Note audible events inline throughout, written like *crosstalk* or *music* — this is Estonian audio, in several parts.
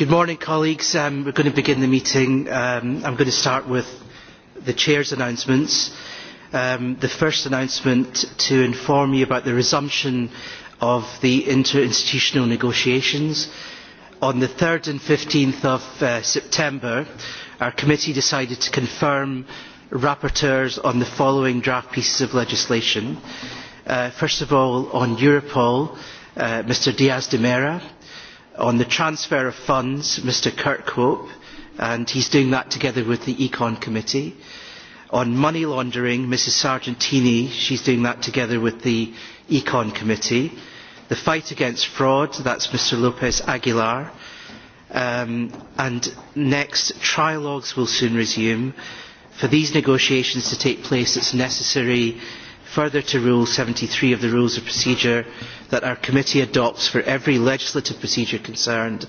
Good morning, colleagues. Um, we're going to begin the meeting. Um, I'm going to start with the Chair's announcements. Um, the first announcement to inform you about the resumption of the interinstitutional negotiations. On the 3rd and 15th of uh, September, our committee decided to confirm rapporteurs on the following draft pieces of legislation. Uh, first of all, on Europol, uh, Mr Diaz de Mera on the transfer of funds, Mr Kirkhope, and he's doing that together with the Econ Committee. On money laundering, Mrs Sargentini, she's doing that together with the Econ Committee. The fight against fraud, that's Mr Lopez Aguilar. Um, and next, trilogues will soon resume. For these negotiations to take place, it's necessary further to Rule 73 of the Rules of Procedure that our committee adopts for every legislative procedure concerned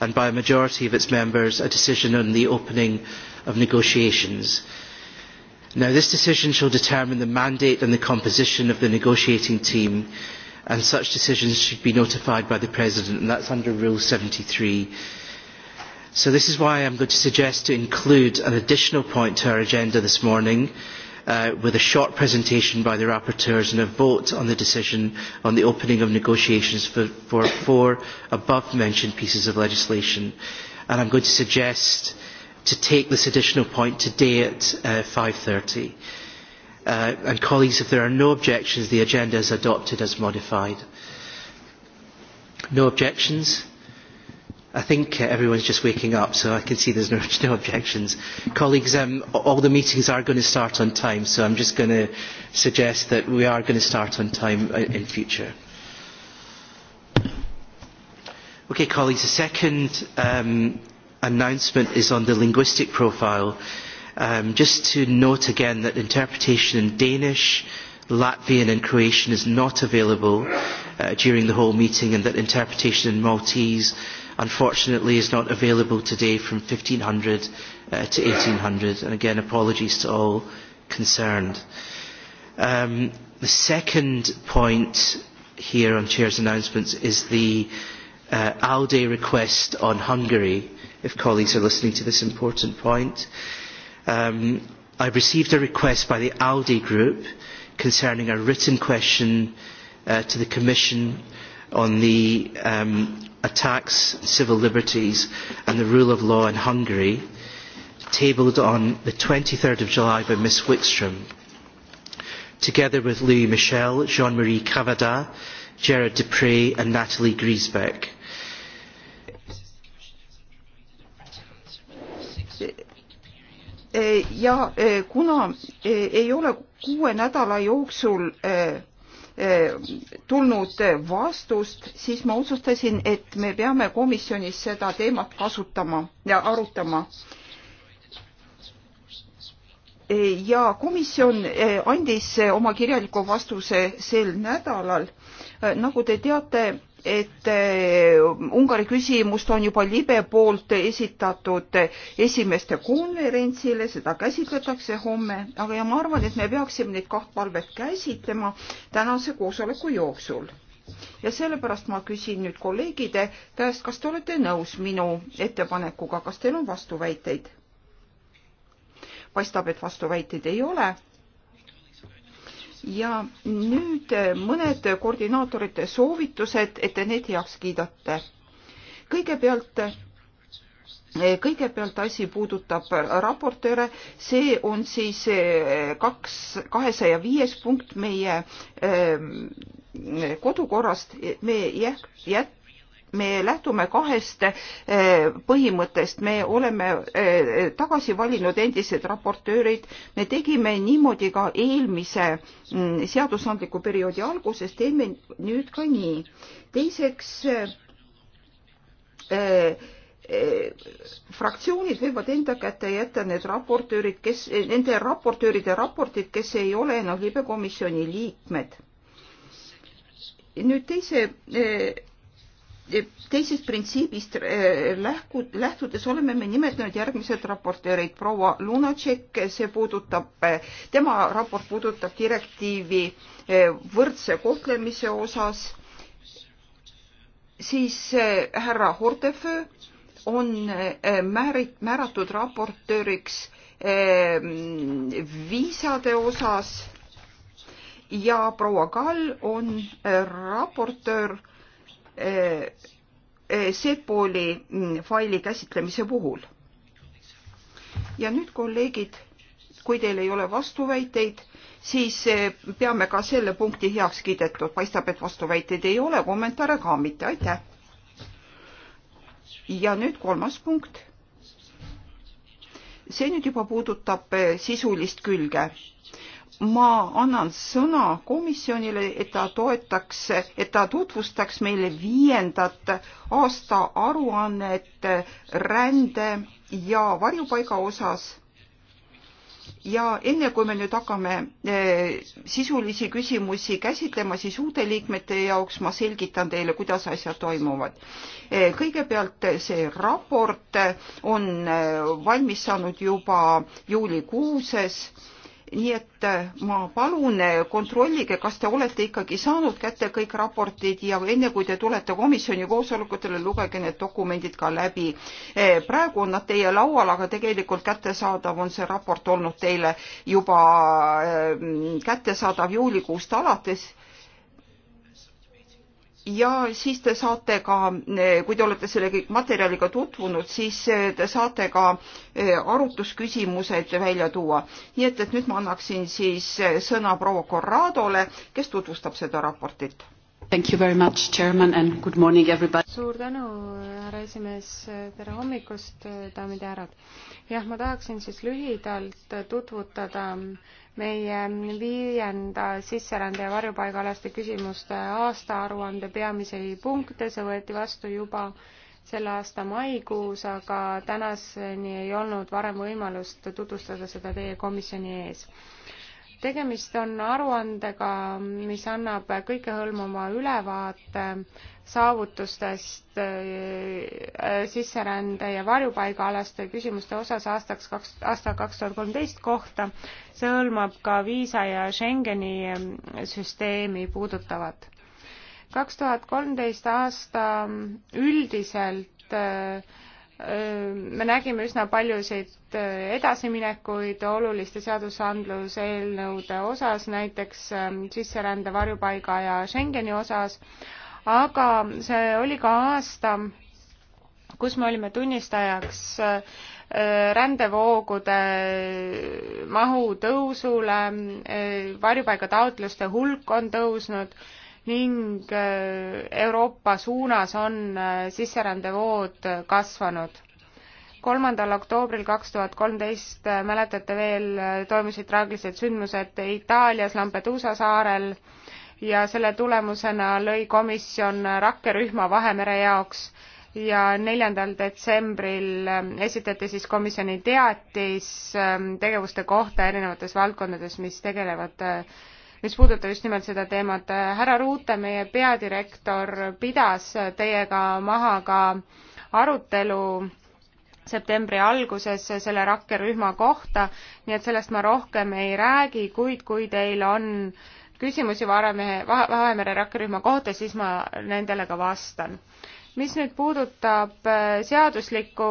and by a majority of its members a decision on the opening of negotiations. Now, this decision shall determine the mandate and the composition of the negotiating team and such decisions should be notified by the President and that's under Rule 73. So this is why I'm going to suggest to include an additional point to our agenda this morning, uh, uh, with a short presentation by the rapporteurs and a vote on the decision on the opening of negotiations for, for four above mentioned pieces of legislation. And I'm going to suggest to take this additional point today at uh, 5.30. Uh, and colleagues, if there are no objections, the agenda is adopted as modified. No objections? I think uh, everyone's just waking up, so I can see there's no, *laughs* no objections. Colleagues, um, all the meetings are going to start on time, so I'm just going to suggest that we are going to start on time uh, in future. Okay, colleagues, the second um, announcement is on the linguistic profile. Um, just to note again that interpretation in Danish, Latvian and Croatian is not available uh, during the whole meeting and that interpretation in Maltese unfortunately is not available today from 1500 uh, to 1800 and again apologies to all concerned. Um, the second point here on Chair's announcements is the uh, ALDE request on Hungary, if colleagues are listening to this important point. Um, I've received a request by the ALDE group uh, concerning a written question uh, to the Commission on the um, attacks on civil liberties and the rule of law in Hungary, tabled on the 23rd of July by Ms Wickstrom. Together with Louis Michel, Jean-Marie Cavada, Gerard Dupre and Natalie Griesbeck ja e, kuna e, ei ole kuue nädala jooksul e, tulnud vastust, siis ma otsustasin, et me peame komisjonis seda teemat kasutama ja arutama. ja komisjon andis oma kirjaliku vastuse sel nädalal. nagu te teate, et äh, Ungari küsimust on juba libe poolt esitatud esimeste konverentsile, seda käsitletakse homme, aga ja ma arvan, et me peaksime neid kaht palvet käsitlema tänase koosoleku jooksul. ja sellepärast ma küsin nüüd kolleegide käest, kas te olete nõus minu ettepanekuga, kas teil on vastuväiteid? paistab, et vastuväiteid ei ole ja nüüd mõned koordinaatorite soovitused, et te need heaks kiidate. kõigepealt kõigepealt asi puudutab raportööre, see on siis eh, kaks, kahesaja viies punkt meie eh, kodukorrast, me jät-, me lähtume kahest eh, põhimõttest, me oleme eh, tagasi valinud endised raportöörid, me tegime niimoodi ka eelmise mm, seadusandliku perioodi alguses, teeme nüüd ka nii. teiseks eh, fraktsioonid võivad enda kätte jätta need raportöörid, kes, nende raportööride raportid, kes ei ole enam libekomisjoni liikmed. nüüd teise teisest printsiibist eh, lähku, lähtudes oleme me nimetanud järgmised raportöörid. proua Lunacek, see puudutab, eh, tema raport puudutab direktiivi eh, võrdse kohtlemise osas. siis härra Hortefö on määrit-, määratud raportööriks viisade osas ja proua Kall on raportöör Äh, äh, Sepoli mm, faili käsitlemise puhul. ja nüüd, kolleegid, kui teil ei ole vastuväiteid, siis äh, peame ka selle punkti heaks kiidetud. paistab, et vastuväiteid ei ole, kommentaare ka mitte, aitäh. ja nüüd kolmas punkt. see nüüd juba puudutab sisulist külge ma annan sõna komisjonile, et ta toetaks, et ta tutvustaks meile viiendat aasta aruannet rände ja varjupaiga osas. ja enne kui me nüüd hakkame eh, sisulisi küsimusi käsitlema, siis uude liikmete jaoks ma selgitan teile, kuidas asjad toimuvad. Eh, kõigepealt see raport on eh, valmis saanud juba juulikuuses nii et äh, ma palun, äh, kontrollige, kas te olete ikkagi saanud kätte kõik raportid ja enne kui te tulete komisjoni koosolekutele, lugege need dokumendid ka läbi. Äh, praegu on nad teie laual, aga tegelikult kättesaadav on see raport olnud teile juba kättesaadav juulikuust alates ja siis te saate ka, eh, kui te olete selle kõik materjaliga tutvunud, siis eh, te saate ka eh, arutlusküsimused välja tuua. nii et, et nüüd ma annaksin siis sõna proua Corradole, kes tutvustab seda raportit Thank you very much, chairman and good morning everybody. suur tänu, härra esimees, tere hommikust, daamid ja härrad. jah, ma tahaksin siis lühidalt tutvutada meie viienda sisserände ja varjupaigaalaste küsimuste aastaaruande peamisi punkte, see võeti vastu juba selle aasta maikuus, aga tänaseni ei olnud varem võimalust tutvustada seda teie komisjoni ees tegemist on aruandega, mis annab kõikehõlmuma ülevaate saavutustest äh, sisserände ja varjupaigaalaste küsimuste osas aastaks kaks, aasta kaks tuhat kolmteist kohta. see hõlmab ka viisa ja Schengeni äh, süsteemi puudutavat. kaks tuhat kolmteist aasta üldiselt äh, me nägime üsna paljusid edasiminekuid oluliste seadusandluse eelnõude osas, näiteks sisserände, varjupaiga ja Schengeni osas, aga see oli ka aasta, kus me olime tunnistajaks rändevoogude mahu tõusule, varjupaigataotluste hulk on tõusnud ning äh, Euroopa suunas on äh, sisserändevood kasvanud. kolmandal oktoobril kaks tuhat kolmteist, äh, mäletate veel, toimusid traagilised sündmused Itaalias Lampedusa saarel ja selle tulemusena lõi komisjon rakkerühma Vahemere jaoks ja neljandal detsembril esitati siis komisjoni teatis tegevuste kohta erinevates valdkondades, mis tegelevad mis puudutab just nimelt seda teemat. härra Ruute, meie peadirektor, pidas teiega maha ka arutelu septembri alguses selle rakkerühma kohta, nii et sellest ma rohkem ei räägi, kuid kui teil on küsimusi Varemehe, Vahemere rakkerühma kohta, siis ma nendele ka vastan. mis nüüd puudutab äh, seaduslikku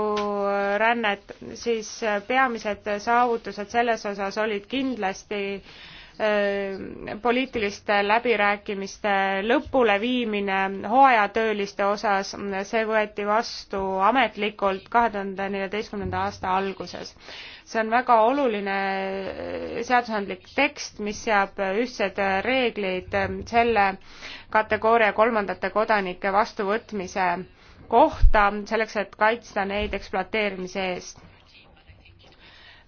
äh, rännet, siis äh, peamised saavutused selles osas olid kindlasti äh, Äh, poliitiliste läbirääkimiste lõpuleviimine hooajatööliste osas, see võeti vastu ametlikult kahe tuhande neljateistkümnenda aasta alguses. see on väga oluline äh, seadusandlik tekst, mis seab ühtsed reeglid selle kategooria kolmandate kodanike vastuvõtmise kohta, selleks et kaitsta neid ekspluateerimise eest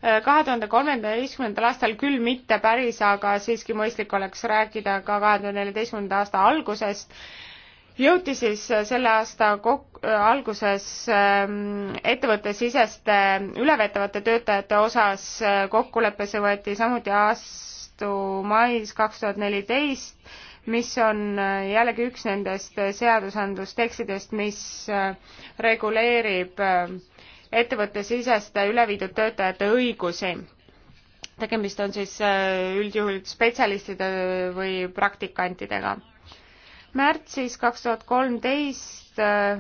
kahe tuhande kolmeteistkümnendal aastal küll mitte päris, aga siiski mõistlik oleks rääkida ka kahe tuhande neljateistkümnenda aasta algusest, jõuti siis selle aasta kok-, alguses ähm, ettevõttesiseste üleveetavate töötajate osas äh, kokkulepe, see võeti samuti aasta mais kaks tuhat neliteist, mis on äh, jällegi üks nendest äh, seadusandlustekstidest, mis reguleerib ettevõttesiseste üleviidud töötajate õigusi. tegemist on siis äh, üldjuhul spetsialistide või praktikantidega. märtsis kaks tuhat kolmteist äh,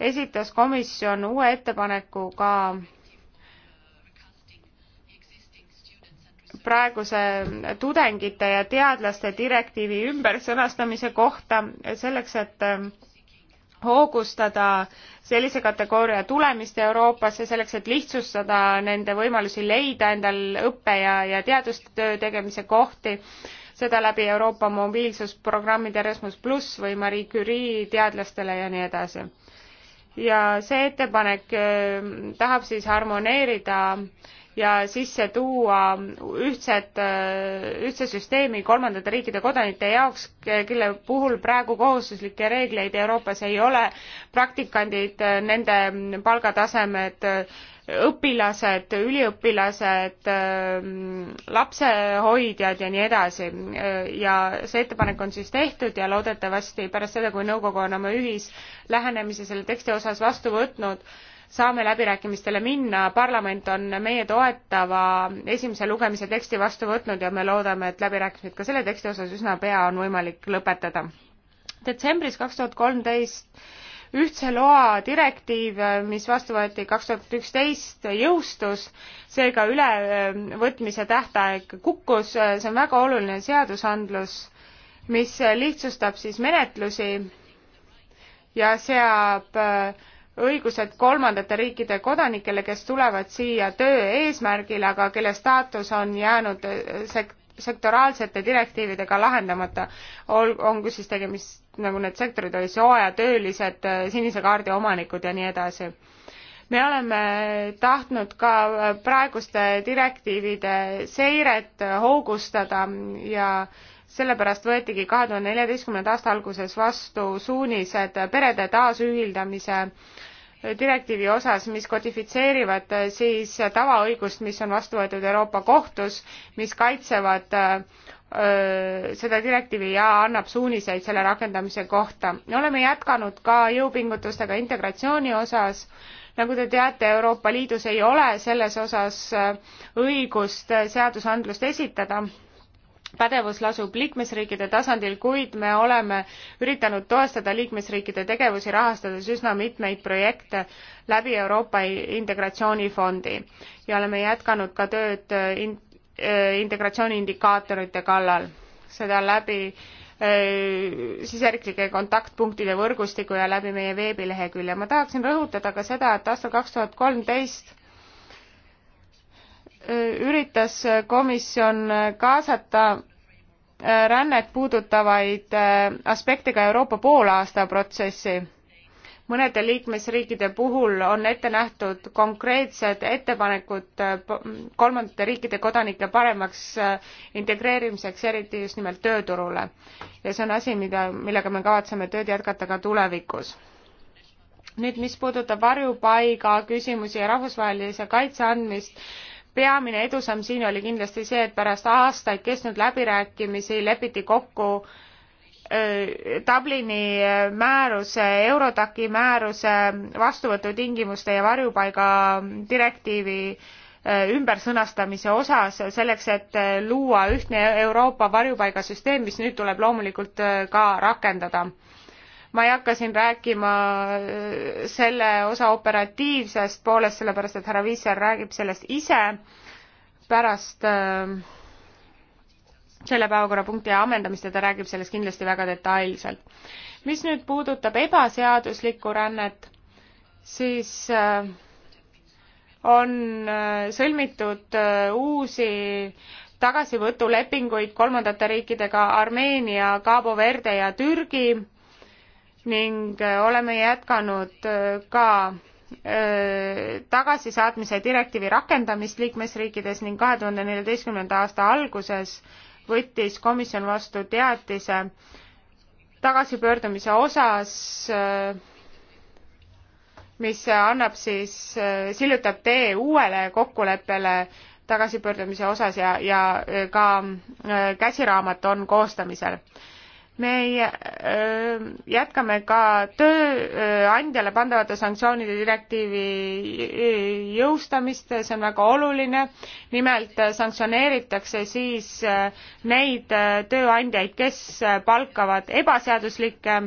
esitas komisjon uue ettepaneku ka praeguse tudengite ja teadlaste direktiivi ümbersõnastamise kohta selleks, et äh, hoogustada sellise kategooria tulemist Euroopasse selleks, et lihtsustada nende võimalusi leida endal õppe ja, ja teadustöö tegemise kohti, seda läbi Euroopa mobiilsusprogrammide Erasmus pluss või Marie Curie teadlastele ja nii edasi. ja see ettepanek äh, tahab siis harmoneerida äh, ja sisse tuua ühtset, ühtse süsteemi kolmandate riikide kodanike jaoks, kelle puhul praegu kohustuslikke reegleid Euroopas ei ole, praktikandid, nende palgatasemed, õpilased, üliõpilased, lapsehoidjad ja nii edasi. ja see ettepanek on siis tehtud ja loodetavasti pärast seda, kui nõukogu on oma ühislähenemise selle teksti osas vastu võtnud, saame läbirääkimistele minna, parlament on meie toetava esimese lugemise teksti vastu võtnud ja me loodame, et läbirääkimised ka selle teksti osas üsna pea on võimalik lõpetada. detsembris kaks tuhat kolmteist ühtse loa direktiiv, mis vastu võeti kaks tuhat üksteist, jõustus, seega ülevõtmise tähtaeg kukkus, see on väga oluline seadusandlus, mis lihtsustab siis menetlusi ja seab äh, õigused kolmandate riikide kodanikele, kes tulevad siia töö eesmärgil, aga kelle staatus on jäänud äh, sek-, sektoraalsete direktiividega lahendamata, ol-, ongi siis tegemist, nagu need sektorid olid, hooajatöölised, äh, sinise kaardi omanikud ja nii edasi. me oleme tahtnud ka äh, praeguste direktiivide seiret hoogustada ja äh, sellepärast võetigi kahe tuhande neljateistkümnenda aasta alguses vastu suunised perede taasühildamise direktiivi osas, mis kodifitseerivad eh, siis tavaõigust, mis on vastu võetud Euroopa Kohtus, mis kaitsevad eh, seda direktiivi ja annab suuniseid selle rakendamise kohta. me oleme jätkanud ka jõupingutustega integratsiooni osas. nagu te teate, Euroopa Liidus ei ole selles osas eh, õigust seadusandlust esitada pädevus lasub liikmesriikide tasandil, kuid me oleme üritanud toestada liikmesriikide tegevusi, rahastades üsna mitmeid projekte läbi Euroopa Integratsioonifondi ja oleme jätkanud ka tööd äh, in-, äh, integratsiooniindikaatorite kallal, seda läbi äh, siseriiklike kontaktpunktide võrgustiku ja läbi meie veebilehekülje. ma tahaksin rõhutada ka seda, et aastal kaks tuhat kolmteist üritas komisjon kaasata äh, rännet puudutavaid äh, aspekte ka Euroopa poolaasta protsessi. mõnede liikmesriikide puhul on ette nähtud konkreetsed ettepanekud äh, kolmandate riikide kodanike paremaks integreerimiseks, eriti just nimelt tööturule. ja see on asi, mida, millega me kavatseme tööd jätkata ka tulevikus nüüd, mis puudutab varjupaiga küsimusi ja rahvusvahelise kaitse andmist, peamine edusamm siin oli kindlasti see, et pärast aastaid kestnud läbirääkimisi lepiti kokku Dublini määruse, Eurotaki määruse vastuvõtutingimuste ja varjupaiga direktiivi ümbersõnastamise osas, selleks et luua ühtne Euroopa varjupaigasüsteem, mis nüüd tuleb loomulikult ka rakendada ma ei hakka siin rääkima äh, selle osa operatiivsest poolest, sellepärast et härra Viisser räägib sellest ise pärast äh, selle päevakorrapunkti ammendamist ja ta räägib sellest kindlasti väga detailselt. mis nüüd puudutab ebaseaduslikku rännet, siis äh, on äh, sõlmitud äh, uusi tagasivõtulepinguid kolmandate riikidega Armeenia, Cabo Verde ja Türgi ning äh, oleme jätkanud äh, ka äh, tagasisaatmise direktiivi rakendamist liikmesriikides ning kahe tuhande neljateistkümnenda aasta alguses võttis komisjon vastu teatise tagasipöördumise osas, mis annab siis, sillutab tee uuele kokkuleppele tagasipöördumise osas ja, ja ka käsiraamat on koostamisel me jätkame ka tööandjale pandavate sanktsioonide direktiivi jõustamist, see on väga oluline. nimelt sanktsioneeritakse siis neid tööandjaid, kes palkavad ebaseaduslikke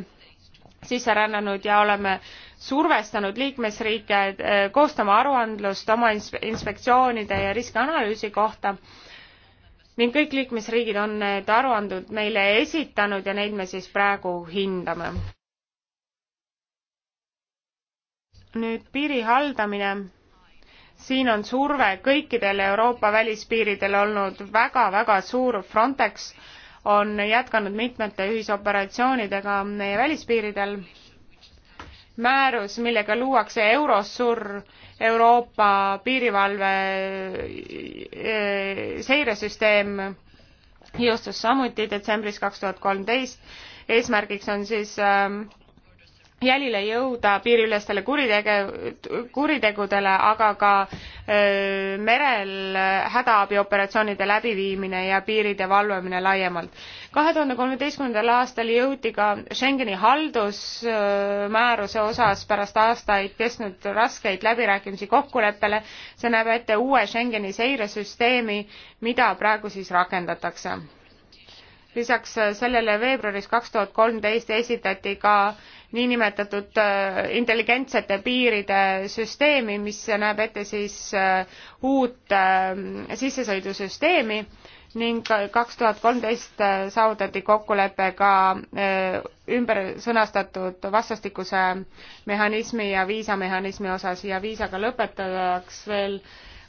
sisserännanud ja oleme survestanud liikmesriike koostama aruandlust oma inspektsioonide ja riskianalüüsi kohta ning kõik liikmesriigid on need aruanded meile esitanud ja neid me siis praegu hindame. nüüd piiri haldamine. siin on surve kõikidel Euroopa välispiiridel olnud väga-väga suur. Frontex on jätkanud mitmete ühisoperatsioonidega meie välispiiridel määrus, millega luuakse Eurosur, Euroopa piirivalve eh, seiresüsteem, jõustus samuti detsembris kaks tuhat kolmteist. eesmärgiks on siis äh, jälile jõuda piiriülestele kuritege-, kuritegudele, aga ka öö, merel hädaabioperatsioonide läbiviimine ja piiride valvamine laiemalt. kahe tuhande kolmeteistkümnendal aastal jõuti ka Schengeni haldusmääruse osas pärast aastaid kestnud raskeid läbirääkimisi kokkuleppele. see näeb ette uue Schengeni seiresüsteemi, mida praegu siis rakendatakse lisaks sellele veebruaris kaks tuhat kolmteist esitati ka äh, niinimetatud äh, intelligentsete piiride süsteemi, mis näeb ette siis äh, uut äh, sissesõidusüsteemi ning kaks tuhat kolmteist saavutati kokkulepe ka ümber sõnastatud vastastikuse mehhanismi ja viisamehhanismi osas ja viisaga lõpetajaks veel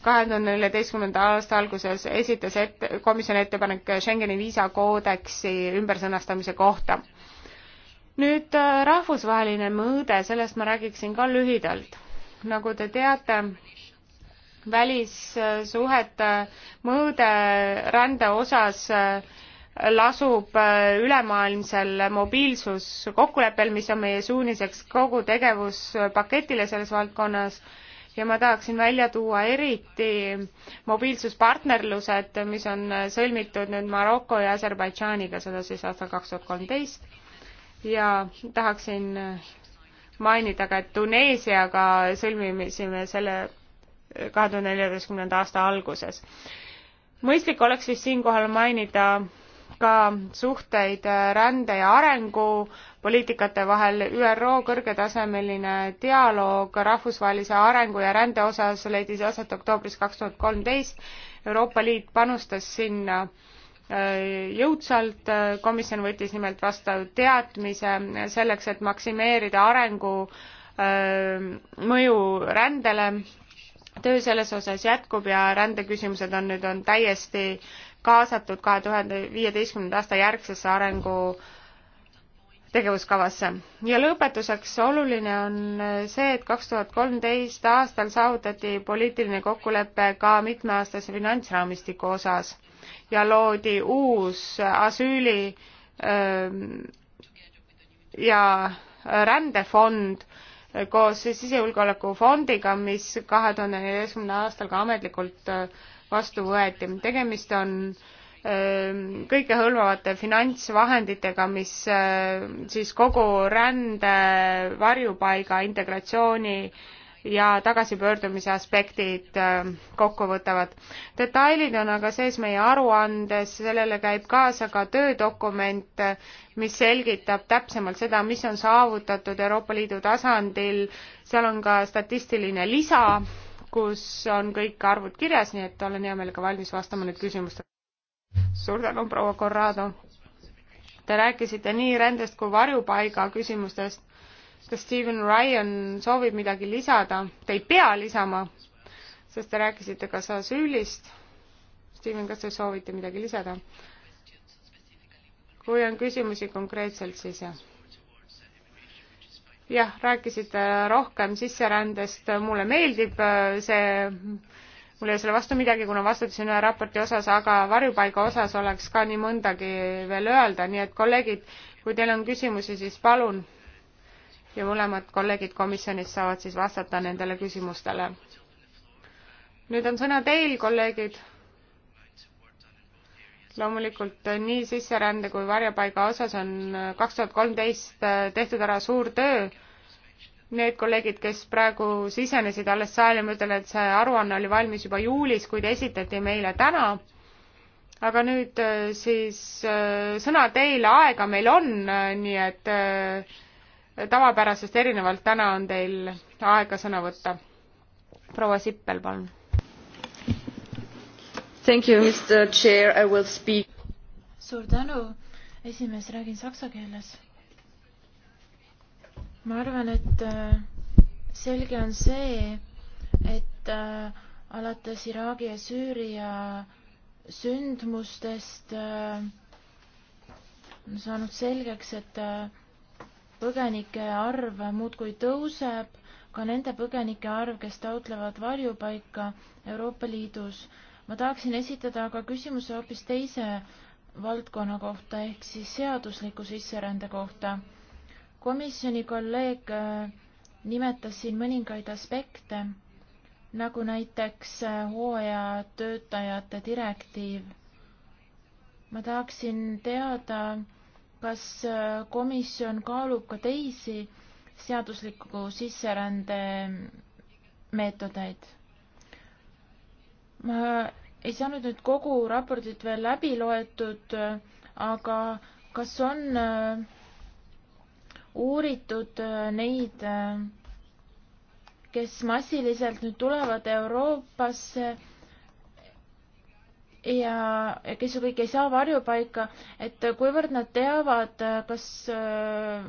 kahe tuhande neljateistkümnenda aasta alguses esitas ette komisjoni ettepanek Schengeni viisakoodeksi ümbersõnastamise kohta nüüd äh, rahvusvaheline mõõde, sellest ma räägiksin ka lühidalt. nagu te teate, välissuhete mõõde rände osas äh, lasub äh, ülemaailmsel mobiilsuskokkuleppel, mis on meie suuniseks kogu tegevuspaketile selles valdkonnas ja ma tahaksin välja tuua eriti mobiilsuspartnerlused, mis on sõlmitud nüüd Maroko ja Aserbaidžaaniga, seda siis aastal kaks tuhat kolmteist ja tahaksin mainida ka, et Tuneesiaga sõlmimisime selle kahe tuhande neljateistkümnenda aasta alguses. mõistlik oleks vist siinkohal mainida ka suhteid rände ja arengupoliitikate vahel. ÜRO kõrgetasemeline dialoog rahvusvahelise arengu ja rände osas leidis aset oktoobris kaks tuhat kolmteist. Euroopa Liit panustas sinna Äh, jõudsalt, äh, komisjon võttis nimelt vastu teatmise selleks, et maksimeerida arengu äh, mõju rändele. töö selles osas jätkub ja rändeküsimused on nüüd, on täiesti kaasatud kahe tuhande viieteistkümnenda aasta järgsesse arengu tegevuskavasse. ja lõpetuseks oluline on see, et kaks tuhat kolmteist aastal saavutati poliitiline kokkulepe ka mitmeaastase finantsraamistiku osas ja loodi uus asüüli ähm, ja rändefond koos sisejulgeoleku fondiga, mis kahe tuhande neljateistkümnendal aastal ka ametlikult äh, vastu võeti. tegemist on ähm, kõikehõlmavate finantsvahenditega, mis äh, siis kogu rände, varjupaiga, integratsiooni äh, ja tagasipöördumise aspektid ähm, kokku võtavad. detailid on aga sees meie aruandes, sellele käib kaasa ka töödokument, mis selgitab täpsemalt seda, mis on saavutatud Euroopa Liidu tasandil, seal on ka statistiline lisa, kus on kõik arvud kirjas, nii et olen hea meelega valmis vastama nüüd küsimustele. suur tänu, proua Corrado! Te rääkisite nii rändest kui varjupaiga küsimustest kas Steven Ryan soovib midagi lisada? Te ei pea lisama, sest te rääkisite kas asüülist. Steven, kas te soovite midagi lisada? kui on küsimusi konkreetselt, siis jah. jah, rääkisite rohkem sisserändest, mulle meeldib äh, see, mul ei ole selle vastu midagi, kuna vastutasin ühe raporti osas, aga varjupaiga osas oleks ka nii mõndagi veel öelda, nii et kolleegid, kui teil on küsimusi, siis palun ja mõlemad kolleegid komisjonis saavad siis vastata nendele küsimustele. nüüd on sõna teil, kolleegid. loomulikult nii sisserände kui varjupaiga osas on kaks tuhat kolmteist tehtud ära suur töö. Need kolleegid, kes praegu sisenesid alles saali, ma ütlen, et see aruanne oli valmis juba juulis, kuid esitati meile täna aga nüüd äh, siis äh, sõna teile, aega meil on, äh, nii et tavapärasest erinevalt täna on teil aega sõna võtta. proua Sippel, palun. Thank you, Mr Chair, I will speak. suur tänu, esimees, räägin saksa keeles. ma arvan, et äh, selge on see, et äh, alates Iraagi ja Süüria sündmustest äh, on saanud selgeks, et põgenike arv muudkui tõuseb, ka nende põgenike arv, kes taotlevad varjupaika Euroopa Liidus. ma tahaksin esitada aga küsimuse hoopis teise valdkonna kohta ehk siis seadusliku sisserände kohta. komisjoni kolleeg äh, nimetas siin mõningaid aspekte, nagu näiteks äh, hooajatöötajate direktiiv. ma tahaksin teada, kas äh, komisjon kaalub ka teisi seadusliku sisserände meetodeid? ma ei saanud nüüd kogu raportit veel läbi loetud, äh, aga kas on äh, uuritud neid, kes massiliselt nüüd tulevad Euroopasse ja kes kõik ei saa varjupaika, et kuivõrd nad teavad, kas äh,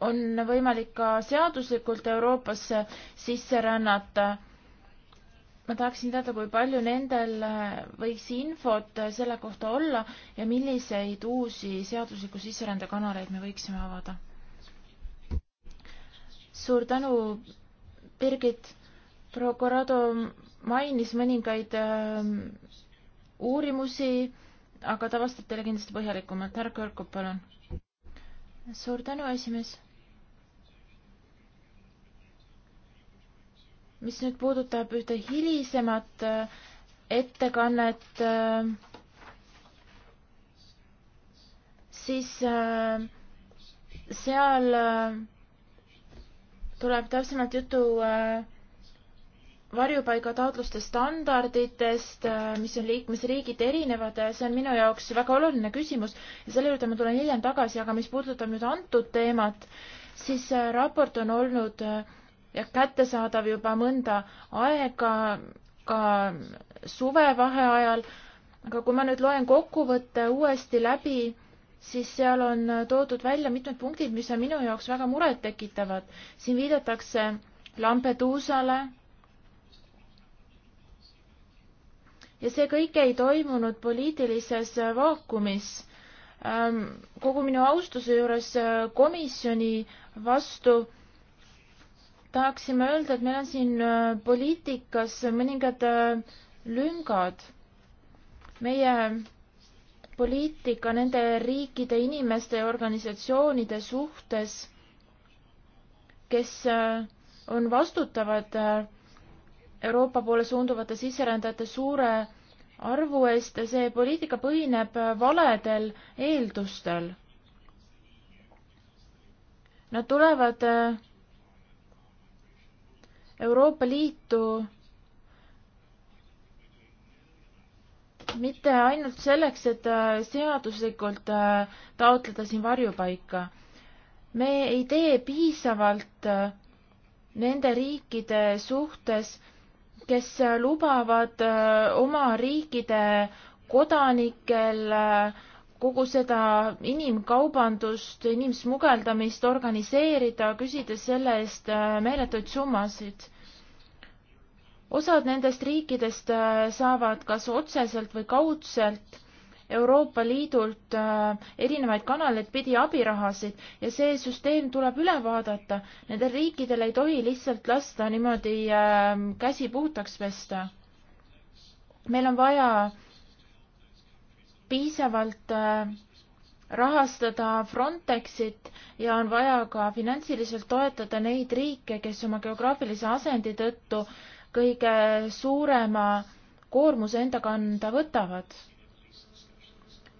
on võimalik ka seaduslikult Euroopasse sisse rännata. ma tahaksin teada, kui palju nendel äh, võiks infot selle kohta olla ja milliseid uusi seadusliku sisserände kanaleid me võiksime avada. suur tänu, Birgit. prokurado mainis mõningaid ähm, uurimusi, aga ta vastab teile kindlasti põhjalikumalt. härra Kõrgup, palun. suur tänu, esimees. mis nüüd puudutab ühte hilisemat äh, ettekannet, äh, siis äh, seal tuleb täpsemalt jutu äh, varjupaigataotluste standarditest, äh, mis on liikmesriigid erinevad, äh, see on minu jaoks väga oluline küsimus ja selle juurde ma tulen hiljem tagasi, aga mis puudutab nüüd antud teemat, siis äh, raport on olnud kättesaadav juba mõnda aega, ka suvevaheajal, aga kui ma nüüd loen kokkuvõtte uuesti läbi, siis seal on toodud välja mitmed punktid, mis on minu jaoks väga murettekitavad. siin viidatakse Lampeduusale ja see kõik ei toimunud poliitilises vaakumis. Ähm, kogu minu austuse juures äh, komisjoni vastu tahaksime öelda, et meil on siin äh, poliitikas mõningad äh, lüngad. meie poliitika nende riikide inimeste ja organisatsioonide suhtes, kes on vastutavad äh, Euroopa poole suunduvate sisserändajate suure arvu eest, see poliitika põhineb valedel eeldustel. Nad tulevad äh, Euroopa Liitu mitte ainult selleks, et äh, seaduslikult äh, taotleda siin varjupaika. me ei tee piisavalt nende riikide suhtes, kes lubavad äh, oma riikide kodanikel äh, kogu seda inimkaubandust, inimsmugeldamist organiseerida, küsides selle eest äh, meeletuid summasid. osad nendest riikidest saavad kas otseselt või kaudselt Euroopa Liidult äh, erinevaid kanaleid pidi abirahasid ja see süsteem tuleb üle vaadata. Nendel riikidel ei tohi lihtsalt lasta niimoodi äh, käsi puhtaks pesta. meil on vaja piisavalt äh, rahastada Frontexit ja on vaja ka finantsiliselt toetada neid riike, kes oma geograafilise asendi tõttu kõige suurema koormuse enda kanda võtavad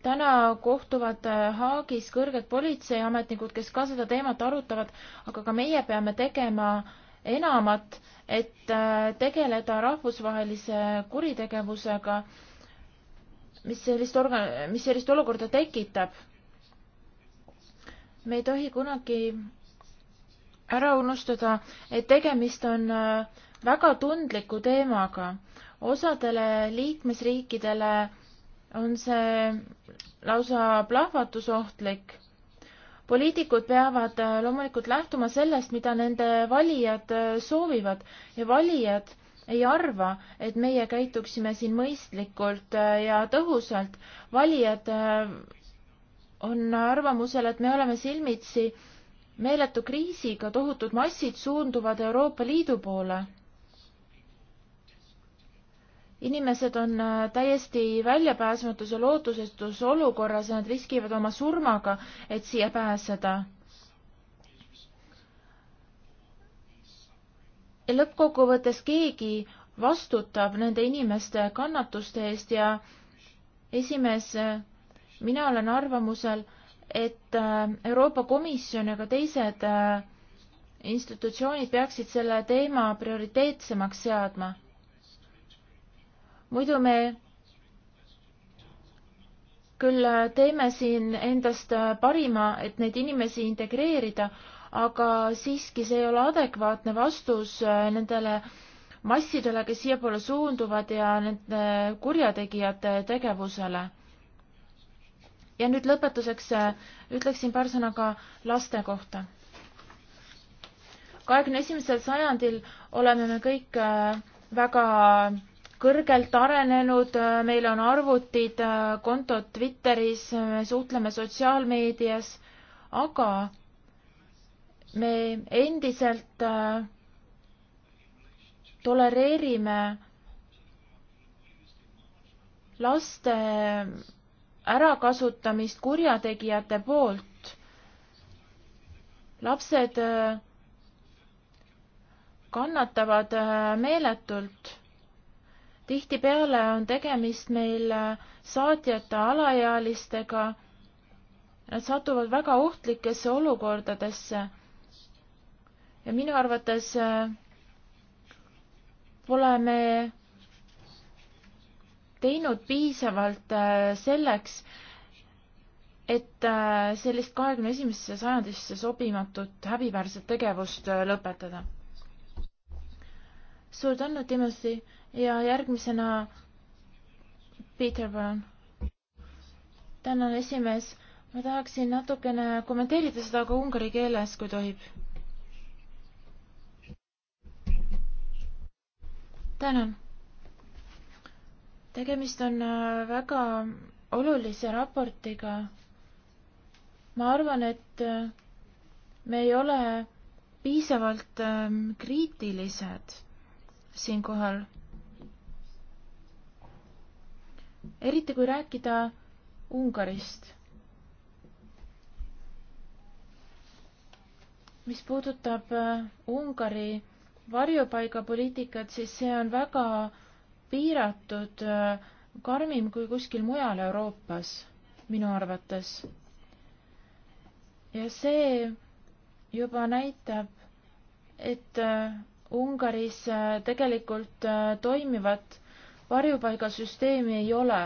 täna kohtuvad äh, Haagis kõrged politseiametnikud, kes ka seda teemat arutavad, aga ka meie peame tegema enamat, et äh, tegeleda rahvusvahelise kuritegevusega, mis sellist orga-, mis sellist olukorda tekitab. me ei tohi kunagi ära unustada, et tegemist on äh, väga tundliku teemaga. osadele liikmesriikidele on see lausa plahvatusohtlik. poliitikud peavad äh, loomulikult lähtuma sellest, mida nende valijad äh, soovivad ja valijad ei arva, et meie käituksime siin mõistlikult äh, ja tõhusalt. valijad on arvamusel, et me oleme silmitsi meeletu kriisiga, tohutud massid suunduvad Euroopa Liidu poole inimesed on äh, täiesti väljapääsmatus ja lootusetus olukorras ja nad riskivad oma surmaga, et siia pääseda. ja lõppkokkuvõttes keegi vastutab nende inimeste kannatuste eest ja esimees, äh, mina olen arvamusel, et äh, Euroopa Komisjon ja ka teised institutsioonid peaksid selle teema prioriteetsemaks seadma muidu me küll teeme siin endast parima, et neid inimesi integreerida, aga siiski see ei ole adekvaatne vastus äh, nendele massidele, kes siiapoole suunduvad ja nende kurjategijate tegevusele. ja nüüd lõpetuseks äh, ütleksin paar sõna ka laste kohta. kahekümne esimesel sajandil oleme me kõik äh, väga kõrgelt arenenud, meil on arvutid, äh, kontod Twitteris, me suhtleme sotsiaalmeedias, aga me endiselt äh, tolereerime laste ärakasutamist kurjategijate poolt. lapsed äh, kannatavad meeletult tihtipeale on tegemist meil äh, saatjate alaealistega. Nad satuvad väga ohtlikesse olukordadesse. ja minu arvates äh, pole me teinud piisavalt äh, selleks, et sellist kahekümne esimesse sajandisse sobimatut häbiväärset tegevust lõpetada. suur tänu, Timothy ja järgmisena Peter, palun. tänan, esimees. ma tahaksin natukene kommenteerida seda ka ungari keeles, kui tohib. tänan. tegemist on äh, väga olulise raportiga. ma arvan, et äh, me ei ole piisavalt ähm, kriitilised siinkohal eriti kui rääkida Ungarist. mis puudutab äh, Ungari varjupaigapoliitikat, siis see on väga piiratud, äh, karmim kui kuskil mujal Euroopas, minu arvates. ja see juba näitab, et äh, Ungaris tegelikult toimivad varjupaigasüsteemi ei ole.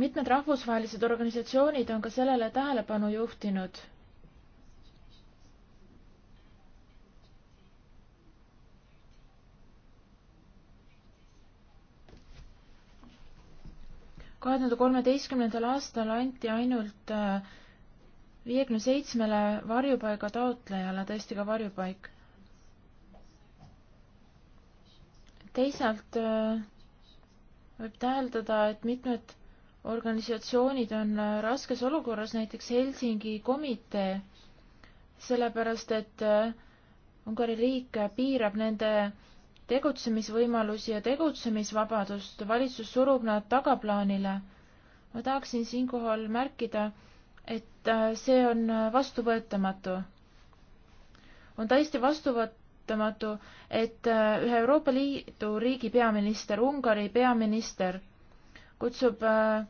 mitmed rahvusvahelised organisatsioonid on ka sellele tähelepanu juhtinud. kahe tuhande kolmeteistkümnendal aastal anti ainult äh, viiekümne seitsmele varjupaiga taotlejale tõesti ka varjupaik teisalt äh, võib täheldada, et mitmed organisatsioonid on raskes olukorras, näiteks Helsingi komitee, sellepärast et äh, Ungari riik piirab nende tegutsemisvõimalusi ja tegutsemisvabadust, valitsus surub nad tagaplaanile. ma tahaksin siinkohal märkida, et äh, see on äh, vastuvõetamatu. on täiesti vastuvõet-, vastuvõetamatu, et äh, ühe Euroopa Liidu riigi peaminister, Ungari peaminister, kutsub äh,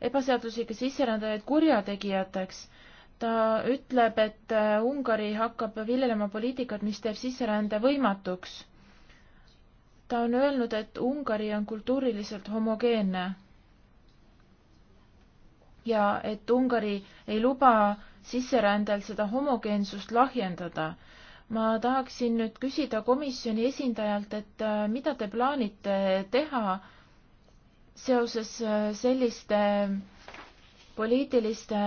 ebaseaduslikke sisserändajaid kurjategijateks. ta ütleb, et äh, Ungari hakkab viljelema poliitikat, mis teeb sisserände võimatuks. ta on öelnud, et Ungari on kultuuriliselt homogeenne ja et Ungari ei luba sisserändel seda homogeensust lahjendada. ma tahaksin nüüd küsida komisjoni esindajalt, et äh, mida te plaanite teha seoses äh, selliste poliitiliste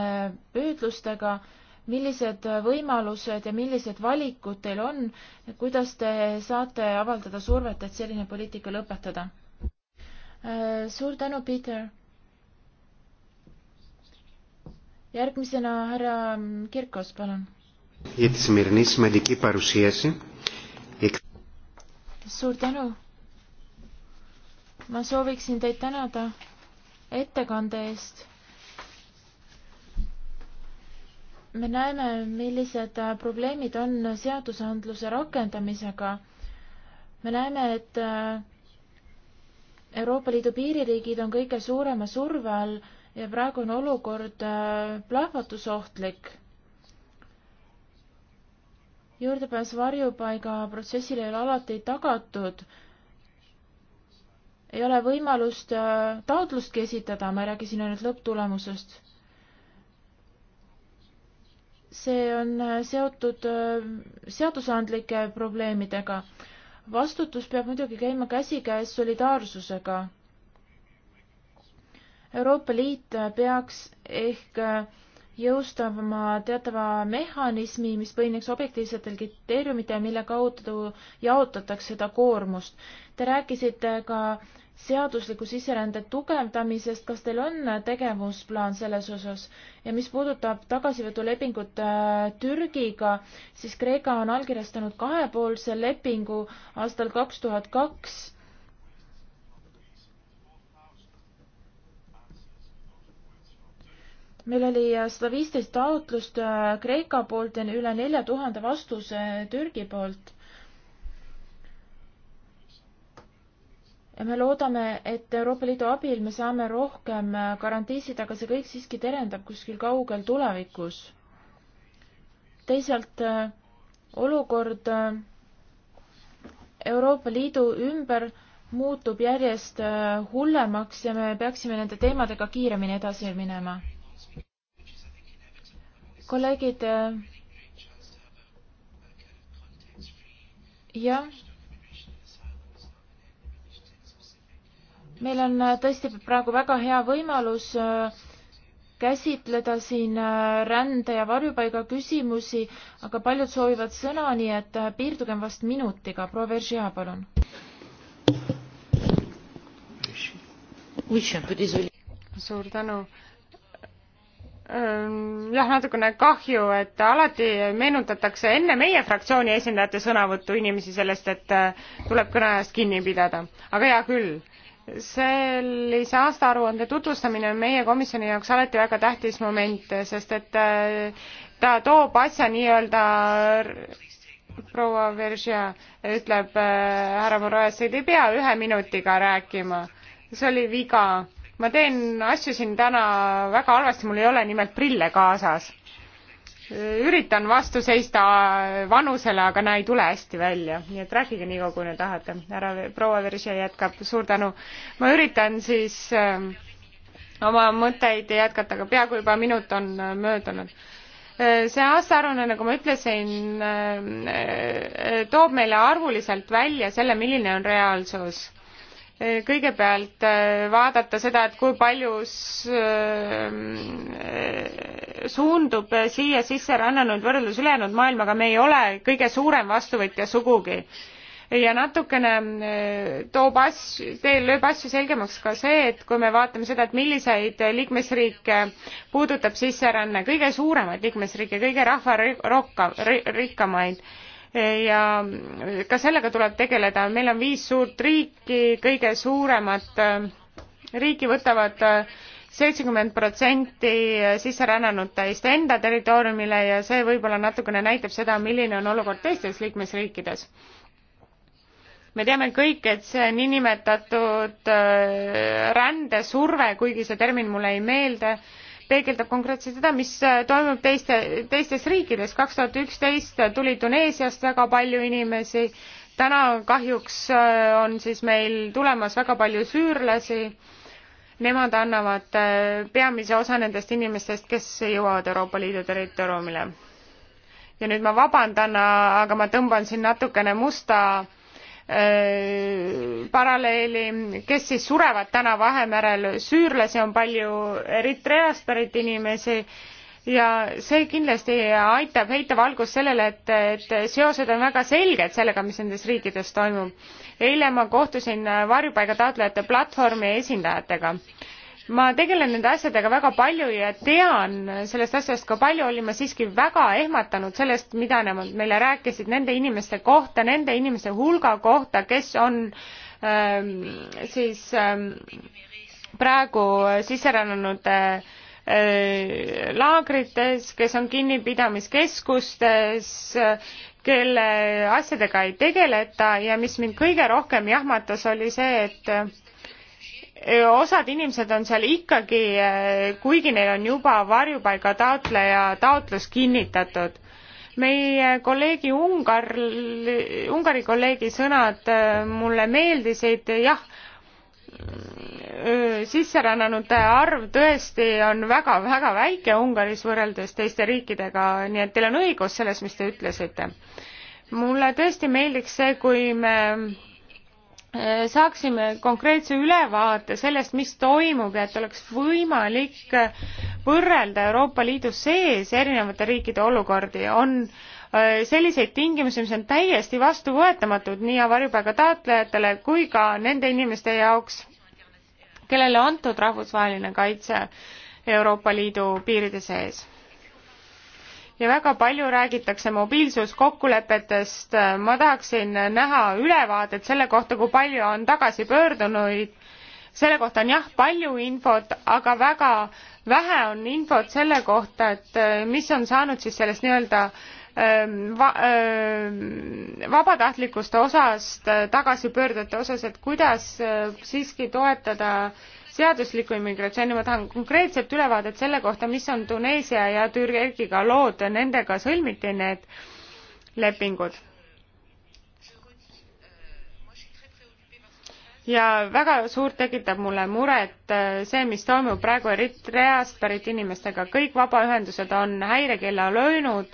püüdlustega, millised võimalused ja millised valikud teil on, kuidas te saate avaldada survet, et selline poliitika lõpetada? Äh, suur tänu, Peter järgmisena härra Kirkos, palun. suur tänu. ma sooviksin teid tänada ettekande eest. me näeme, millised probleemid on seadusandluse rakendamisega. me näeme, et Euroopa Liidu piiririigid on kõige suurema surve all ja praegu on olukord äh, plahvatusohtlik. juurdepääs varjupaiga protsessile ei ole alati tagatud. ei ole võimalust äh, taotlustki esitada, ma ei räägi siin ainult lõpptulemusest. see on äh, seotud seadusandlike probleemidega vastutus peab muidugi käima käsikäes solidaarsusega Euroopa Liit peaks ehk jõustama teatava mehhanismi, mis põhineks objektiivsetel kriteeriumitel, mille kaudu jaotatakse seda koormust. Te rääkisite ka seadusliku sisserände tugevdamisest, kas teil on tegevusplaan selles osas ja mis puudutab tagasivõtulepingut äh, Türgiga, siis Kreeka on allkirjastanud kahepoolse lepingu aastal kaks tuhat kaks meil oli äh, sada viisteist taotlust äh, Kreeka poolt ja üle nelja tuhande vastuse äh, Türgi poolt. ja me loodame, et Euroopa Liidu abil me saame rohkem garantiisid, aga see kõik siiski terendab kuskil kaugel tulevikus. teisalt olukord Euroopa Liidu ümber muutub järjest hullemaks ja me peaksime nende teemadega kiiremini edasi minema kolleegid, äh, jah, meil on äh, tõesti praegu väga hea võimalus äh, käsitleda siin rände ja varjupaiga küsimusi, aga paljud soovivad sõna, nii et piirdugem vast minutiga. proua Veržia, palun. suur tänu Ehm, jah, natukene kahju, et alati meenutatakse enne meie fraktsiooni esindajate sõnavõttu inimesi sellest, et eh, tuleb kõneajast kinni pidada, aga hea küll. sellise aastaaruande tutvustamine on meie komisjoni jaoks alati väga tähtis moment, sest et eh, ta toob asja nii-öelda proua Veržia ütleb eh, härra Moraes, et ei pea ühe minutiga rääkima. see oli viga ma teen asju siin täna väga halvasti, mul ei ole nimelt prille kaasas. üritan vastu seista vanusele, aga näe, ei tule hästi välja, nii et rääkige nii kaua, kui te tahate. härra proua Veržia jätkab, suur tänu. ma üritan siis äh, oma mõtteid jätkata, aga peaaegu juba minut on äh, möödunud äh, see aastaaruanne, nagu ma ütlesin, äh, äh, toob meile arvuliselt välja selle, milline on reaalsus kõigepealt äh, vaadata seda, et kui palju äh, suundub siia sisserännanud võrreldes ülejäänud maailmaga, me ei ole kõige suurem vastuvõtja sugugi. ja natukene äh, toob asju, lööb asju selgemaks ka see, et kui me vaatame seda, et milliseid liikmesriike puudutab sisseränne, kõige suuremaid liikmesriike, kõige rahvarokkamaid rik ja ka sellega tuleb tegeleda. meil on viis suurt riiki, kõige suuremat äh, riiki võtavad äh, seitsekümmend protsenti sisserännanutest enda territooriumile ja see võib-olla natukene näitab seda, milline on olukord teistes liikmesriikides. me teame kõik, et see niinimetatud äh, rändesurve, kuigi see termin mulle ei meelde, peegeldab konkreetselt seda, mis äh, toimub teiste, teistes riikides. kaks tuhat üksteist tuli Tuneesiast väga palju inimesi, täna kahjuks äh, on siis meil tulemas väga palju süürlasi. Nemad annavad äh, peamise osa nendest inimestest, kes jõuavad Euroopa Liidu territooriumile. ja nüüd ma vabandan, aga ma tõmban siin natukene musta Äh, paralleeli, kes siis surevad täna Vahemerel, süürlasi on palju, Eritreast pärit inimesi ja see kindlasti aitab heita valgust sellele, et, et seosed on väga selged sellega, mis nendes riikides toimub. eile ma kohtusin varjupaigataotlejate platvormi esindajatega ma tegelen nende asjadega väga palju ja tean sellest asjast ka palju, olin ma siiski väga ehmatanud sellest, mida nemad meile rääkisid nende inimeste kohta, nende inimeste hulga kohta, kes on ähm, siis ähm, praegu sisserännanute äh, laagrites, kes on kinnipidamiskeskustes, kelle asjadega ei tegeleta ja mis mind kõige rohkem jahmatas, oli see, et osad inimesed on seal ikkagi, kuigi neil on juba varjupaiga taotleja taotlus kinnitatud. meie kolleegi Ungar, Ungari kolleegi sõnad äh, mulle meeldisid, jah, äh, sisserännanute arv tõesti on väga-väga väike Ungaris võrreldes teiste riikidega, nii et teil on õigus selles, mis te ütlesite. mulle tõesti meeldiks see, kui me Äh, saaksime konkreetse ülevaate sellest, mis toimub ja et oleks võimalik äh, võrrelda Euroopa Liidu sees erinevate riikide olukordi, on äh, selliseid tingimusi, mis on täiesti vastuvõetamatud nii varjupaiga taotlejatele kui ka nende inimeste jaoks, kellele antud rahvusvaheline kaitse Euroopa Liidu piiride sees ja väga palju räägitakse mobiilsuskokkulepetest. ma tahaksin näha ülevaadet selle kohta, kui palju on tagasipöördunuid. selle kohta on jah palju infot, aga väga vähe on infot selle kohta, et äh, mis on saanud siis sellest nii-öelda ähm, va-, ähm, vabatahtlikust osast, äh, tagasipöördujate osas, et kuidas äh, siiski toetada äh, seadusliku immigratsiooni, ma tahan konkreetset ülevaadet selle kohta, mis on Tuneesia ja Türgiga lood, nendega sõlmiti need lepingud. ja väga suurt tekitab mulle muret äh, see, mis toimub praegu Eritreast pärit inimestega, kõik vabaühendused on häirekella löönud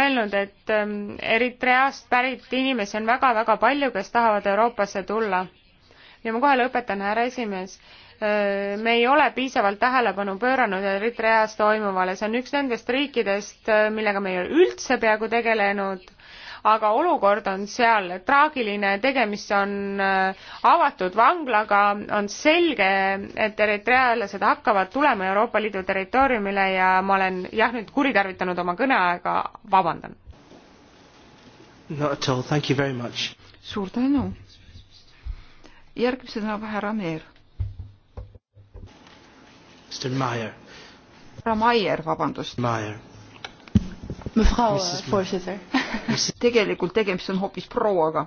öelnud, et ähm, Eritreast pärit inimesi on väga-väga palju, kes tahavad Euroopasse tulla. ja ma kohe lõpetan, härra esimees me ei ole piisavalt tähelepanu pööranud Eritreas toimuvale, see on üks nendest riikidest, millega me ei ole üldse peaaegu tegelenud, aga olukord on seal traagiline, tegemist on avatud vanglaga, on selge, et eritrealased hakkavad tulema Euroopa Liidu territooriumile ja ma olen jah, nüüd kuritarvitanud oma kõneaega, vabandan. suur tänu. järgmisena härra Meer härra Maier, vabandust. Eh, voorzitter. tegelikult tegemist on hoopis prouaga.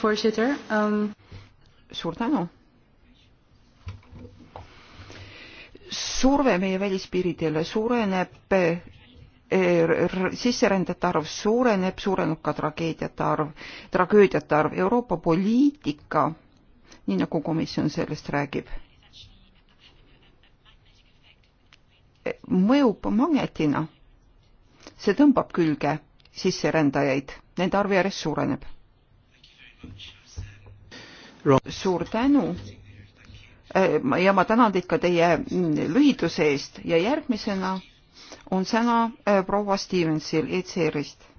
voorzitter. Ehm, suur tänu. surve meie välispiiridele suureneb eh, sisserändajate arv suureneb, suureneb ka tragöödiate arv, tragöödiate arv. Euroopa poliitika nii nagu komisjon sellest räägib. mõjub magnetina. see tõmbab külge sisserändajaid, nende arv järjest suureneb. suur tänu ja ma tänan teid ka teie lühiduse eest ja järgmisena on sõna proua Stevensil ECR-ist.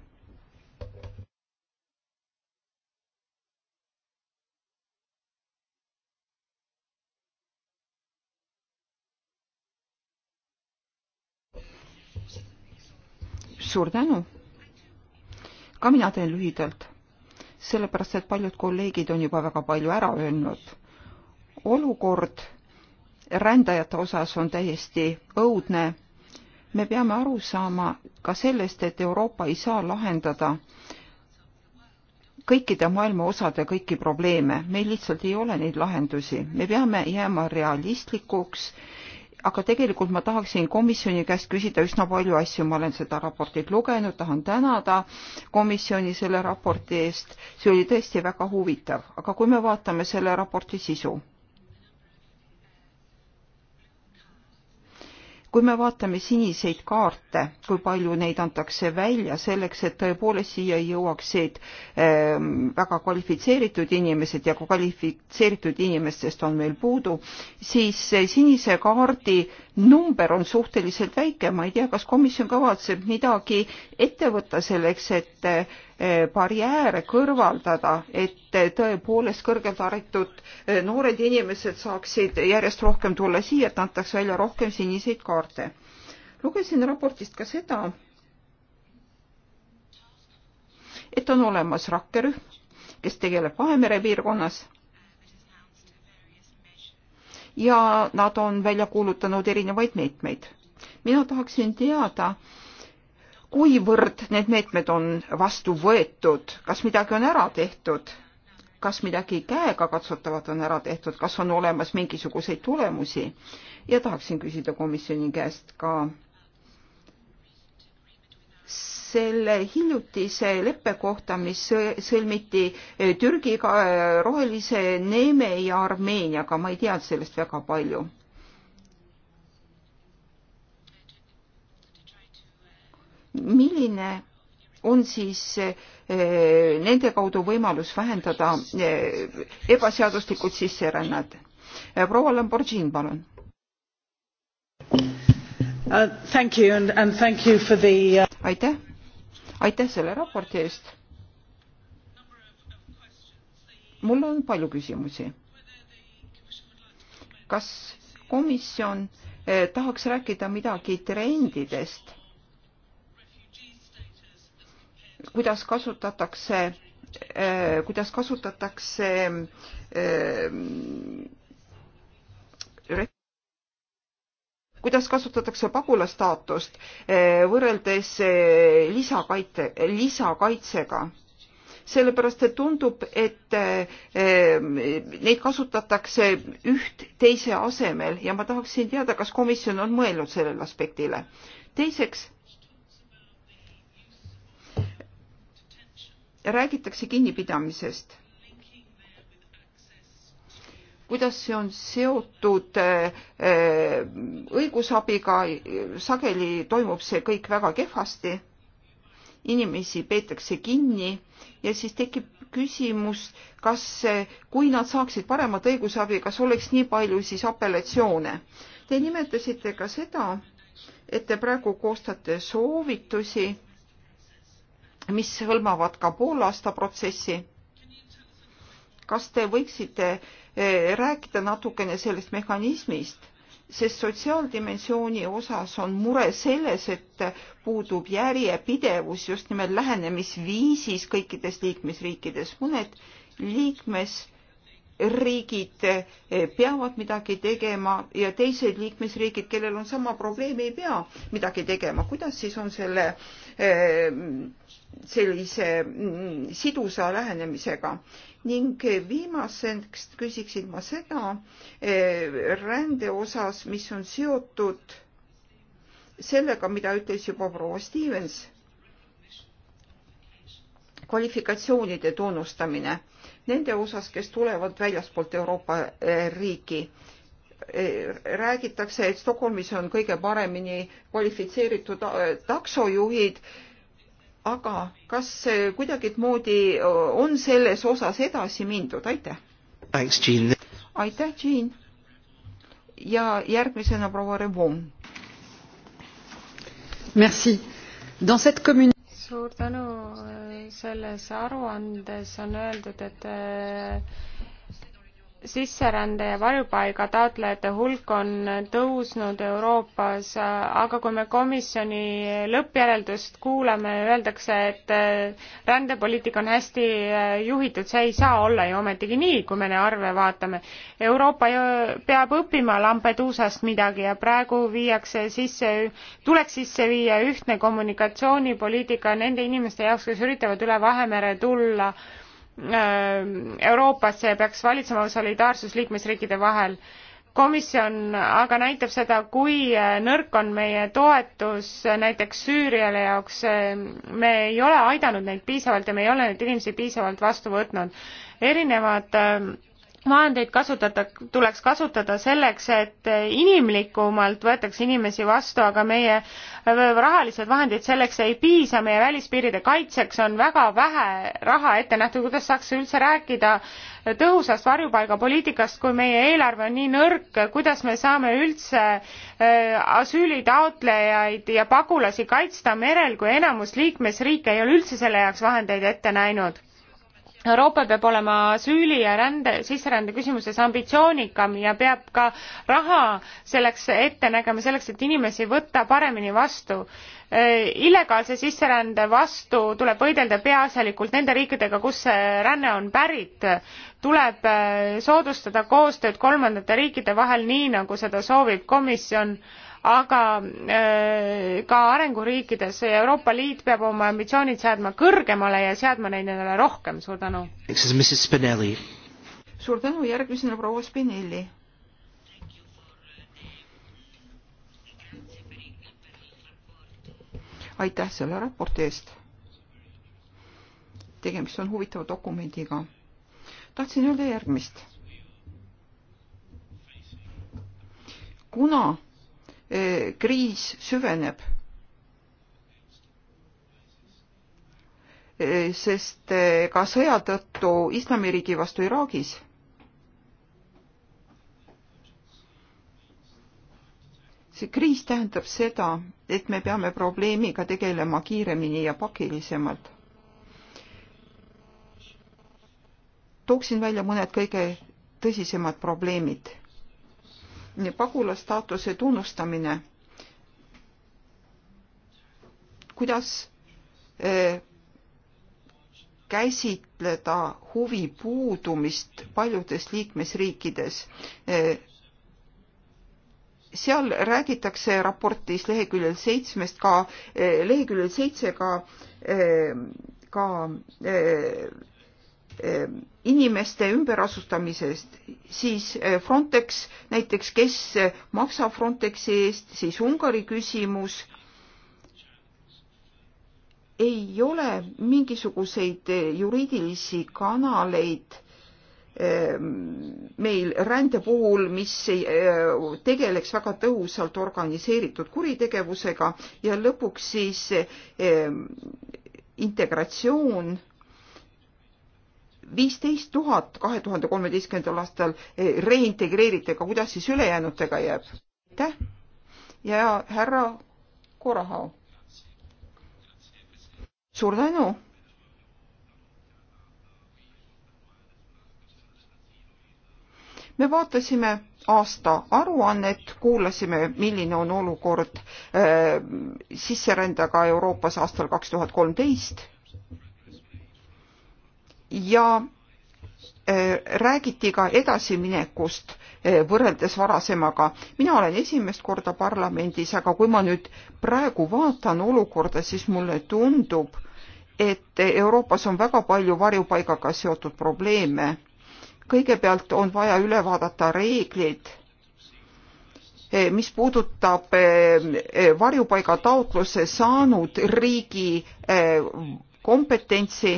suur tänu. ka mina teen lühidalt, sellepärast et paljud kolleegid on juba väga palju ära öelnud. olukord rändajate osas on täiesti õudne. me peame aru saama ka sellest, et Euroopa ei saa lahendada kõikide maailma osade kõiki probleeme, meil lihtsalt ei ole neid lahendusi, me peame jääma realistlikuks aga tegelikult ma tahaksin komisjoni käest küsida üsna palju asju, ma olen seda raportit lugenud, tahan tänada komisjoni selle raporti eest, see oli tõesti väga huvitav, aga kui me vaatame selle raporti sisu kui me vaatame siniseid kaarte, kui palju neid antakse välja selleks, et tõepoolest siia jõuaksid ehm, väga kvalifitseeritud inimesed ja kui kvalifitseeritud inimestest on meil puudu, siis sinise kaardi number on suhteliselt väike, ma ei tea, kas komisjon kavatseb midagi ette võtta selleks, et barjääre kõrvaldada, et tõepoolest kõrgelt haritud eh, noored inimesed saaksid järjest rohkem tulla siia, et antaks välja rohkem siniseid kaarte. lugesin raportist ka seda, et on olemas rakkerühm, kes tegeleb Vahemere piirkonnas ja nad on välja kuulutanud erinevaid meetmeid. mina tahaksin teada, kuivõrd need meetmed on vastu võetud, kas midagi on ära tehtud, kas midagi käegakatsutavat on ära tehtud, kas on olemas mingisuguseid tulemusi ja tahaksin küsida komisjoni käest ka selle hiljutise leppe kohta, mis sõlmiti eh, Türgiga, eh, Rohelise Neeme ja Armeeniaga, ma ei teadnud sellest väga palju milline on siis eh, nende kaudu võimalus vähendada eh, ebaseaduslikult sisserännet. Eh, proua Lamborghini, palun. Uh, uh, aitäh, aitäh selle raporti eest. mul on palju küsimusi. kas komisjon tahaks rääkida midagi trendidest? kuidas kasutatakse, äh, kuidas kasutatakse äh, kuidas kasutatakse pagulasstaatust äh, võrreldes lisakaitse, lisakaitsega sellepärast et tundub, et neid kasutatakse üht teise asemel ja ma tahaksin teada, kas komisjon on mõelnud sellele aspektile. teiseks räägitakse kinnipidamisest. kuidas see on seotud äh, õigusabiga, sageli toimub see kõik väga kehvasti. inimesi peetakse kinni ja siis tekib küsimus, kas, kui nad saaksid paremat õigusabi, kas oleks nii palju siis apellatsioone. Te nimetasite ka seda, et te praegu koostate soovitusi mis hõlmavad ka poolaasta protsessi. kas te võiksite eh, rääkida natukene sellest mehhanismist, sest sotsiaaldimensiooni osas on mure selles, et puudub järjepidevus just nimelt lähenemisviisis kõikides liikmesriikides. mõned liikmes riigid eh, peavad midagi tegema ja teised liikmesriigid, kellel on sama probleem, ei pea midagi tegema. kuidas siis on selle eh, sellise mm, sidusa lähenemisega? ning viimaseks küsiksin ma seda eh, rände osas, mis on seotud sellega, mida ütles juba proua Stevens, kvalifikatsioonide tunnustamine nende osas, kes tulevad väljaspoolt Euroopa eh, riiki. Eh, räägitakse, et Stockholmis on kõige paremini kvalifitseeritud eh, taksojuhid, aga kas kuidagimoodi on selles osas edasi mindud, aitäh! aitäh, Jean! ja järgmisena proua Revon. Merci dans cette commune suur tänu, äh, selles aruandes on öeldud, et äh, sisserände ja varjupaiga taotlejate hulk on tõusnud Euroopas, aga kui me komisjoni lõppjäreldust kuulame, öeldakse, et äh, rändepoliitika on hästi äh, juhitud, see ei saa olla ju ometigi nii, kui me neid arve vaatame. Euroopa peab õppima Lampeduusast midagi ja praegu viiakse sisse, tuleks sisse viia ühtne kommunikatsioonipoliitika nende inimeste jaoks, kes üritavad üle Vahemere tulla Äh, Euroopas peaks valitsema solidaarsus liikmesriikide vahel. komisjon aga näitab seda, kui äh, nõrk on meie toetus äh, näiteks Süüriale jaoks. me ei ole aidanud neid piisavalt ja me ei ole neid inimesi piisavalt vastu võtnud. erinevad äh, vahendeid kasutada, tuleks kasutada selleks, et inimlikumalt võetakse inimesi vastu, aga meie äh, rahalised vahendid selleks ei piisa, meie välispiiride kaitseks on väga vähe raha ette nähtud, kuidas saaks üldse rääkida tõhusast varjupaigapoliitikast, kui meie eelarve on nii nõrk, kuidas me saame üldse äh, asüülitaotlejaid ja pagulasi kaitsta merel, kui enamus liikmesriike ei ole üldse selle jaoks vahendeid ette näinud? Euroopa peab olema süüli ja rände, sisserände küsimustes ambitsioonikam ja peab ka raha selleks ette nägema, selleks et inimesi võtta paremini vastu. Äh, illegaalse sisserände vastu tuleb võidelda peaasjalikult nende riikidega, kus see ränne on pärit. tuleb äh, soodustada koostööd kolmandate riikide vahel, nii nagu seda soovib komisjon aga äh, ka arenguriikides Euroopa Liit peab oma ambitsioonid seadma kõrgemale ja seadma neid endale rohkem, suur tänu. suur tänu, järgmisena proua Spinelli. aitäh selle raporti eest. tegemist on huvitava dokumendiga. tahtsin öelda järgmist. kuna Äh, kriis süveneb. Äh, sest äh, ka sõja tõttu Islamiriigi vastu Iraagis see kriis tähendab seda, et me peame probleemiga tegelema kiiremini ja pakilisemalt. tooksin välja mõned kõige tõsisemad probleemid pagulastaatuse tunnustamine. kuidas eh, käsitleda huvi puudumist paljudes liikmesriikides? Eh, seal räägitakse raportis leheküljel seitsmest ka, eh, leheküljel seitse ka, ka Ähm, inimeste ümberasustamisest, siis äh, Frontex näiteks, kes äh, maksab Frontexi eest, siis Ungari küsimus. ei ole mingisuguseid äh, juriidilisi kanaleid ähm, meil rände puhul, mis tegeleks väga tõhusalt organiseeritud kuritegevusega ja lõpuks siis integratsioon viisteist tuhat kahe tuhande kolmeteistkümnendal aastal eh, reintegreerite, aga kuidas siis ülejäänutega jääb? aitäh ja härra Korahao. suur tänu. me vaatasime aasta aruannet, kuulasime, milline on olukord äh, sisserändega Euroopas aastal kaks tuhat kolmteist ja äh, räägiti ka edasiminekust äh, võrreldes varasemaga. mina olen esimest korda parlamendis, aga kui ma nüüd praegu vaatan olukorda, siis mulle tundub, et Euroopas on väga palju varjupaigaga seotud probleeme. kõigepealt on vaja üle vaadata reeglid, äh, mis puudutab varjupaiga taotluse saanud riigi kompetentsi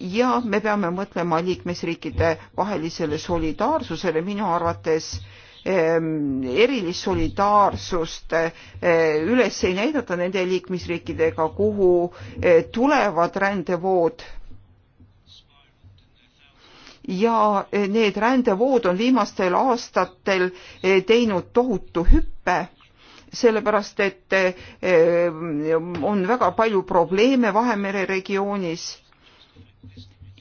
ja me peame mõtlema liikmesriikide vahelisele solidaarsusele, minu arvates ehm, erilist solidaarsust eh, üles ei näidata nende liikmesriikidega, kuhu eh, tulevad rändevood. ja eh, need rändevood on viimastel aastatel teinud tohutu hüppe sellepärast et on väga palju probleeme Vahemere regioonis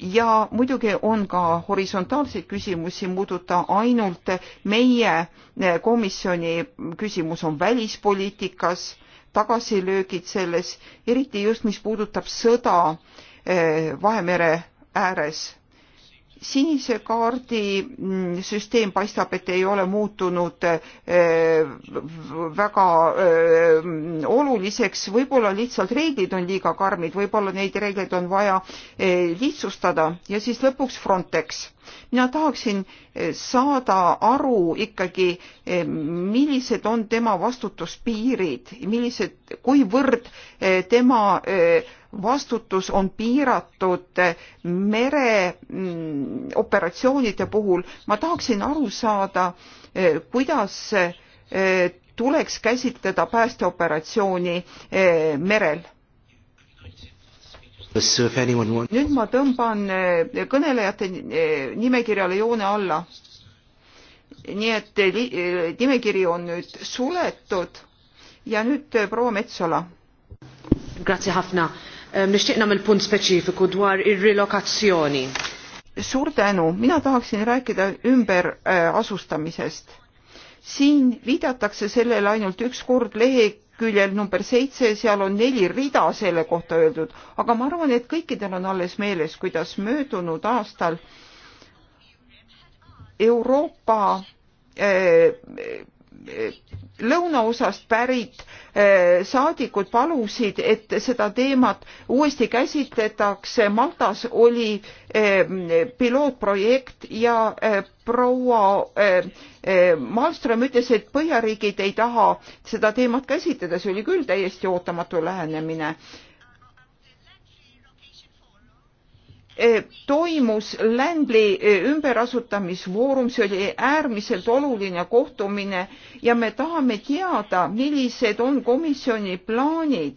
ja muidugi on ka horisontaalseid küsimusi, muuduta ainult meie eh, komisjoni küsimus on välispoliitikas, tagasilöögid selles, eriti just, mis puudutab sõda eh, Vahemere ääres sinise kaardi mm, süsteem paistab, et ei ole muutunud äh, väga äh, oluliseks, võib-olla lihtsalt reeglid on liiga karmid, võib-olla neid reegleid on vaja äh, lihtsustada ja siis lõpuks Frontex mina tahaksin eh, saada aru ikkagi, eh, millised on tema vastutuspiirid, millised, kuivõrd eh, tema vastutus on piiratud mereoperatsioonide mm, puhul. ma tahaksin aru saada, kuidas tuleks käsitleda päästeoperatsiooni merel nüüd ma tõmban eh, kõnelejate eh, nimekirjale joone alla. nii et eh, nimekiri on nüüd suletud ja nüüd proua Metsola. suur tänu, mina tahaksin rääkida ümberasustamisest siin viidatakse sellele ainult üks kord lehe leheküljel number seitse, seal on neli rida selle kohta öeldud, aga ma arvan, et kõikidel on alles meeles, kuidas möödunud aastal Euroopa eh, eh, lõunaosast pärit eh, saadikud palusid, et seda teemat uuesti käsitletakse. Maltas oli eh, pilootprojekt ja eh, proua Malmström ütles, et põhjariigid ei taha seda teemat käsitleda, see oli küll täiesti ootamatu lähenemine E, toimus Ländli e, ümberasutamisfoorum, see oli äärmiselt oluline kohtumine ja me tahame teada, millised on komisjoni plaanid,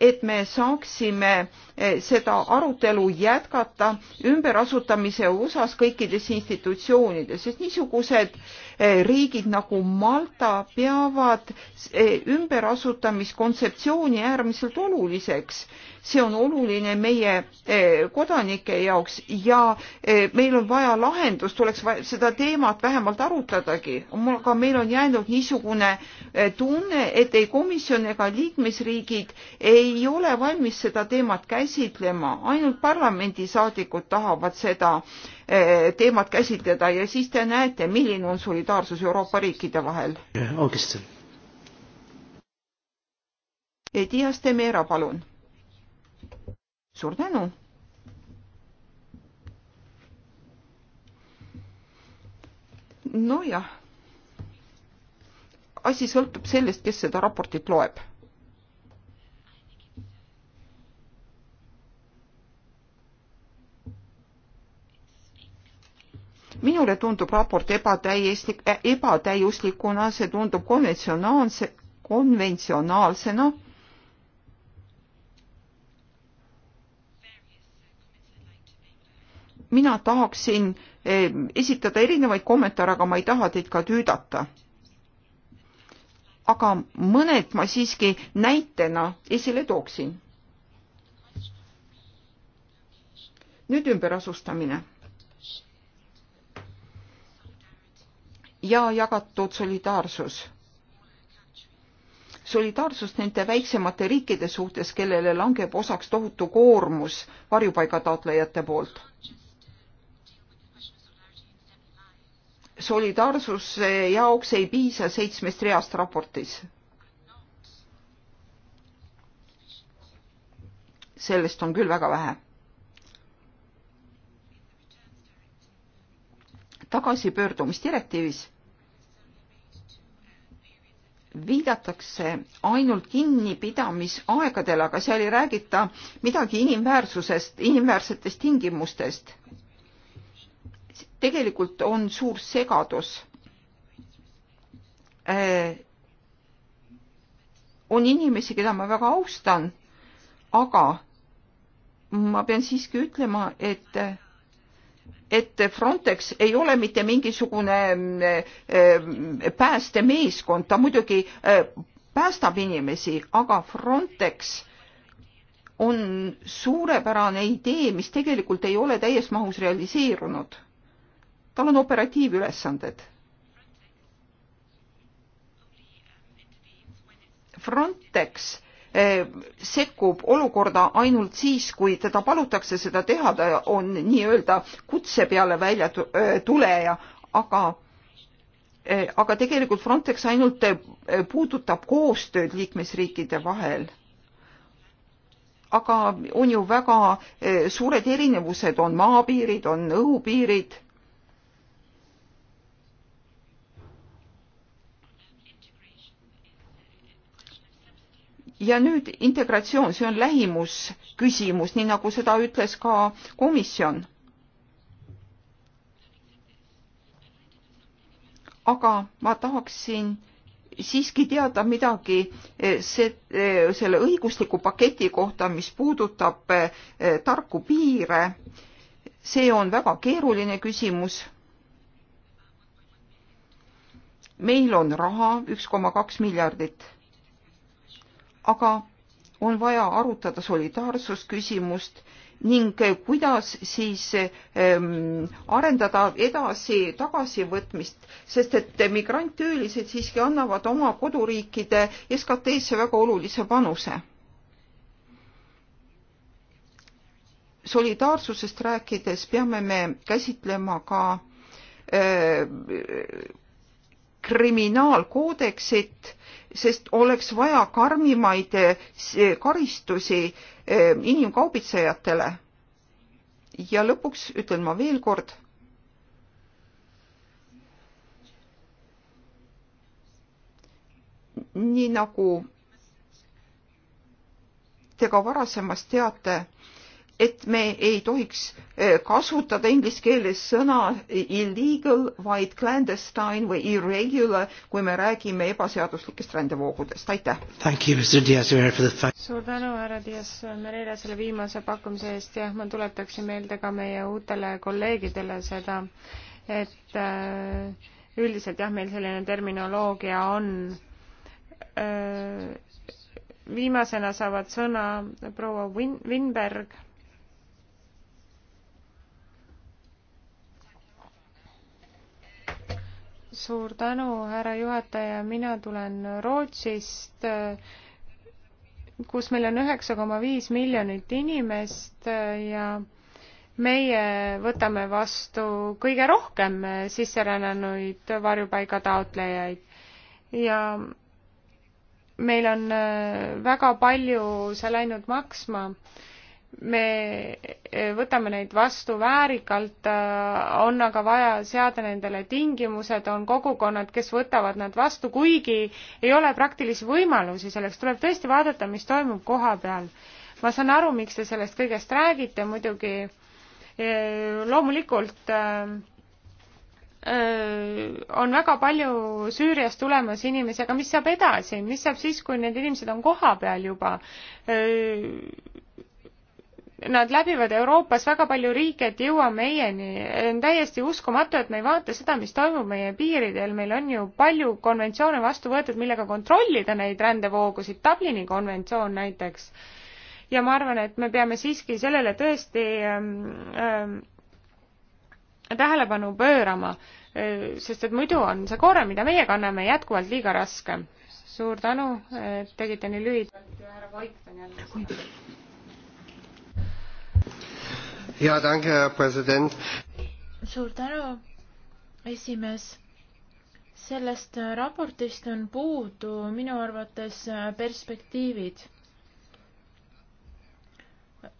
et me saaksime e, seda arutelu jätkata ümberasutamise osas kõikides institutsioonides, sest niisugused äh, Eh, riigid nagu Malta peavad eh, ümberasutamiskontseptsiooni äärmiselt oluliseks. see on oluline meie eh, kodanike jaoks ja meil on vaja lahendust, oleks vaja seda teemat vähemalt arutadagi, aga meil on jäänud niisugune tunne, et ei komisjon ega liikmesriigid ei ole valmis seda teemat käsitlema, ainult parlamendisaadikud tahavad seda äh, Eh, teemat käsitleda ja siis te näete, milline on solidaarsus Euroopa riikide vahel. Augustin. Dias de Meera, palun. suur tänu. nojah, asi sõltub sellest, kes seda raportit loeb minule tundub raport ebatäiesti, e, ebatäiuslikuna, see tundub konventsionaalse, konventsionaalsena. mina tahaksin e, esitada erinevaid kommentaare, aga ma ei taha teid ka tüüdata. aga mõned ma siiski näitena esile tooksin. nüüd ümberasustamine ja jagatud solidaarsus. solidaarsust nende väiksemate riikide suhtes, kellele langeb osaks tohutu koormus varjupaigataotlejate poolt solidaarsuse jaoks ei piisa seitsmest reast raportis. sellest on küll väga vähe. tagasipöördumisdirektiivis viidatakse ainult kinnipidamisaegadele, aga seal ei räägita midagi inimväärsusest, inimväärsetest tingimustest. tegelikult on suur segadus. Äh, on inimesi, keda ma väga austan, aga ma pean siiski ütlema, et et Frontex ei ole mitte mingisugune mm, eh, päästemeeskond, ta muidugi eh, päästab inimesi, aga Frontex on suurepärane idee, mis tegelikult ei ole täies mahus realiseerunud. tal on operatiivülesanded. Frontex Eh, sekkub olukorda ainult siis, kui teda palutakse seda teha, ta on nii-öelda kutse peale välja eh, tuleja, aga eh, aga tegelikult Frontex ainult puudutab koostööd liikmesriikide vahel aga on ju väga suured erinevused, on maapiirid, on õhupiirid ja nüüd integratsioon, see on lähimusküsimus, nii nagu seda ütles ka komisjon. aga ma tahaksin siiski teada midagi eh, see, eh, selle õigusliku paketi kohta, mis puudutab eh, tarku piire. see on väga keeruline küsimus. meil on raha üks koma kaks miljardit aga on vaja arutada solidaarsusküsimust ning kuidas siis ähm, arendada edasi tagasivõtmist, sest et migranttöölised siiski annavad oma koduriikide SKT-sse väga olulise panuse. solidaarsusest rääkides peame me käsitlema ka äh, kriminaalkoodeksit äh, sest oleks vaja karmimaid eh, karistusi eh, inimkaubitsejatele. ja lõpuks ütlen ma veel kord. nii nagu te ka varasemast teate et me ei tohiks eh, kasutada inglise keeles sõna illegal, vaid clandestine või irregular, kui me räägime ebaseaduslikest rändevoogudest. aitäh! suur tänu, härra Dias Merera, selle viimase pakkumise eest. jah, ma tuletaksin meelde ka meie uutele kolleegidele seda, et äh, üldiselt jah, meil selline terminoloogia on öö, äh, viimasena saavad sõna proua Win-, Winberg suur tänu, härra juhataja, mina tulen Rootsist, kus meil on üheksa koma viis miljonit inimest ja meie võtame vastu kõige rohkem sisserännanuid varjupaiga taotlejaid ja meil on väga palju see läinud maksma me e, võtame neid vastu väärikalt, äh, on aga vaja seada nendele tingimused, on kogukonnad, kes võtavad nad vastu, kuigi ei ole praktilisi võimalusi selleks, tuleb tõesti vaadata, mis toimub koha peal. ma saan aru, miks te sellest kõigest räägite, muidugi e, loomulikult äh, e, on väga palju Süüriast tulemas inimesi, aga mis saab edasi, mis saab siis, kui need inimesed on koha peal juba? nad läbivad Euroopas väga palju riike, et jõua meieni. on täiesti uskumatu, et me ei vaata seda, mis toimub meie piiridel, meil on ju palju konventsioone vastu võetud, millega kontrollida neid rändevoogusid, Dublini konventsioon näiteks. ja ma arvan, et me peame siiski sellele tõesti ähm, ähm, tähelepanu pöörama, äh, sest et muidu on see koorem, mida meie kanname, jätkuvalt liiga raske. suur tänu, et tegite nii lühidalt ja härra Vaik on jälle siin ja tänke, president. suur tänu, esimees. sellest raportist on puudu minu arvates perspektiivid.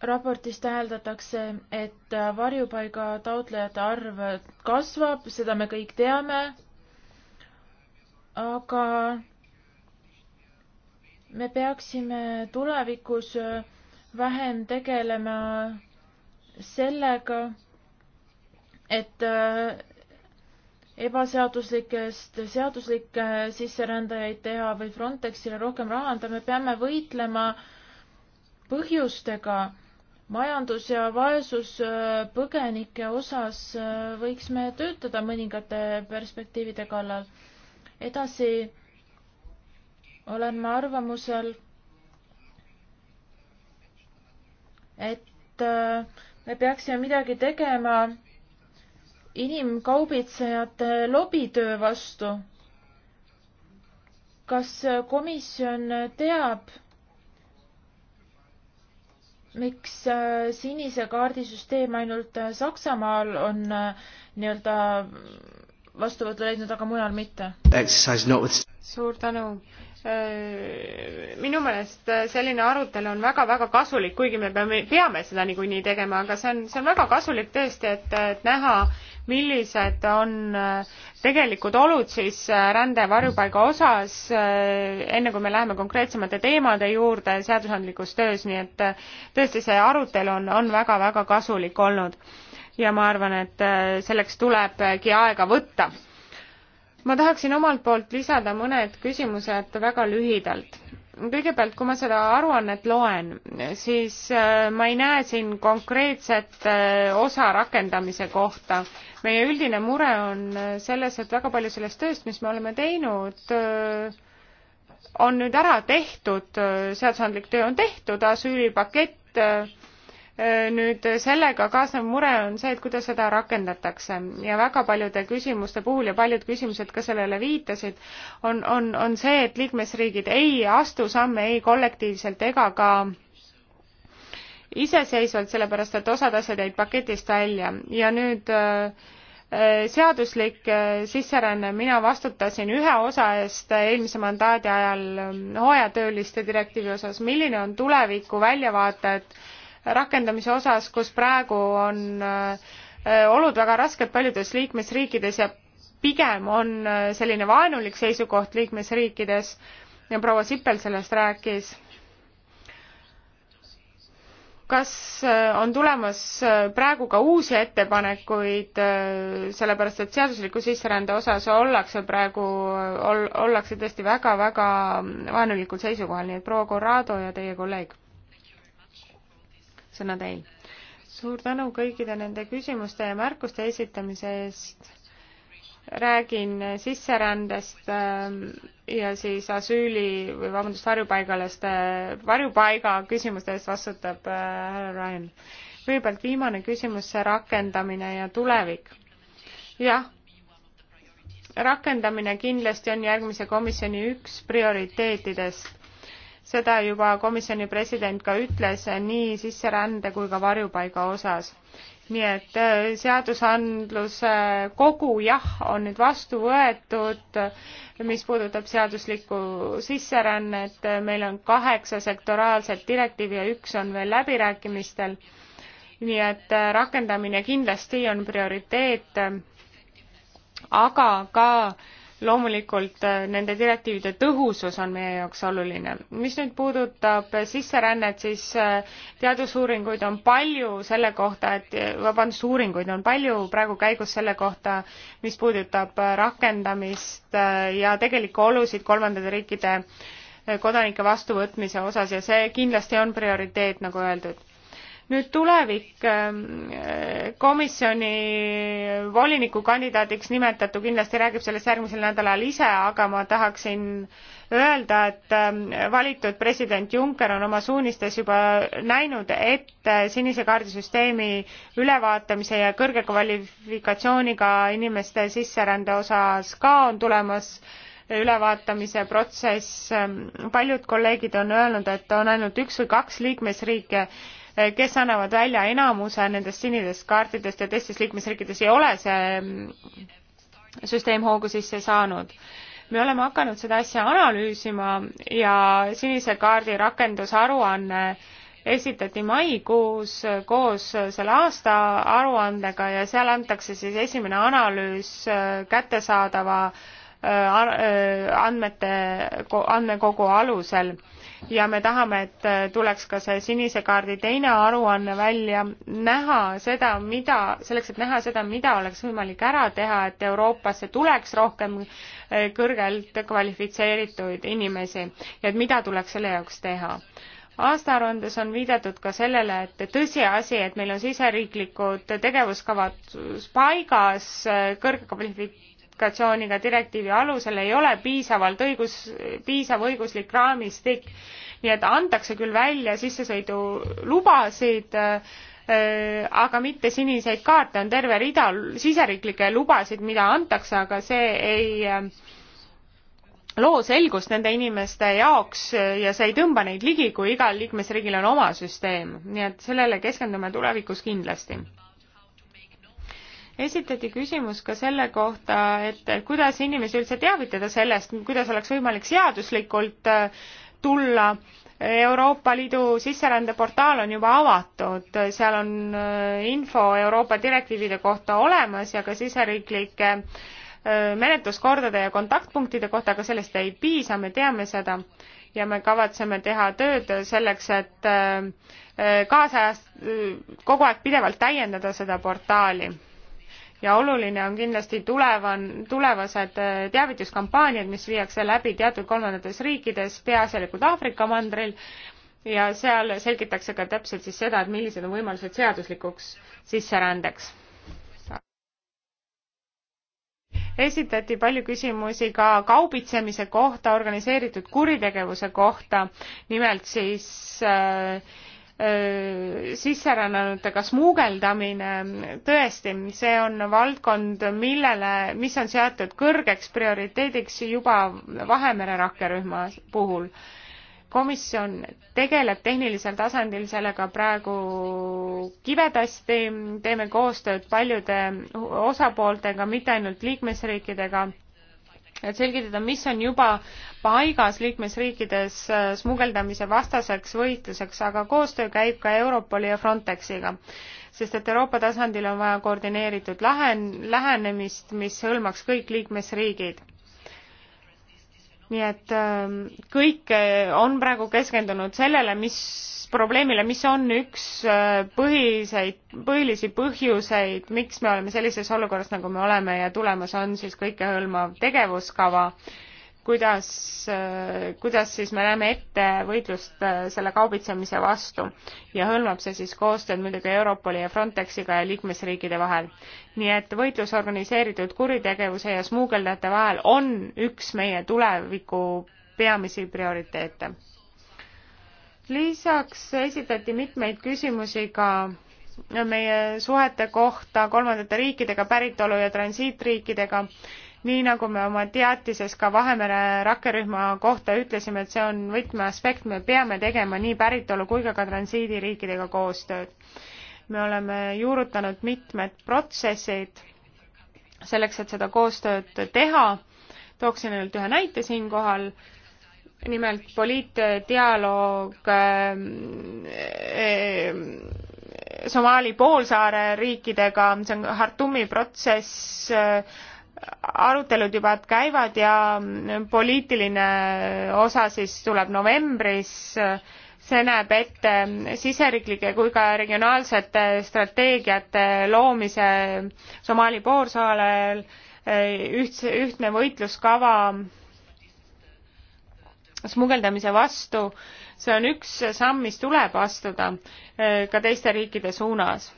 raportis täheldatakse, et varjupaiga taotlejate arv kasvab, seda me kõik teame. aga me peaksime tulevikus vähem tegelema sellega, et äh, ebaseaduslikest seaduslikke sisserändajaid teha või Frontexile rohkem raha anda, me peame võitlema põhjustega. majandus ja vaesus põgenike osas äh, võiks me töötada mõningate perspektiivide kallal. edasi olen ma arvamusel, et äh, me peaksime midagi tegema inimkaubitsejate lobitöö vastu. kas komisjon teab, miks äh, sinise kaardi süsteem ainult äh, Saksamaal on äh, nii-öelda vastuvõtu leidnud, aga mujal mitte? suur tänu Äh, minu meelest selline arutelu on väga-väga kasulik, kuigi me peame, peame seda niikuinii tegema, aga see on, see on väga kasulik tõesti, et, et näha, millised on äh, tegelikud olud siis äh, rände ja varjupaiga osas, enne kui me läheme konkreetsemate teemade juurde seadusandlikus töös, nii et tõesti see arutelu on, on väga-väga kasulik olnud. ja ma arvan, et selleks tulebki aega võtta ma tahaksin omalt poolt lisada mõned küsimused väga lühidalt kõigepealt, kui ma seda aruannet loen, siis äh, ma ei näe siin konkreetset äh, osa rakendamise kohta. meie üldine mure on äh, selles, et väga palju sellest tööst, mis me oleme teinud, on nüüd ära tehtud, seadusandlik töö on tehtud, asüülipakett Äh, nüüd sellega kaasnev mure on see, et kuidas seda rakendatakse ja väga paljude küsimuste puhul ja paljud küsimused ka sellele viitasid, on, on, on see, et liikmesriigid ei astu samme ei kollektiivselt ega ka iseseisvalt, sellepärast et osad asjad jäid paketist välja ja nüüd äh, äh seaduslik äh, sisseränne, mina vastutasin ühe osa eest eelmise mandaadi ajal hooajatööliste direktiivi osas, milline on tuleviku väljavaated äh, rakendamise osas, kus praegu on äh, olud väga rasked paljudes liikmesriikides ja pigem on äh, selline vaenulik seisukoht liikmesriikides ja proua Sippel sellest rääkis. kas äh, on tulemas praegu ka uusi ettepanekuid, sellepärast et seadusliku sisserände osas ollakse praegu, ollakse tõesti väga-väga vaenulikul seisukohal, nii et proua Corrado ja teie kolleeg sõna teil. suur tänu kõikide nende küsimuste ja märkuste esitamise eest. räägin sisserändest ähm, ja siis asüüli või vabandust, varjupaigalaste, varjupaiga küsimuste eest vastutab äh, härra Ryan. kõigepealt viimane küsimus, see rakendamine ja tulevik. jah rakendamine kindlasti on järgmise komisjoni üks prioriteetidest seda juba komisjoni president ka ütles nii sisserände kui ka varjupaiga osas. nii et äh, seadusandluse äh, kogu jah, on nüüd vastu võetud, äh, mis puudutab seaduslikku sisserännet, meil on kaheksa sektoraalset direktiivi ja üks on veel läbirääkimistel. nii et rakendamine kindlasti on prioriteet, aga ka äh, loomulikult äh, nende direktiivide tõhusus on meie jaoks oluline. mis nüüd puudutab äh, sisserännet, siis äh, teadusuuringuid on palju selle kohta, et, vabandust, uuringuid on palju praegu käigus selle kohta, mis puudutab rakendamist ja tegelikke olusid kolmandate riikide kodanike vastuvõtmise osas ja see kindlasti on prioriteet, nagu öeldud nüüd tulevik ähm, äh, komisjoni volinikukandidaadiks nimetatu kindlasti räägib sellest järgmisel nädalal ise, aga ma tahaksin öelda, et ähm, valitud president Juncker on oma suunistes juba näinud ette äh, sinise kaardisüsteemi ülevaatamise ja kõrge kvalifikatsiooniga inimeste sisserände osas ka on tulemas ülevaatamise protsess. Ähm, paljud kolleegid on öelnud, et on ainult üks või kaks liikmesriike, kes annavad välja enamuse nendest sinidest kaartidest ja teistes liikmesriikides ei ole see mm, süsteem hoogu sisse saanud me oleme hakanud seda asja analüüsima ja sinise kaardi rakendusaruanne esitati maikuus koos selle aasta aruandega ja seal antakse siis esimene analüüs äh, kättesaadava äh, äh, andmete, andmekogu alusel ja me tahame, et äh, tuleks ka see sinise kaardi teine aruanne välja, näha seda, mida, selleks, et näha seda, mida oleks võimalik ära teha, et Euroopasse tuleks rohkem äh, kõrgelt kvalifitseeritud inimesi ja et mida tuleks selle jaoks teha aastaaruandes on viidatud ka sellele, et tõsiasi, et meil on siseriiklikud tegevuskavad paigas äh, kõrgkvalifit-, ratifikatsiooniga direktiivi alusel ei ole piisavalt õigus, piisav õiguslik raamistik. nii et antakse küll välja sissesõidulubasid, äh, aga mitte siniseid kaarte, on terve rida siseriiklikke lubasid, mida antakse, aga see ei äh, loo selgust nende inimeste jaoks äh, ja see ei tõmba neid ligi, kui igal liikmesriigil on oma süsteem, nii et sellele keskendume tulevikus kindlasti esitati küsimus ka selle kohta, et kuidas inimesi üldse teavitada sellest, kuidas oleks võimalik seaduslikult äh, tulla. Euroopa Liidu sisserändeportaal on juba avatud, seal on äh, info Euroopa direktiivide kohta olemas ja ka siseriiklike äh, menetluskordade ja kontaktpunktide kohta, aga sellest ei piisa, me teame seda ja me kavatseme teha tööd selleks, et kaasajast kogu aeg pidevalt täiendada seda portaali ja oluline on kindlasti tulevan, tulevased äh, teavituskampaaniad, mis viiakse läbi teatud kolmandates riikides, peaasjalikult Aafrika mandril, ja seal selgitakse ka täpselt siis seda, et millised on võimalused seaduslikuks sisserändeks. esitati palju küsimusi ka kaubitsemise kohta, organiseeritud kuritegevuse kohta, nimelt siis äh, Äh, sisserännanutega smugeldamine, tõesti, see on valdkond, millele, mis on seatud kõrgeks prioriteediks juba Vahemere rakkerühma puhul. komisjon tegeleb tehnilisel tasandil sellega praegu kibedasti, teeme koostööd paljude osapooltega, mitte ainult liikmesriikidega et selgitada, mis on juba paigas liikmesriikides äh, smugeldamise vastaseks võitluseks, aga koostöö käib ka Europoli ja Frontexiga, sest et Euroopa tasandil on vaja koordineeritud lähen-, lähenemist, mis hõlmaks kõik liikmesriigid nii et ähm, kõik äh, on praegu keskendunud sellele, mis probleemile, mis on üks äh, põhiseid, põhilisi põhjuseid, miks me oleme sellises olukorras, nagu me oleme ja tulemas on siis kõikehõlmav tegevuskava kuidas, kuidas siis me näeme ette võitlust äh, selle kaubitsemise vastu ja hõlmab see siis koostööd muidugi Europoli ja Frontexiga ja liikmesriikide vahel. nii et võitlus organiseeritud kuritegevuse ja smuugeldajate vahel on üks meie tuleviku peamisi prioriteete. lisaks esitati mitmeid küsimusi ka meie suhete kohta kolmandate riikidega, päritolu ja transiitriikidega nii nagu me oma teatises ka Vahemere rakkerühma kohta ütlesime, et see on võtmeaspekt, me peame tegema nii päritolu kui ka ka transiidiriikidega koostööd. me oleme juurutanud mitmed protsessid selleks, et seda koostööd teha. tooksin ainult ühe näite siinkohal nimelt poliitdialoog ähm, ähm, Somaali poolsaare riikidega, see on Hartumi protsess, äh, arutelud juba käivad ja poliitiline osa siis tuleb novembris. see näeb ette siseriiklike kui ka regionaalsete strateegiate loomise Somaali poolsaarel, ühtse, ühtne võitluskava smugeldamise vastu, see on üks samm, mis tuleb astuda ka teiste riikide suunas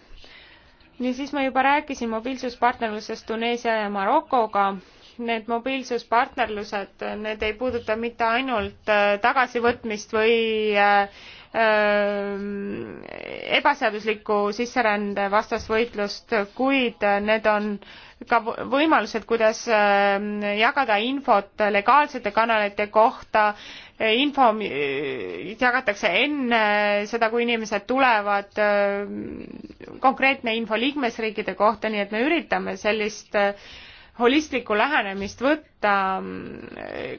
niisiis ma juba rääkisin mobiilsuspartnerlusest Tuneesia ja Marokoga. Need mobiilsuspartnerlused, need ei puuduta mitte ainult äh, tagasivõtmist või äh, äh, ebaseadusliku sisserände vastast võitlust, kuid need on äh, ka võimalused, kuidas ähm, jagada infot legaalsete kanalite kohta, äh, info äh, jagatakse enne seda, kui inimesed tulevad, ähm, konkreetne info liikmesriikide kohta, nii et me üritame sellist äh, holistlikku lähenemist võtta,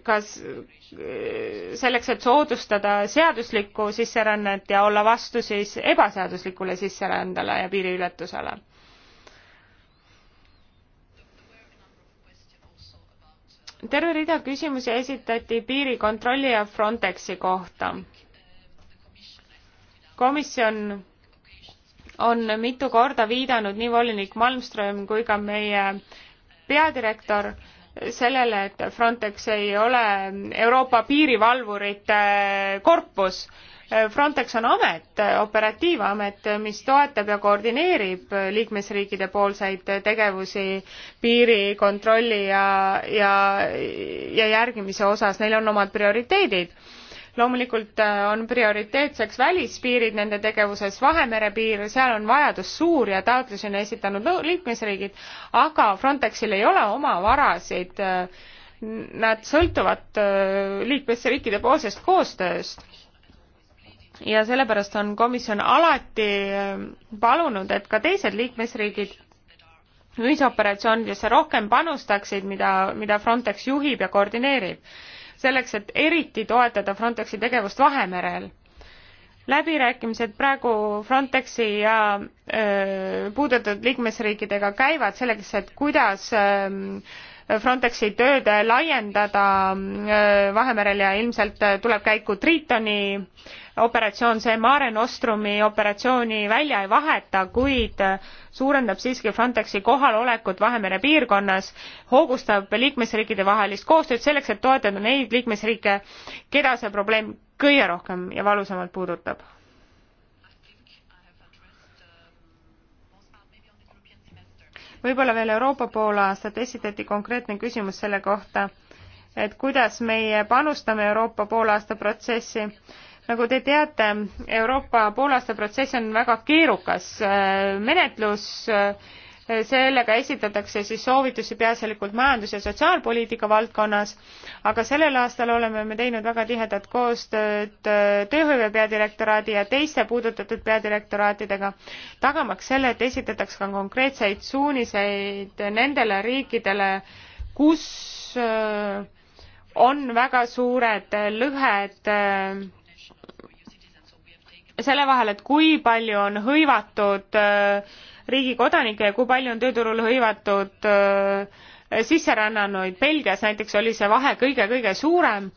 kas selleks, et soodustada seaduslikku sisserännet ja olla vastu siis ebaseaduslikule sisserändele ja piiriületusele terve rida küsimusi esitati piirikontrolli ja Frontexi kohta. komisjon on mitu korda viidanud nii volinik Malmström kui ka meie peadirektor sellele, et Frontex ei ole Euroopa piirivalvurite korpus Frontex on amet, operatiivamet, mis toetab ja koordineerib liikmesriikide poolseid tegevusi piirikontrolli ja, ja, ja järgimise osas, neil on omad prioriteedid loomulikult äh, on prioriteetseks välispiirid nende tegevuses, Vahemere piir, seal on vajadus suur ja taotlusi on esitanud liikmesriigid, aga Frontexil ei ole oma varasid. Nad sõltuvad äh, liikmesriikide poolsest koostööst ja sellepärast on komisjon alati äh, palunud, et ka teised liikmesriigid ühisoperatsioonidesse rohkem panustaksid, mida, mida Frontex juhib ja koordineerib, selleks et eriti toetada Frontexi tegevust Vahemerel. läbirääkimised praegu Frontexi ja öö, äh, puudutatud liikmesriikidega käivad selleks, et kuidas öö, ähm, Frontexi tööd laiendada äh, Vahemerel ja ilmselt tuleb käiku Tritoni operatsioon, see Mare Nostrumi operatsiooni välja ei vaheta, kuid suurendab siiski Frontexi kohalolekut Vahemere piirkonnas, hoogustab liikmesriikide vahelist koostööd selleks, et toetada neid liikmesriike, keda see probleem kõige rohkem ja valusamalt puudutab võib-olla veel Euroopa poolaastat esitati konkreetne küsimus selle kohta, et kuidas meie panustame Euroopa poolaasta protsessi. nagu te teate, Euroopa poolaasta protsess on väga keerukas äh, menetlus äh, sellega esitatakse siis soovitusi peaasjalikult majandus- ja sotsiaalpoliitika valdkonnas, aga sellel aastal oleme me teinud väga tihedat koostööd äh, tööhõive peadirektoraadi ja teiste puudutatud peadirektoraatidega, tagamaks selle, et esitataks ka konkreetseid suuniseid nendele riikidele, kus äh, on väga suured lõhed äh, selle vahel, et kui palju on hõivatud äh, riigi kodanikke ja kui palju on tööturul hõivatud äh, sisserännanuid. Belgias näiteks oli see vahe kõige-kõige suurem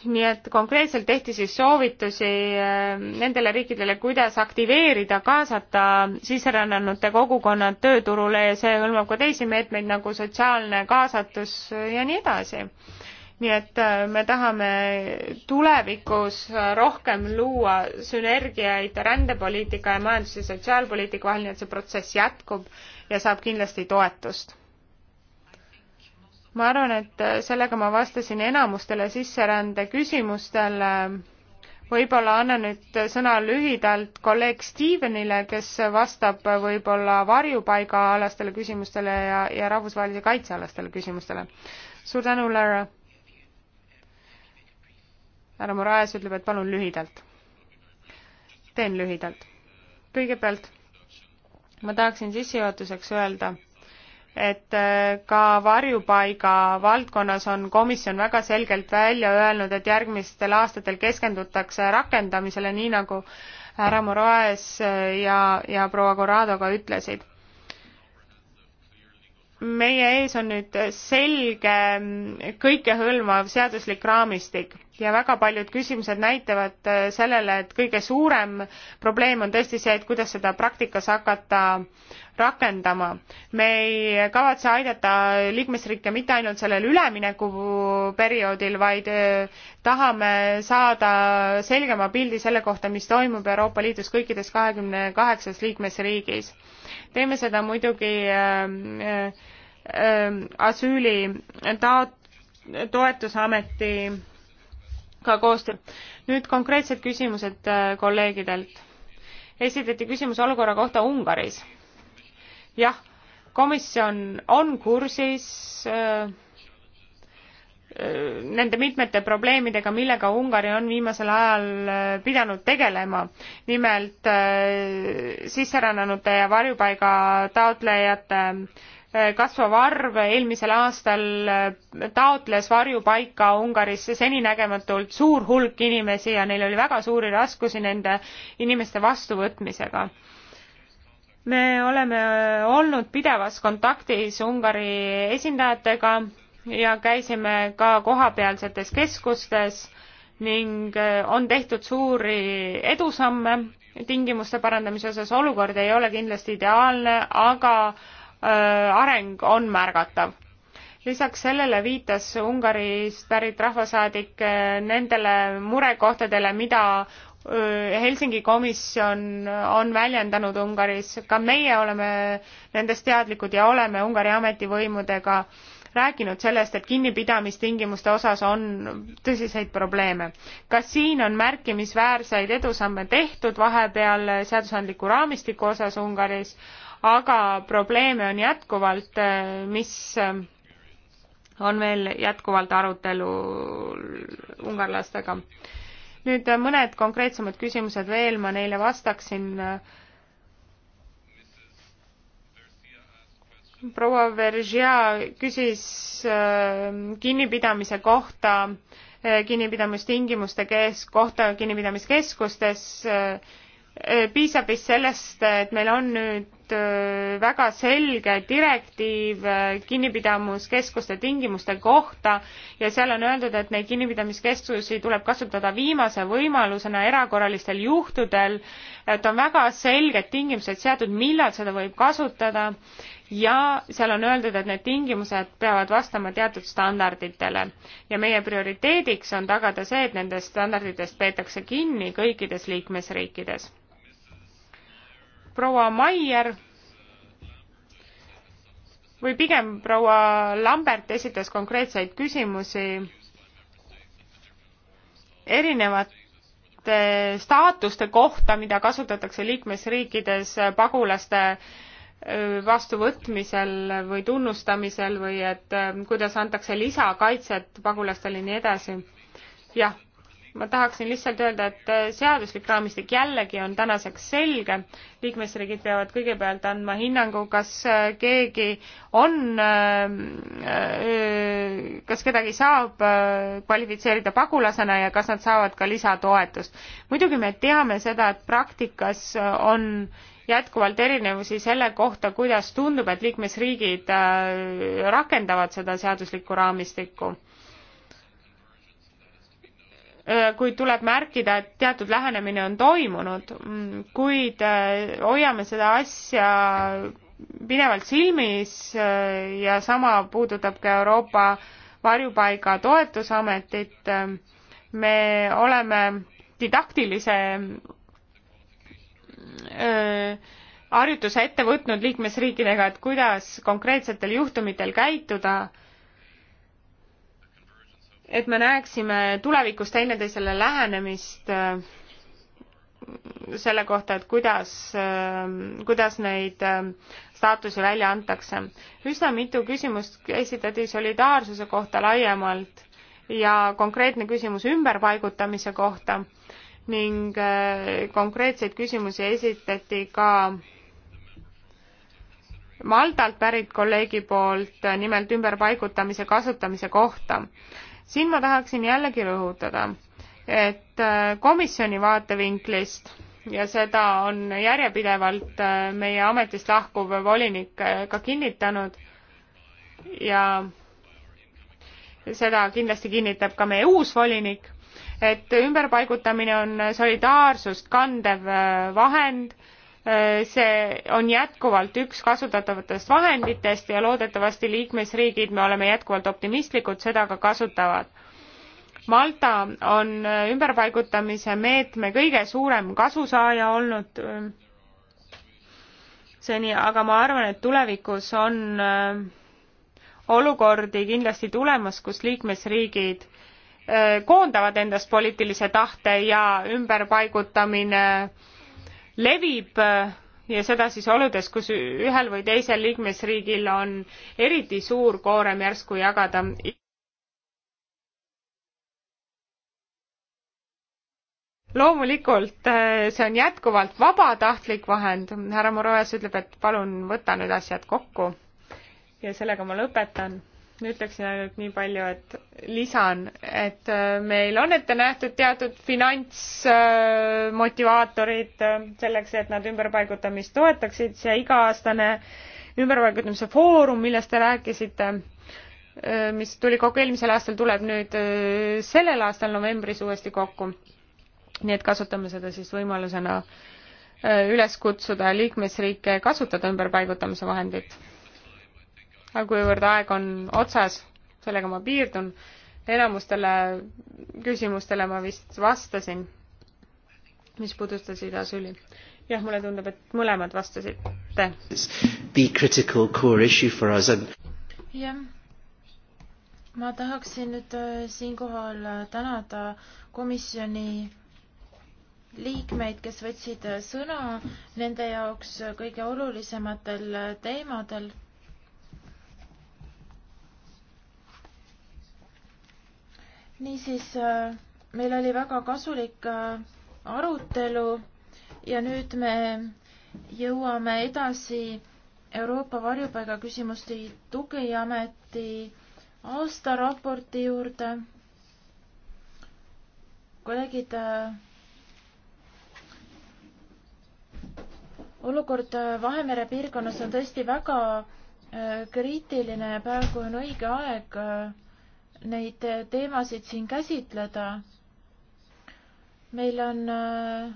nii et konkreetselt tehti siis soovitusi äh, nendele riikidele, kuidas aktiveerida, kaasata sisserännanute kogukonnad tööturule ja see hõlmab ka teisi meetmeid nagu sotsiaalne kaasatus ja nii edasi nii et äh, me tahame tulevikus äh, rohkem luua sünergiaid rändepoliitika ja majandus- ja sotsiaalpoliitika vahel, nii et see protsess jätkub ja saab kindlasti toetust. ma arvan, et äh, sellega ma vastasin enamustele sisserände küsimustele. võib-olla annan nüüd sõna lühidalt kolleeg Stevenile, kes vastab võib-olla varjupaigaalastele küsimustele ja, ja rahvusvahelise kaitse alastele küsimustele. suur tänu, Lara härra Moraes ütleb, et palun lühidalt. teen lühidalt. kõigepealt ma tahaksin sissejuhatuseks öelda, et äh, ka varjupaiga valdkonnas on komisjon väga selgelt välja öelnud, et järgmistel aastatel keskendutakse rakendamisele, nii nagu härra Moraes äh, ja, ja proua Corrado ka ütlesid. meie ees on nüüd selge kõikehõlmav seaduslik raamistik ja väga paljud küsimused näitavad äh, sellele, et kõige suurem probleem on tõesti see, et kuidas seda praktikas hakata rakendama. me ei kavatse aidata liikmesriike mitte ainult sellel üleminekuperioodil, vaid äh, tahame saada selgema pildi selle kohta, mis toimub Euroopa Liidus kõikides kahekümne kaheksas liikmesriigis. teeme seda muidugi äh, äh, äh asüüli taot-, toetusameti ka koostöö. nüüd konkreetsed küsimused äh, kolleegidelt. esitati küsimus olukorra kohta Ungaris. jah, komisjon on kursis äh, äh nende mitmete probleemidega, millega Ungari on viimasel ajal äh, pidanud tegelema. nimelt äh, sisserännanute ja varjupaiga taotlejate äh, kasvav arv eelmisel aastal eh, taotles varjupaika Ungaris seninägematult suur hulk inimesi ja neil oli väga suuri raskusi nende inimeste vastuvõtmisega. me oleme eh, olnud pidevas kontaktis Ungari esindajatega ja käisime ka kohapealsetes keskustes ning eh, on tehtud suuri edusamme tingimuste parandamise osas, olukord ei ole kindlasti ideaalne, aga Äh, areng on märgatav. lisaks sellele viitas Ungarist pärit rahvasaadik äh, nendele murekohtadele, mida äh, Helsingi komisjon on väljendanud Ungaris, ka meie oleme nendest teadlikud ja oleme Ungari ametivõimudega rääkinud sellest, et kinnipidamistingimuste osas on tõsiseid probleeme. ka siin on märkimisväärseid edusamme tehtud vahepeal seadusandliku raamistiku osas Ungaris, aga probleeme on jätkuvalt, mis on veel jätkuvalt arutelul ungarlastega. nüüd mõned konkreetsemad küsimused veel, ma neile vastaksin. proua Veržia küsis äh, kinnipidamise kohta, äh, kinnipidamistingimuste kes-, kohta kinnipidamiskeskustes. Äh, piisab vist sellest, et meil on nüüd poolt väga selge direktiiv kinnipidamuskeskuste tingimuste kohta ja seal on öeldud, et neid kinnipidamiskeskusi tuleb kasutada viimase võimalusena erakorralistel juhtudel, et on väga selged tingimused seatud, millal seda võib kasutada ja seal on öeldud, et need tingimused peavad vastama teatud standarditele ja meie prioriteediks on tagada see, et nendest standarditest peetakse kinni kõikides liikmesriikides proua Maier või pigem proua Lambert esitas konkreetseid küsimusi erinevate staatuste kohta, mida kasutatakse liikmesriikides pagulaste äh, vastuvõtmisel või tunnustamisel või et äh, kuidas antakse lisakaitset pagulastele ja nii edasi. jah ma tahaksin lihtsalt öelda, et äh, seaduslik raamistik jällegi on tänaseks selge. liikmesriigid peavad kõigepealt andma hinnangu, kas äh, keegi on, ähm, äh, kas kedagi saab kvalifitseerida pagulasena ja kas nad saavad ka lisatoetust. muidugi me teame seda, et praktikas on jätkuvalt erinevusi selle kohta, kuidas tundub, et liikmesriigid rakendavad seda seaduslikku raamistikku Äh, kuid tuleb märkida, et teatud lähenemine on toimunud, mm, kuid äh, hoiame seda asja pidevalt silmis äh, ja sama puudutab ka Euroopa varjupaiga toetusametit. me oleme didaktilise harjutuse ette võtnud liikmesriikidega, et kuidas konkreetsetel juhtumitel käituda et me näeksime tulevikus teineteisele lähenemist äh, selle kohta, et kuidas, äh, kuidas neid äh, staatusi välja antakse. üsna mitu küsimust esitati solidaarsuse kohta laiemalt ja konkreetne küsimus ümberpaigutamise kohta ning konkreetseid küsimusi esitati ka Maltalt pärit kolleegi poolt nimelt ümberpaigutamise kasutamise kohta siin ma tahaksin jällegi rõhutada, et äh, komisjoni vaatevinklist ja seda on järjepidevalt äh, meie ametist lahkuv volinik äh, ka kinnitanud ja seda kindlasti kinnitab ka meie uus volinik, et ümberpaigutamine on solidaarsust kandev vahend Äh, see on jätkuvalt üks kasutatavatest vahenditest ja loodetavasti liikmesriigid, me oleme jätkuvalt optimistlikud, seda ka kasutavad. Malta on äh, ümberpaigutamise meetme kõige suurem kasusaaja olnud äh, seni, aga ma arvan, et tulevikus on olukordi kindlasti tulemas, kus liikmesriigid koondavad endast poliitilise tahte ja ümberpaigutamine äh, levib äh, ja seda siis oludes, kus ühel või teisel liikmesriigil on eriti suur koorem järsku jagada. loomulikult äh, see on jätkuvalt vabatahtlik vahend, härra Morojas ütleb, et palun võta nüüd asjad kokku. ja sellega ma lõpetan ütleksin ainult nii palju, et lisan, et äh, meil on ette nähtud teatud finantsmotivaatorid äh, selleks, et nad ümberpaigutamist toetaksid, see iga-aastane ümberpaigutamise foorum, millest te rääkisite, äh, mis tuli kokku eelmisel aastal, tuleb nüüd sellel aastal novembris uuesti kokku. nii et kasutame seda siis võimalusena üles kutsuda liikmesriike kasutada ümberpaigutamise vahendit aga kuivõrd aeg on otsas, sellega ma piirdun. enamustele küsimustele ma vist vastasin, mis puudutasid asüüli. jah, mulle tundub, et mõlemad vastasite. jah ma tahaksin nüüd äh, siinkohal äh, tänada komisjoni liikmeid, kes võtsid äh, sõna nende jaoks kõige olulisematel teemadel niisiis, äh, meil oli väga kasulik äh, arutelu ja nüüd me jõuame edasi Euroopa varjupaigaküsimuste tugiameti aastaraporti juurde. kolleegid, äh, olukord Vahemere piirkonnas on tõesti väga kriitiline ja praegu on õige aeg neid äh, teemasid siin käsitleda. meil on äh,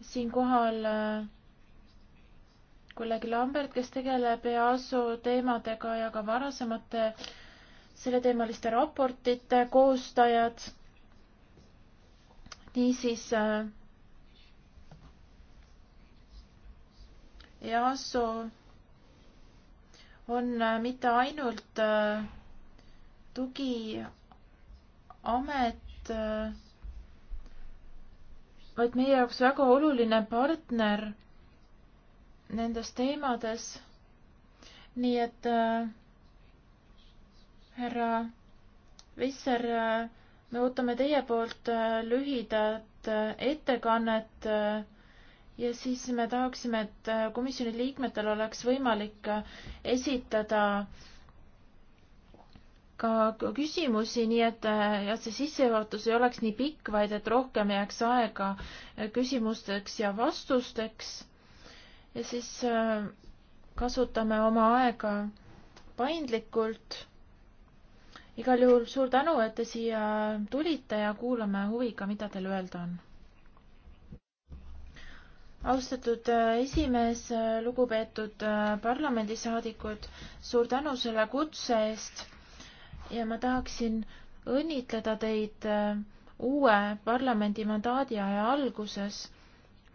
siinkohal äh, kolleeg Lambert, kes tegeleb EASO teemadega ja ka varasemate selleteemaliste raportite koostajad. niisiis EASO on mitte ainult äh, tugiamet, äh, vaid meie jaoks väga oluline partner nendes teemades. nii et äh, härra Visser, äh, me ootame teie poolt äh, lühidat ettekannet ja siis me tahaksime, et komisjoni liikmetel oleks võimalik esitada ka küsimusi, nii et, et äh, see sissejuhatus ei oleks nii pikk, vaid et rohkem jääks aega äh, küsimusteks ja vastusteks. ja siis äh, kasutame oma aega paindlikult. igal juhul suur tänu, et te siia tulite ja kuulame huviga, mida teil öelda on. austatud esimees, lugupeetud parlamendisaadikud, suur tänu selle kutse eest ja ma tahaksin õnnitleda teid äh, uue parlamendi mandaadi aja alguses.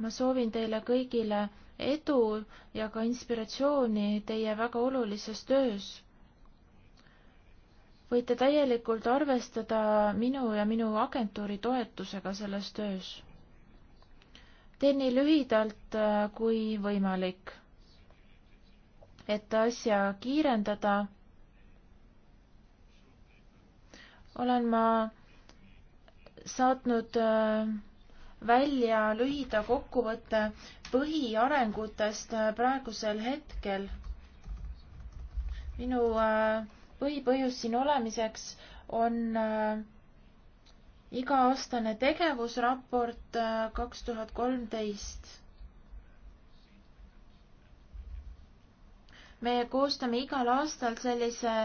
ma soovin teile kõigile edu ja ka inspiratsiooni teie väga olulises töös. võite täielikult arvestada minu ja minu agentuuri toetusega selles töös. teen nii lühidalt äh, kui võimalik, et asja kiirendada olen ma saatnud äh, välja lühida kokkuvõtte põhiarengutest äh, praegusel hetkel. minu äh, põhipõhjus siin olemiseks on iga-aastane tegevusraport kaks tuhat kolmteist. me koostame igal aastal sellise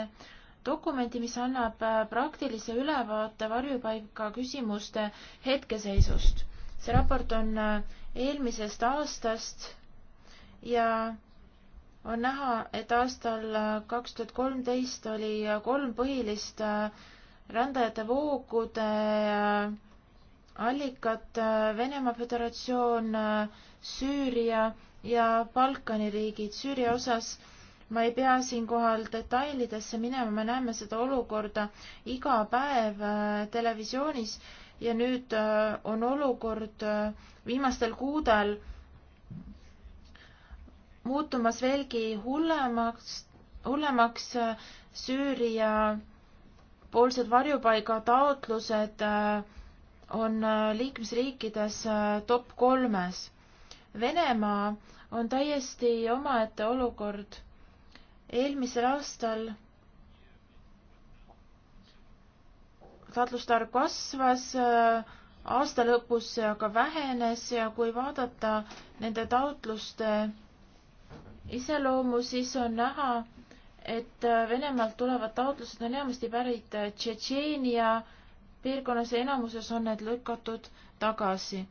dokumenti, mis annab äh, praktilise ülevaate varjupaika küsimuste hetkeseisust. see raport on äh, eelmisest aastast ja on näha, et aastal äh, kaks tuhat kolmteist oli kolm põhilist rändajate voogude allikat Venemaa Föderatsioon, Süüria ja Balkani riigid. Süüria osas ma ei pea siinkohal detailidesse minema, me näeme seda olukorda iga päev äh, televisioonis ja nüüd äh, on olukord äh, viimastel kuudel muutumas veelgi hullemaks, hullemaks Süüria poolsed varjupaigataotlused on liikmesriikides top kolmes. Venemaa on täiesti omaette olukord eelmisel aastal taotluste arv kasvas, äh, aasta lõpus see aga vähenes ja kui vaadata nende taotluste iseloomu, siis on näha, et äh, Venemaalt tulevad taotlused on enamasti pärit äh, Tšetšeenia piirkonnas ja enamuses on need lükatud tagasi.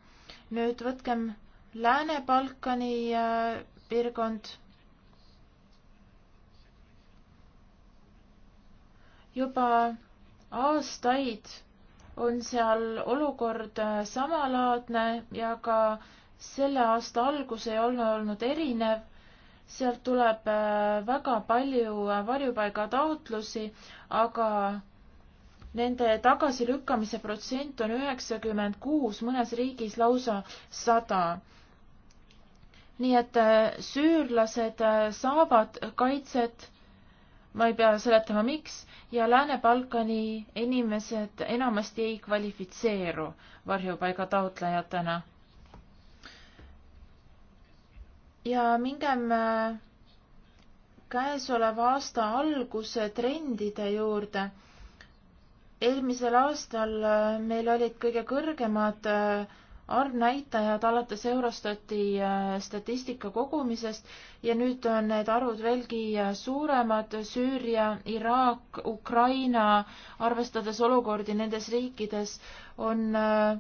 nüüd võtkem Lääne-Balkani piirkond juba aastaid on seal olukord äh, samalaadne ja ka selle aasta algus ei ole olnud erinev. sealt tuleb äh, väga palju äh, varjupaigataotlusi, aga nende tagasilükkamise protsent on üheksakümmend kuus, mõnes riigis lausa sada. nii et süürlased saavad kaitset ma ei pea seletama, miks, ja Lääne-Balkani inimesed enamasti ei kvalifitseeru varjupaiga taotlejatena. ja mingem äh, käesoleva aasta alguse trendide juurde. eelmisel aastal äh, meil olid kõige kõrgemad äh, arvnäitajad alates Eurostati äh, statistika kogumisest ja nüüd on need arvud veelgi äh, suuremad. Süüria, Iraak, Ukraina, arvestades olukordi nendes riikides, on äh,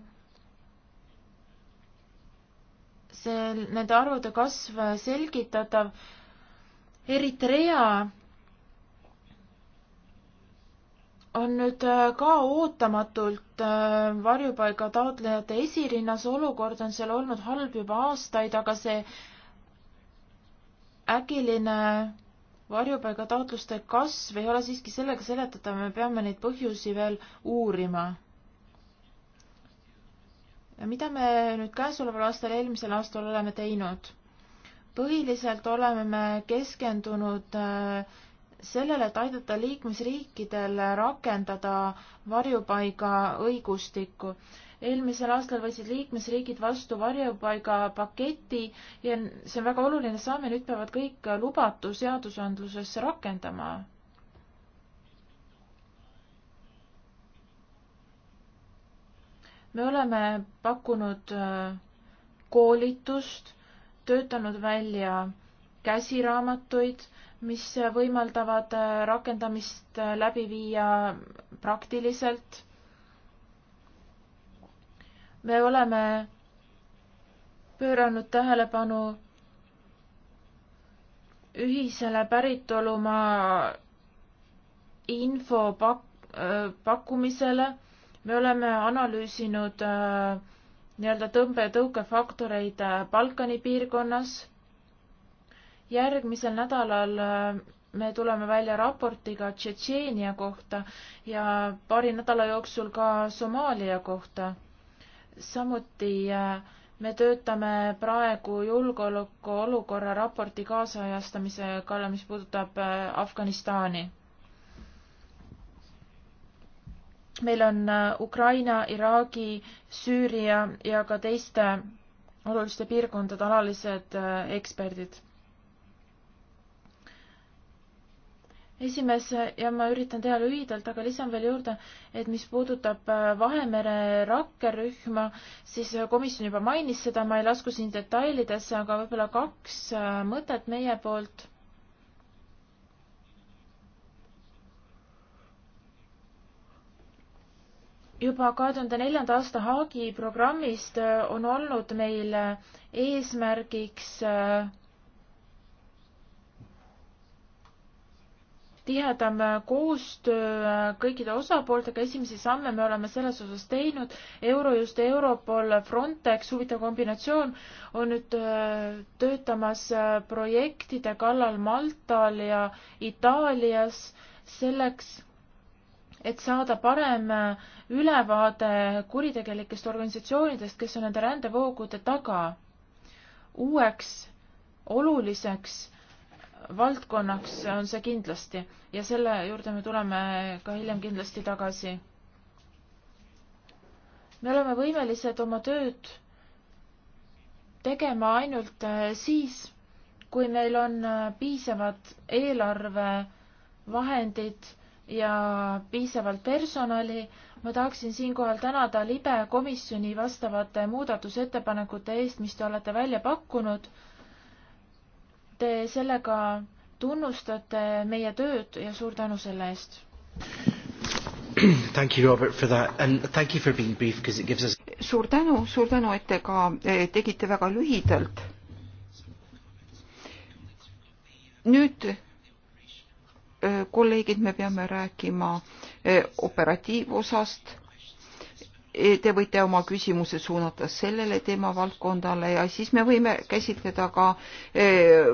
see, nende arvude kasv selgitatav. Eritrea on nüüd äh, ka ootamatult äh, varjupaiga taotlejate esirinnas, olukord on seal olnud halb juba aastaid, aga see äkiline varjupaigataotluste kasv ei ole siiski sellega seletatav, me peame neid põhjusi veel uurima. mida me nüüd käesoleval aastal ja eelmisel aastal oleme teinud? põhiliselt oleme me keskendunud äh, sellele, et aidata liikmesriikidel rakendada varjupaiga õigustikku. eelmisel aastal võtsid liikmesriigid vastu varjupaiga paketi ja see on väga oluline samm ja nüüd peavad kõik lubatu seadusandlusesse rakendama. me oleme pakkunud äh, koolitust, töötanud välja käsiraamatuid, mis võimaldavad äh, rakendamist äh, läbi viia praktiliselt. me oleme pööranud tähelepanu ühisele päritolumaa info pak-, äh, pakkumisele, me oleme analüüsinud nii-öelda tõmbe- ja tõukefaktoreid Balkani piirkonnas järgmisel nädalal äh, me tuleme välja raportiga Tšetšeenia kohta ja paari nädala jooksul ka Somaalia kohta. samuti äh, me töötame praegu julgeolekuolukorra raporti kaasajastamise kallal, mis puudutab äh, Afganistani. meil on Ukraina, Iraagi, Süüria ja ka teiste oluliste piirkondade alalised eksperdid esimees ja ma üritan teha lühidalt, aga lisan veel juurde, et mis puudutab äh, Vahemere rakkerühma, siis komisjon juba mainis seda, ma ei lasku siin detailidesse, aga võib-olla kaks äh, mõtet meie poolt. juba kahe tuhande neljanda aasta Haagi programmist äh, on olnud meil eesmärgiks äh, tihedam koostöö kõikide osapooltega, esimesi samme me oleme selles osas teinud, Eurojust, Europol, Frontex, huvitav kombinatsioon, on nüüd äh, töötamas äh, projektide kallal Maltal ja Itaalias selleks, et saada parem äh, ülevaade kuritegelikest organisatsioonidest, kes on nende rändevoogude taga. uueks oluliseks valdkonnaks on see kindlasti ja selle juurde me tuleme ka hiljem kindlasti tagasi. me oleme võimelised oma tööd tegema ainult äh, siis, kui meil on äh, piisavad eelarvevahendid ja piisavalt personali. ma tahaksin siinkohal tänada libe komisjoni vastavate muudatusettepanekute eest, mis te olete välja pakkunud Te sellega tunnustate meie tööd ja suur tänu selle eest. Thank you, Robert, for that and thank you for being brief because it gives us. suur tänu, suur tänu, et te ka e, tegite väga lühidalt. nüüd e, kolleegid, me peame rääkima e, operatiivosast Eh, te võite oma küsimuse suunata sellele teemavaldkondale ja siis me võime käsitleda ka eh,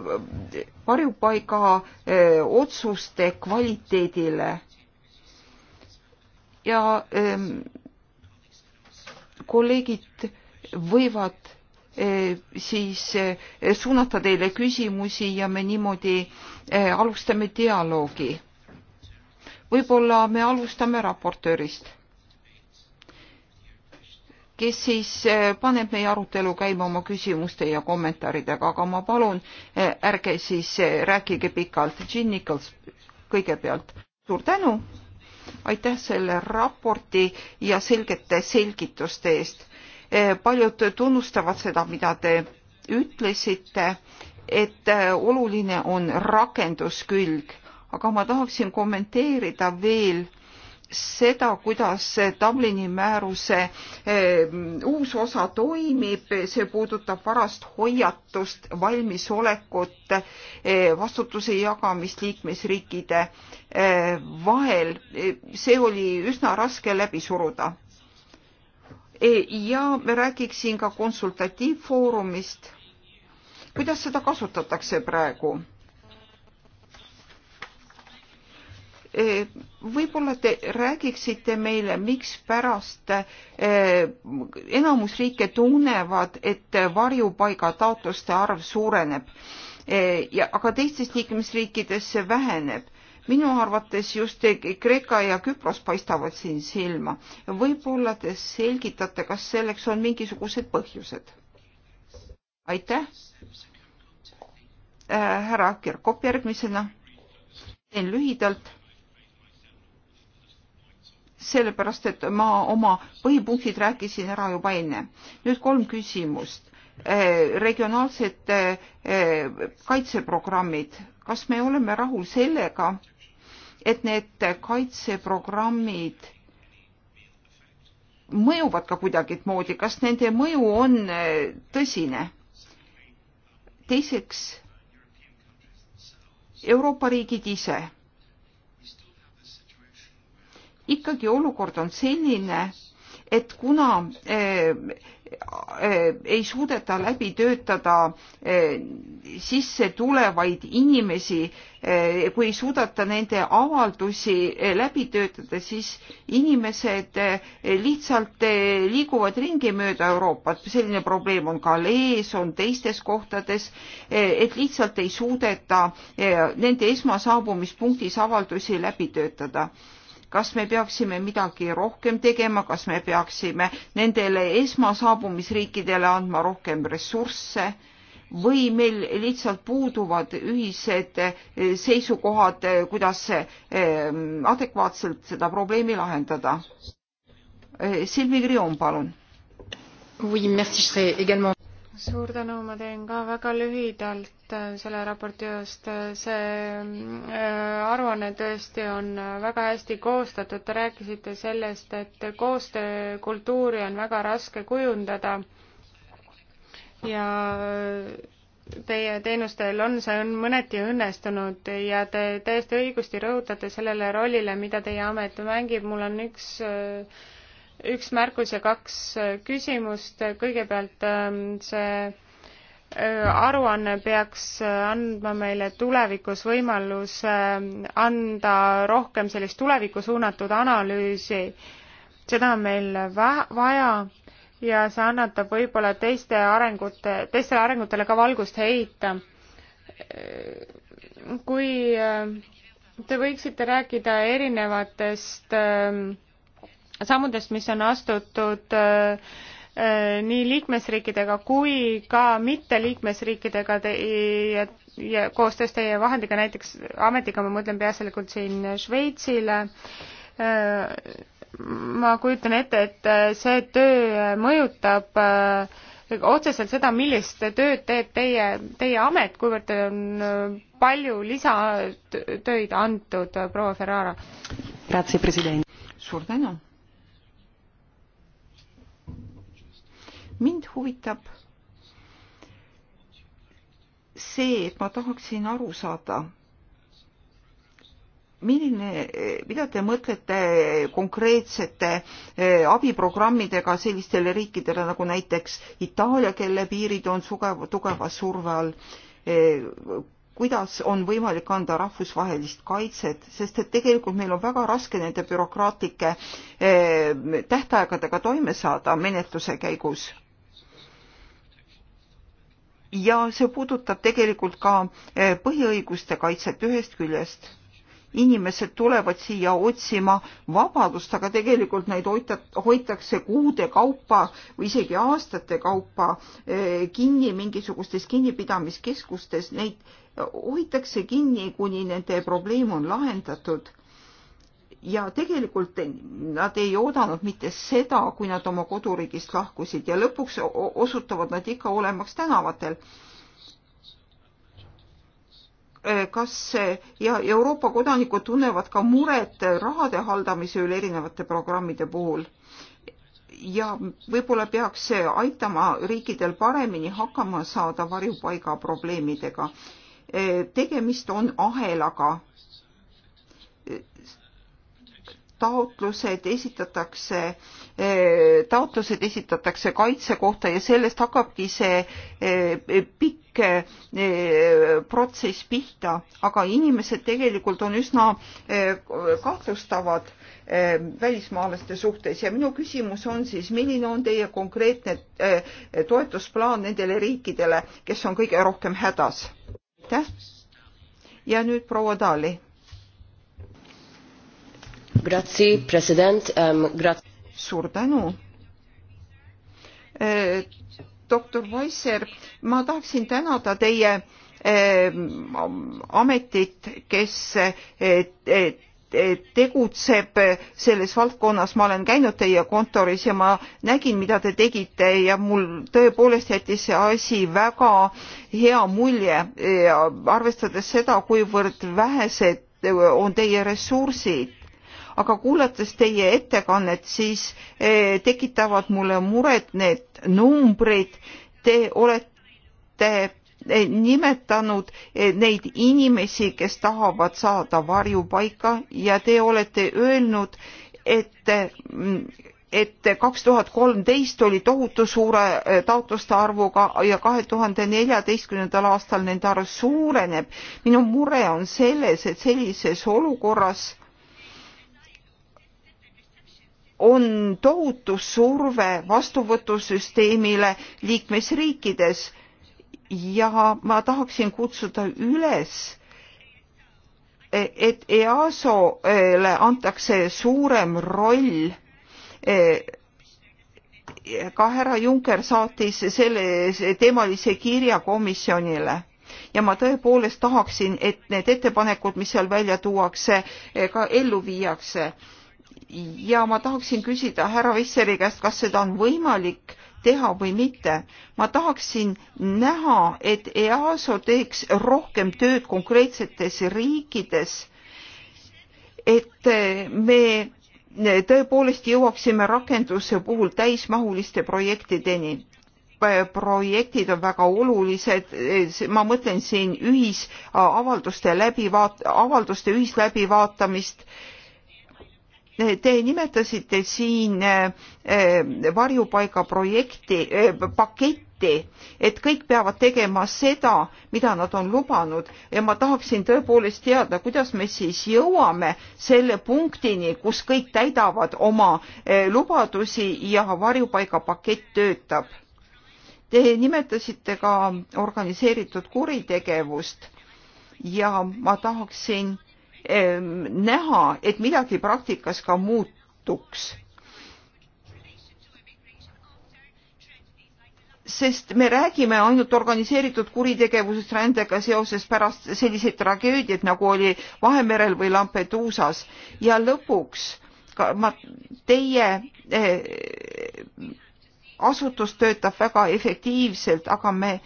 varjupaiga eh, otsuste kvaliteedile. ja ehm, kolleegid võivad siis suunata teile küsimusi ja me niimoodi alustame dialoogi. võib-olla me alustame raportöörist kes siis eh, paneb meie arutelu käima oma küsimuste ja kommentaaridega, aga ma palun, eh, ärge siis eh, rääkige pikalt. Jean Nichols kõigepealt, suur tänu, aitäh selle raporti ja selgete selgituste eest. paljud tunnustavad seda, mida te ütlesite, et oluline on rakenduskülg, aga ma tahaksin kommenteerida veel seda, kuidas Dublini määruse eh, uus osa toimib, see puudutab varast hoiatust, valmisolekut, eh, vastutuse jagamist liikmesriikide eh, vahel. see oli üsna raske läbi suruda. ja räägiksin ka konsultatiivfoorumist. kuidas seda kasutatakse praegu? Eh, võib-olla te räägiksite meile, mikspärast enamus eh, riike tunnevad, et varjupaiga taotluste arv suureneb eh, ja, aga teistes liikmesriikides see väheneb minu arvates just Kreeka ja Küpros paistavad siin silma. võib-olla te selgitate, kas selleks on mingisugused põhjused? aitäh äh,. härra Kirkop järgmisena. teen lühidalt sellepärast et ma oma põhipunktid rääkisin ära juba enne. nüüd kolm küsimust. Eh, regionaalsed eh, kaitseprogrammid, kas me oleme rahul sellega, et need kaitseprogrammid mõjuvad ka kuidagimoodi, kas nende mõju on eh, tõsine? teiseks, Euroopa riigid ise ikkagi olukord on selline, et kuna äh, äh, ei suudeta läbi töötada äh, sisse tulevaid inimesi, kui ei suudeta nende avaldusi läbi töötada, siis inimesed lihtsalt liiguvad ringi mööda Euroopat. selline probleem on Galees, on teistes kohtades, et lihtsalt ei suudeta nende esmasaabumispunktis avaldusi läbi töötada kas me peaksime midagi rohkem tegema, kas me peaksime nendele esmasaabumisriikidele andma rohkem ressursse või meil lihtsalt puuduvad ühised eh, seisukohad, eh, kuidas eh, adekvaatselt seda probleemi lahendada. Silvi Krion, palun. suur tänu, ma teen ka väga lühidalt eest äh, selle raporti eest, äh, see äh, aruanne tõesti on väga hästi koostatud, te rääkisite sellest, et koostöökultuuri on väga raske kujundada ja teie teenustel on see on mõneti õnnestunud ja te täiesti õigusti rõhutate sellele rollile, mida teie amet mängib, mul on üks üks märkus ja kaks küsimust, kõigepealt ähm, see aruanne peaks andma meile tulevikus võimaluse anda rohkem sellist tulevikku suunatud analüüsi. seda on meil vaja ja see annatab võib-olla teiste arengute, teistele arengutele ka valgust heita. kui äh, te võiksite rääkida erinevatest ähm, sammudest, mis on astutud äh, Äh, nii liikmesriikidega kui ka mitte liikmesriikidega te, ja, ja koostöös teie vahendiga, näiteks ametiga ma mõtlen peaasjalikult siin Šveitsile. Äh, ma kujutan ette, et äh, see töö mõjutab otseselt seda, millist tööd teeb teie, teie amet, kuivõrd teil on palju lisatöid antud, proua Ferrara. suur tänu mind huvitab see, et ma tahaksin aru saada, milline, mida te mõtlete konkreetsete eh, abiprogrammidega sellistele riikidele nagu näiteks Itaalia, kelle piirid on sugev, tugeva surve all? Eh, kuidas on võimalik anda rahvusvahelist kaitset, sest et tegelikult meil on väga raske nende bürokraatlike eh, tähtaegadega toime saada menetluse käigus ja see puudutab tegelikult ka eh, põhiõiguste kaitset ühest küljest. inimesed tulevad siia otsima vabadust, aga tegelikult neid hoitakse kuude kaupa või isegi aastate kaupa eh, kinni mingisugustes kinnipidamiskeskustes, neid eh, hoitakse kinni, kuni nende probleem on lahendatud ja tegelikult nad ei oodanud mitte seda, kui nad oma koduriigist lahkusid ja lõpuks osutuvad nad ikka olemaks tänavatel. kas ja Euroopa kodanikud tunnevad ka muret rahade haldamise üle erinevate programmide puhul? ja võib-olla peaks aitama riikidel paremini hakkama saada varjupaiga probleemidega. tegemist on ahelaga taotlused esitatakse, eh, taotlused esitatakse kaitse kohta ja sellest hakkabki see eh, pikk eh, protsess pihta, aga inimesed tegelikult on üsna kahtlustavad välismaalaste suhtes ja minu küsimus on siis, milline on teie konkreetne toetusplaan nendele riikidele, kes on kõige rohkem hädas? aitäh! ja nüüd proua Dali Grazie, president ähm,. Grat... suur tänu äh,. doktor Vaisser, ma tahaksin tänada teie äh, ametit, kes äh, tegutseb selles valdkonnas ma olen käinud teie kontoris ja ma nägin mida te tegite ja mul tõepoolest jättis see asi väga hea mulje arvestades seda kuivõrd vähesed on teie ressursid aga kuulates teie ettekannet, siis eh, tekitavad mulle muret need numbrid. Te olete eh, nimetanud eh, neid inimesi, kes tahavad saada varjupaika ja te olete öelnud, et mm, et kaks tuhat kolmteist oli tohutu suure taotluste arvuga ja kahe tuhande neljateistkümnendal aastal nende arv suureneb. minu mure on selles, et sellises olukorras on tohutu surve vastuvõtusüsteemile liikmesriikides ja ma tahaksin kutsuda üles et EASO-le antakse suurem roll ka härra Juncker saatis selle teemalise kirja komisjonile ja ma tõepoolest tahaksin, et need ettepanekud, mis seal välja tuuakse, ka ellu viiakse ja ma tahaksin küsida härra Visseri käest, kas seda on võimalik teha või mitte. ma tahaksin näha, et EASO teeks rohkem tööd konkreetsetes riikides, et me tõepoolest jõuaksime rakenduse puhul täismahuliste projektideni projektid on väga olulised, ma mõtlen siin ühisavalduste läbivaat-, avalduste ühisläbivaatamist ühis Te nimetasite siin äh, äh, varjupaiga projekti, äh, paketti, et kõik peavad tegema seda, mida nad on lubanud ja ma tahaksin tõepoolest teada, kuidas me siis jõuame selle punktini, kus kõik täidavad oma lubadusi ja varjupaiga pakett töötab. Te nimetasite ka organiseeritud kuritegevust ja ma tahaksin näha, et midagi praktikas ka muutuks. sest me räägime ainult organiseeritud kuritegevusest rändega seoses pärast selliseid tragöödiaid, nagu oli Vahemerel või Lampeduusas ja lõpuks ka ma, teie eh, asutus töötab väga efektiivselt, aga me eh,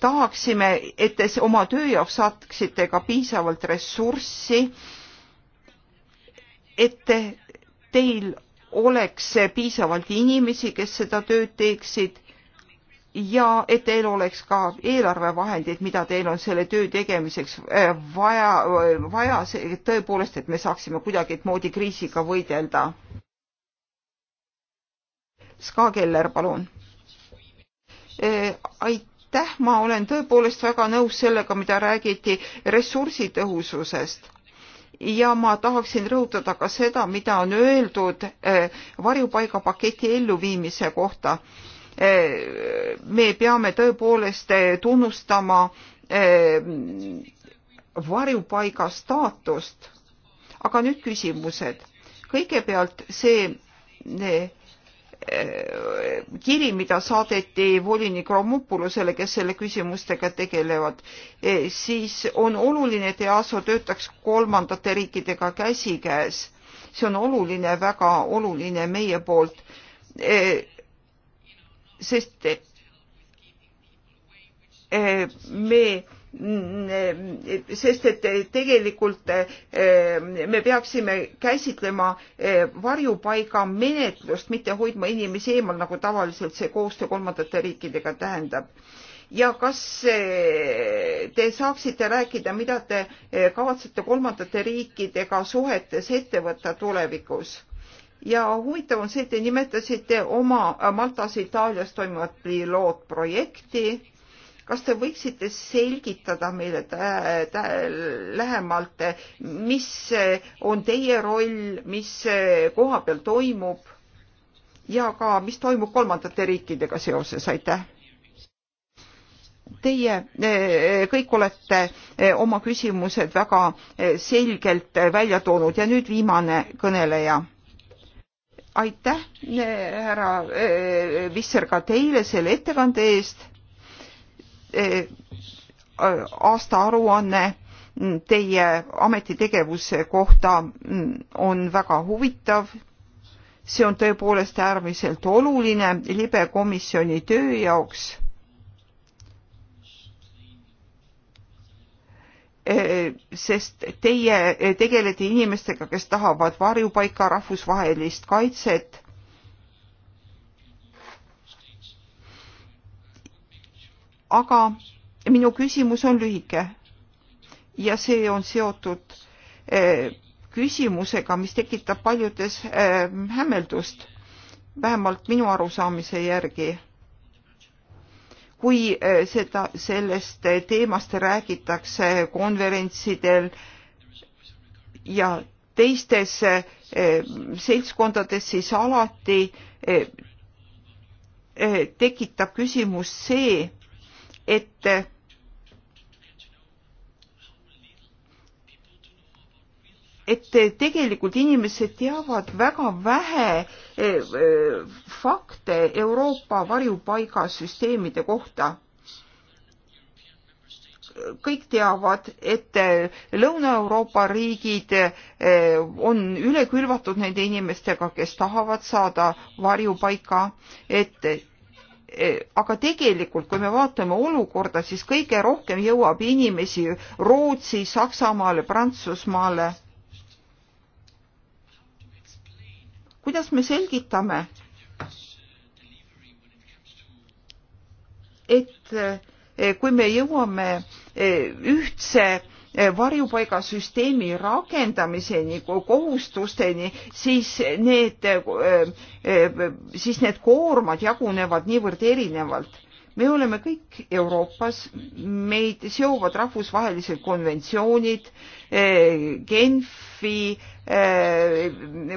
tahaksime, et te oma töö jaoks saaksite ka piisavalt ressurssi, et teil oleks piisavalt inimesi, kes seda tööd teeksid ja et teil oleks ka eelarvevahendid, mida teil on selle töö tegemiseks äh, vaja, vaja tõepoolest, et me saaksime kuidagimoodi kriisiga võidelda. Ska Keller, palun. Äh, aitäh aitäh, ma olen tõepoolest väga nõus sellega, mida räägiti ressursitõhususest ja ma tahaksin rõhutada ka seda, mida on öeldud eh, varjupaigapaketi elluviimise kohta. Eh, me peame tõepoolest eh, tunnustama varjupaiga staatust. aga nüüd küsimused. kõigepealt see Eh, kiri, mida saadeti volinik Romupulusele, kes selle küsimustega tegelevad, eh, siis on oluline, et EASO töötaks kolmandate riikidega käsikäes. see on oluline, väga oluline meie poolt, eh, sest me sest et tegelikult eh, me peaksime käsitlema eh, varjupaiga menetlust, mitte hoidma inimesi eemal, nagu tavaliselt see koostöö kolmandate riikidega tähendab ja kas eh, te saaksite rääkida, mida te kavatsete kolmandate riikidega suhetes ette võtta tulevikus? ja huvitav on see, te nimetasite oma Maltas Itaalias toimuvat pilootprojekti kas te võiksite selgitada meile lähemalt, mis on teie roll, mis koha peal toimub ja ka, mis toimub kolmandate riikidega seoses, aitäh! Teie kõik olete oma küsimused väga selgelt välja toonud ja nüüd viimane kõneleja aitäh härra Visser ka teile selle ettekande eest. Äh, aastaaruanne mm, teie ametitegevuse kohta mm, on väga huvitav. see on tõepoolest äärmiselt oluline libe komisjoni töö jaoks äh, sest teie äh, tegelete inimestega, kes tahavad varjupaika rahvusvahelist kaitset aga minu küsimus on lühike ja see on seotud eh, küsimusega, mis tekitab paljudes eh, hämmeldust, vähemalt minu arusaamise järgi. kui eh, seda, sellest teemast räägitakse konverentsidel ja teistes seltskondades, siis alati tekitab küsimus see, et et tegelikult inimesed teavad väga vähe eh, eh, fakte Euroopa varjupaigasüsteemide kohta kõik teavad, et eh, Lõuna-Euroopa riigid on üle külvatud nende inimestega, kes tahavad saada varjupaika, et aga tegelikult, kui me vaatame olukorda, siis kõige rohkem jõuab inimesi Rootsi, Saksamaale, Prantsusmaale. kuidas me selgitame, et e, kui me jõuame e, ühtse Eh, varjupaigasüsteemi rakendamiseni, kohustusteni, siis need, eh, eh, siis need koormad jagunevad niivõrd erinevalt. me oleme kõik Euroopas, meid seovad rahvusvahelised konventsioonid, Genfi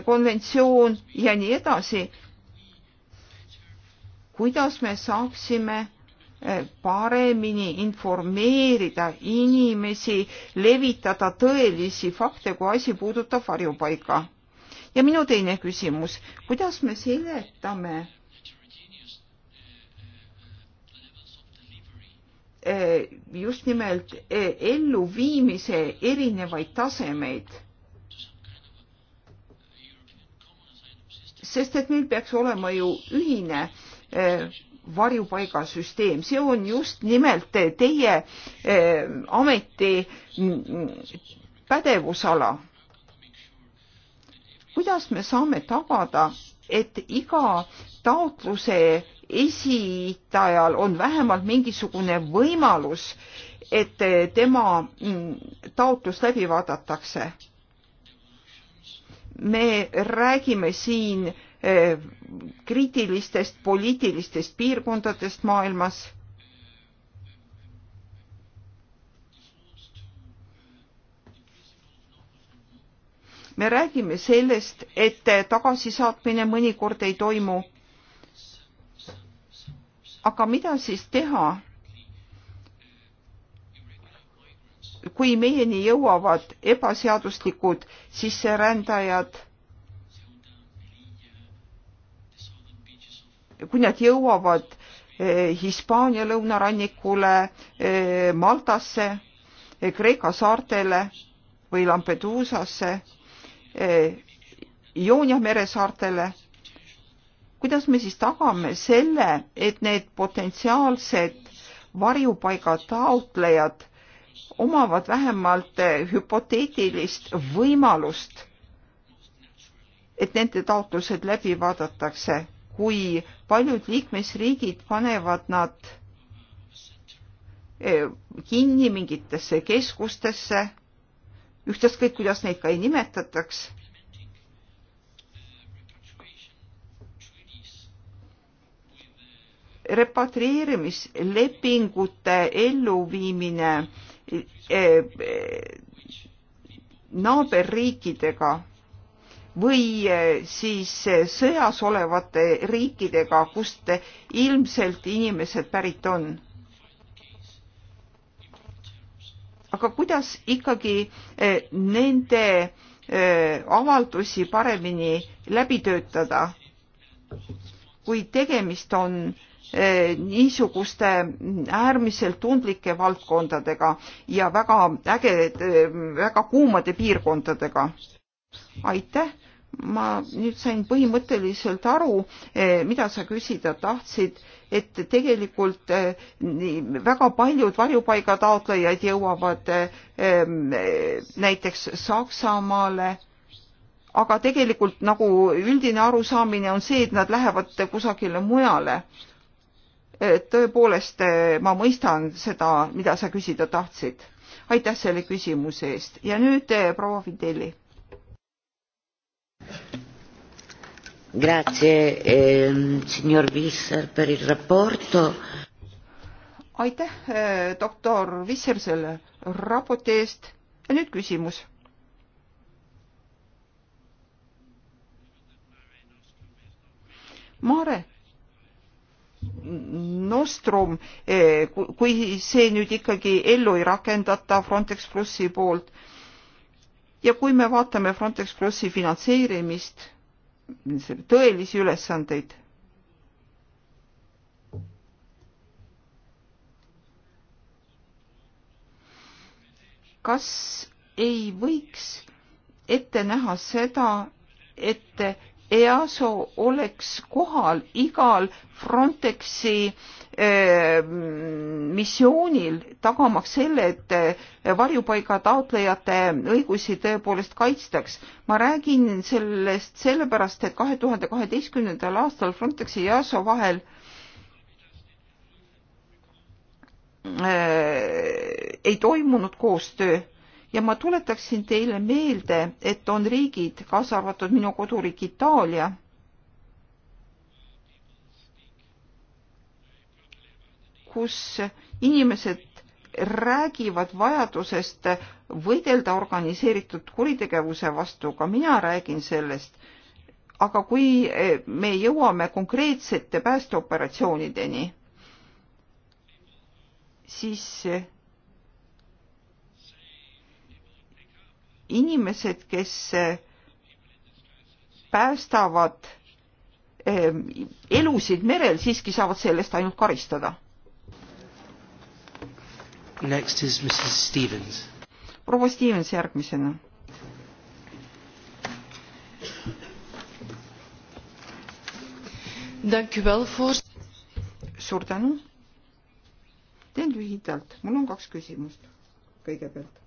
konventsioon ja nii edasi. kuidas me saaksime paremini informeerida inimesi, levitada tõelisi fakte, kui asi puudutab varjupaika. ja minu teine küsimus, kuidas me seletame eh, just nimelt eh, elluviimise erinevaid tasemeid? sest et meil peaks olema ju ühine eh, varjupaigasüsteem, see on just nimelt teie eh, ameti mm, pädevusala. kuidas me saame tagada, et iga taotluse esitajal on vähemalt mingisugune võimalus, et eh, tema mm, taotlus läbi vaadatakse? me räägime siin Eh, kriitilistest poliitilistest piirkondadest maailmas. me räägime sellest, et tagasisaatmine mõnikord ei toimu. aga mida siis teha? kui meieni jõuavad ebaseaduslikud sisserändajad kui nad jõuavad eh, Hispaania lõunarannikule, eh, Maltasse, eh, Kreeka saartele või Lampeduusasse, Joonia mere saartele, kuidas me siis tagame selle, et need potentsiaalsed varjupaiga taotlejad omavad vähemalt hüpoteetilist võimalust, et nende taotlused läbi vaadatakse kui paljud liikmesriigid panevad nad eh, kinni mingitesse keskustesse, ühtaskõik kuidas neid ka ei nimetataks. repatrieerimislepingute elluviimine eh, eh, naaberriikidega või eh, siis eh, sõjas olevate riikidega, kust ilmselt inimesed pärit on. aga kuidas ikkagi eh, nende avaldusi paremini läbi töötada, kui tegemist on niisuguste äärmiselt tundlike valdkondadega ja väga äge, väga kuumade piirkondadega? aitäh ma nüüd sain põhimõtteliselt aru, eh, mida sa küsida tahtsid, et tegelikult eh, väga paljud varjupaigataotlejad jõuavad eh, näiteks Saksamaale, aga tegelikult nagu üldine arusaamine on see, et nad lähevad kusagile mujale. tõepoolest, ma mõistan seda, mida sa küsida tahtsid. aitäh selle küsimuse eest ja nüüd proua Fideli Grazie, eh, signor Visser, per il raporto. aitäh, eh, doktor Visser, selle raporti eest. ja nüüd küsimus. Mare Nostrum, eh, kui see nüüd ikkagi ellu ei rakendata Frontex plussi poolt ja kui me vaatame Frontex Plussi finantseerimist, selle tõelisi ülesandeid, kas ei võiks ette näha seda, et EASO oleks kohal igal Frontexi äh, Äh, missioonil tagamaks selle, et äh, varjupaiga taotlejate õigusi tõepoolest kaitstaks. ma räägin sellest sellepärast, et kahe tuhande kaheteistkümnendal aastal Frontexi ja EASO vahel äh, ei toimunud koostöö ja ma tuletaksin teile meelde, et on riigid, kaasa arvatud minu koduriik Itaalia kus inimesed räägivad vajadusest võidelda organiseeritud kuritegevuse vastu, ka mina räägin sellest. aga kui eh, me jõuame konkreetsete päästeoperatsioonideni, siis eh, inimesed, kes eh, päästavad elusid merel, siiski saavad sellest ainult karistada Next is Mrs Stevens. proua Stevens järgmisena. suur tänu. teen lühidalt, mul on kaks küsimust kõigepealt.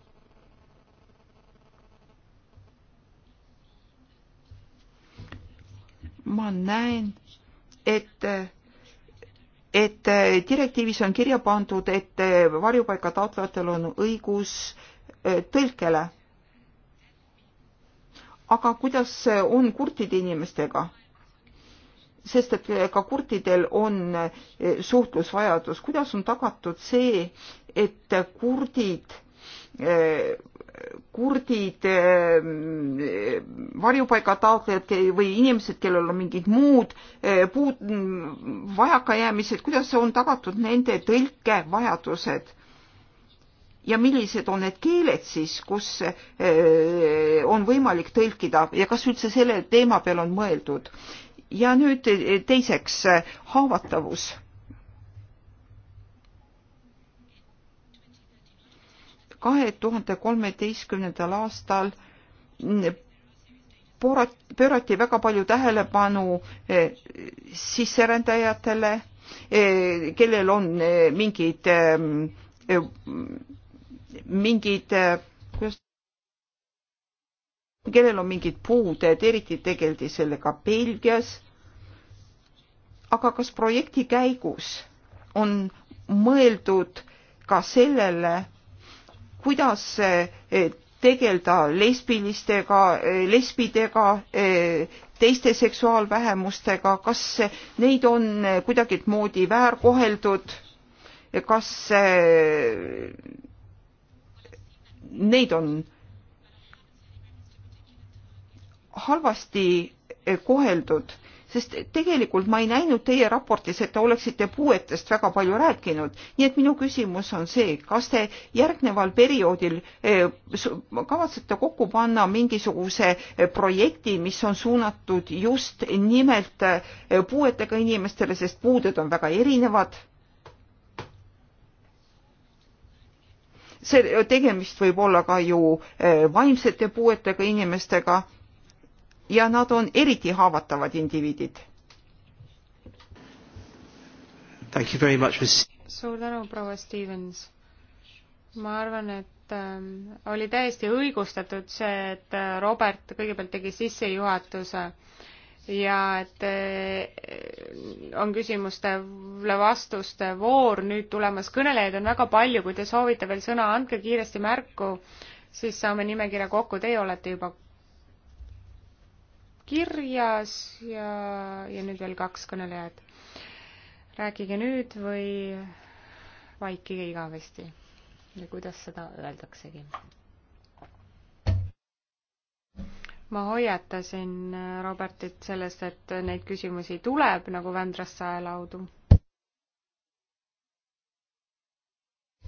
ma näen, et et äh, direktiivis on kirja pandud, et äh, varjupaiga taotlejatel on õigus äh, tõlkele. aga kuidas on kurtide inimestega? sest et ka kurtidel on suhtlusvajadus, kuidas on tagatud see, et kurdid kurdid, ehm, varjupaigataotlejad või inimesed, kellel on mingid muud eh, puud, vajakajäämised, kuidas on tagatud nende tõlkevajadused? ja millised on need keeled siis, kus eh, on võimalik tõlkida ja kas üldse selle teema peale on mõeldud? ja nüüd eh, teiseks, haavatavus kahe tuhande kolmeteistkümnendal aastal pöörati väga palju tähelepanu eh, sisserändajatele, eh, kellel on eh, mingid, mingid, kuidas, kellel on mingid puuded, eriti tegeldi sellega Belgias. aga kas projekti käigus on mõeldud ka sellele, kuidas eh, tegeleda lesbilistega, eh, lesbidega, eh, teiste seksuaalvähemustega, kas neid on kuidagimoodi väärkoheldud, kas neid on halvasti koheldud sest tegelikult ma ei näinud teie raportis, et te oleksite puuetest väga palju rääkinud. nii et minu küsimus on see, kas te järgneval perioodil eh, kavatsete kokku panna mingisuguse eh, projekti, mis on suunatud just nimelt eh, puuetega inimestele, sest puuded on väga erinevad see tegemist võib olla ka ju vaimsete puuetega inimestega ja nad on eriti haavatavad indiviidid. suur tänu, proua Stevens. ma arvan, et äh, oli täiesti õigustatud see, et äh, Robert kõigepealt tegi sissejuhatuse ja et äh, on küsimustele vastuste voor nüüd tulemas. kõnelejaid on väga palju, kui te soovite veel sõna, andke kiiresti märku, siis saame nimekirja kokku, teie olete juba kirjas ja, ja nüüd veel kaks kõnelejat. rääkige nüüd või vaikige igavesti ja kuidas seda öeldaksegi. ma hoiatasin äh, Robertit sellest, et neid küsimusi tuleb nagu Vändrasse aelaudu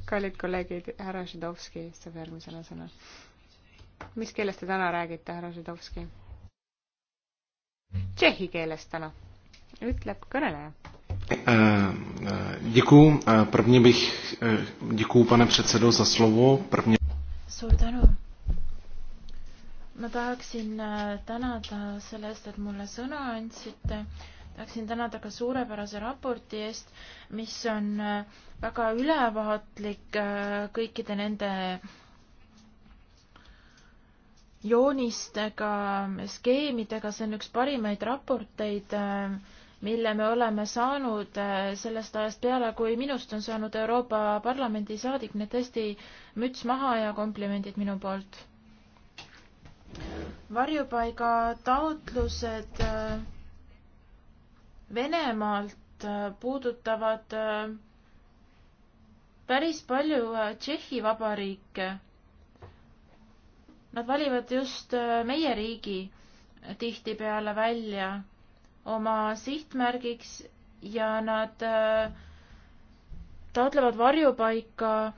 kallid kolleegid, härra Židovski saab järgmisena sõna. mis keeles te täna räägite, härra Židovski? tšehhi keeles täna, ütleb kõneleja. Eh, eh, děkuju. Eh, prvně bych děkuju, pane předsedo, za slovo. Prvně... Suur tänu. Ma tahaksin tänada selle eest, et mulle sõna andsite tahaksin tänada ka suurepärase raporti eest, mis on väga ülevaatlik kõikide nende joonistega, skeemidega, see on üks parimaid raporteid, äh, mille me oleme saanud äh, sellest ajast peale, kui minust on saanud Euroopa Parlamendi saadik, nii et tõesti müts maha ja komplimendid minu poolt. varjupaiga taotlused äh, Venemaalt puudutavad päris palju Tšehhi Vabariike Nad valivad just äh, meie riigi tihtipeale välja oma sihtmärgiks ja nad äh, taotlevad varjupaika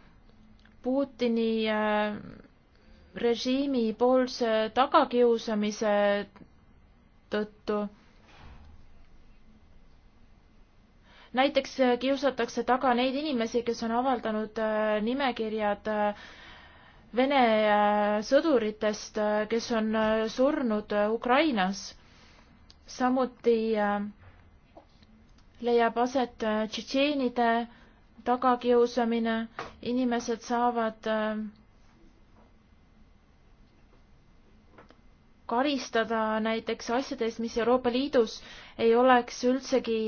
Putini äh, režiimi poolse tagakiusamise tõttu. näiteks kiusatakse taga neid inimesi, kes on avaldanud nimekirjad Vene äh, sõduritest, äh, kes on äh, surnud Ukrainas. samuti leiab aset tšetšeenide tagakiusamine, inimesed saavad karistada näiteks asjades, mis Euroopa Liidus ei oleks üldsegi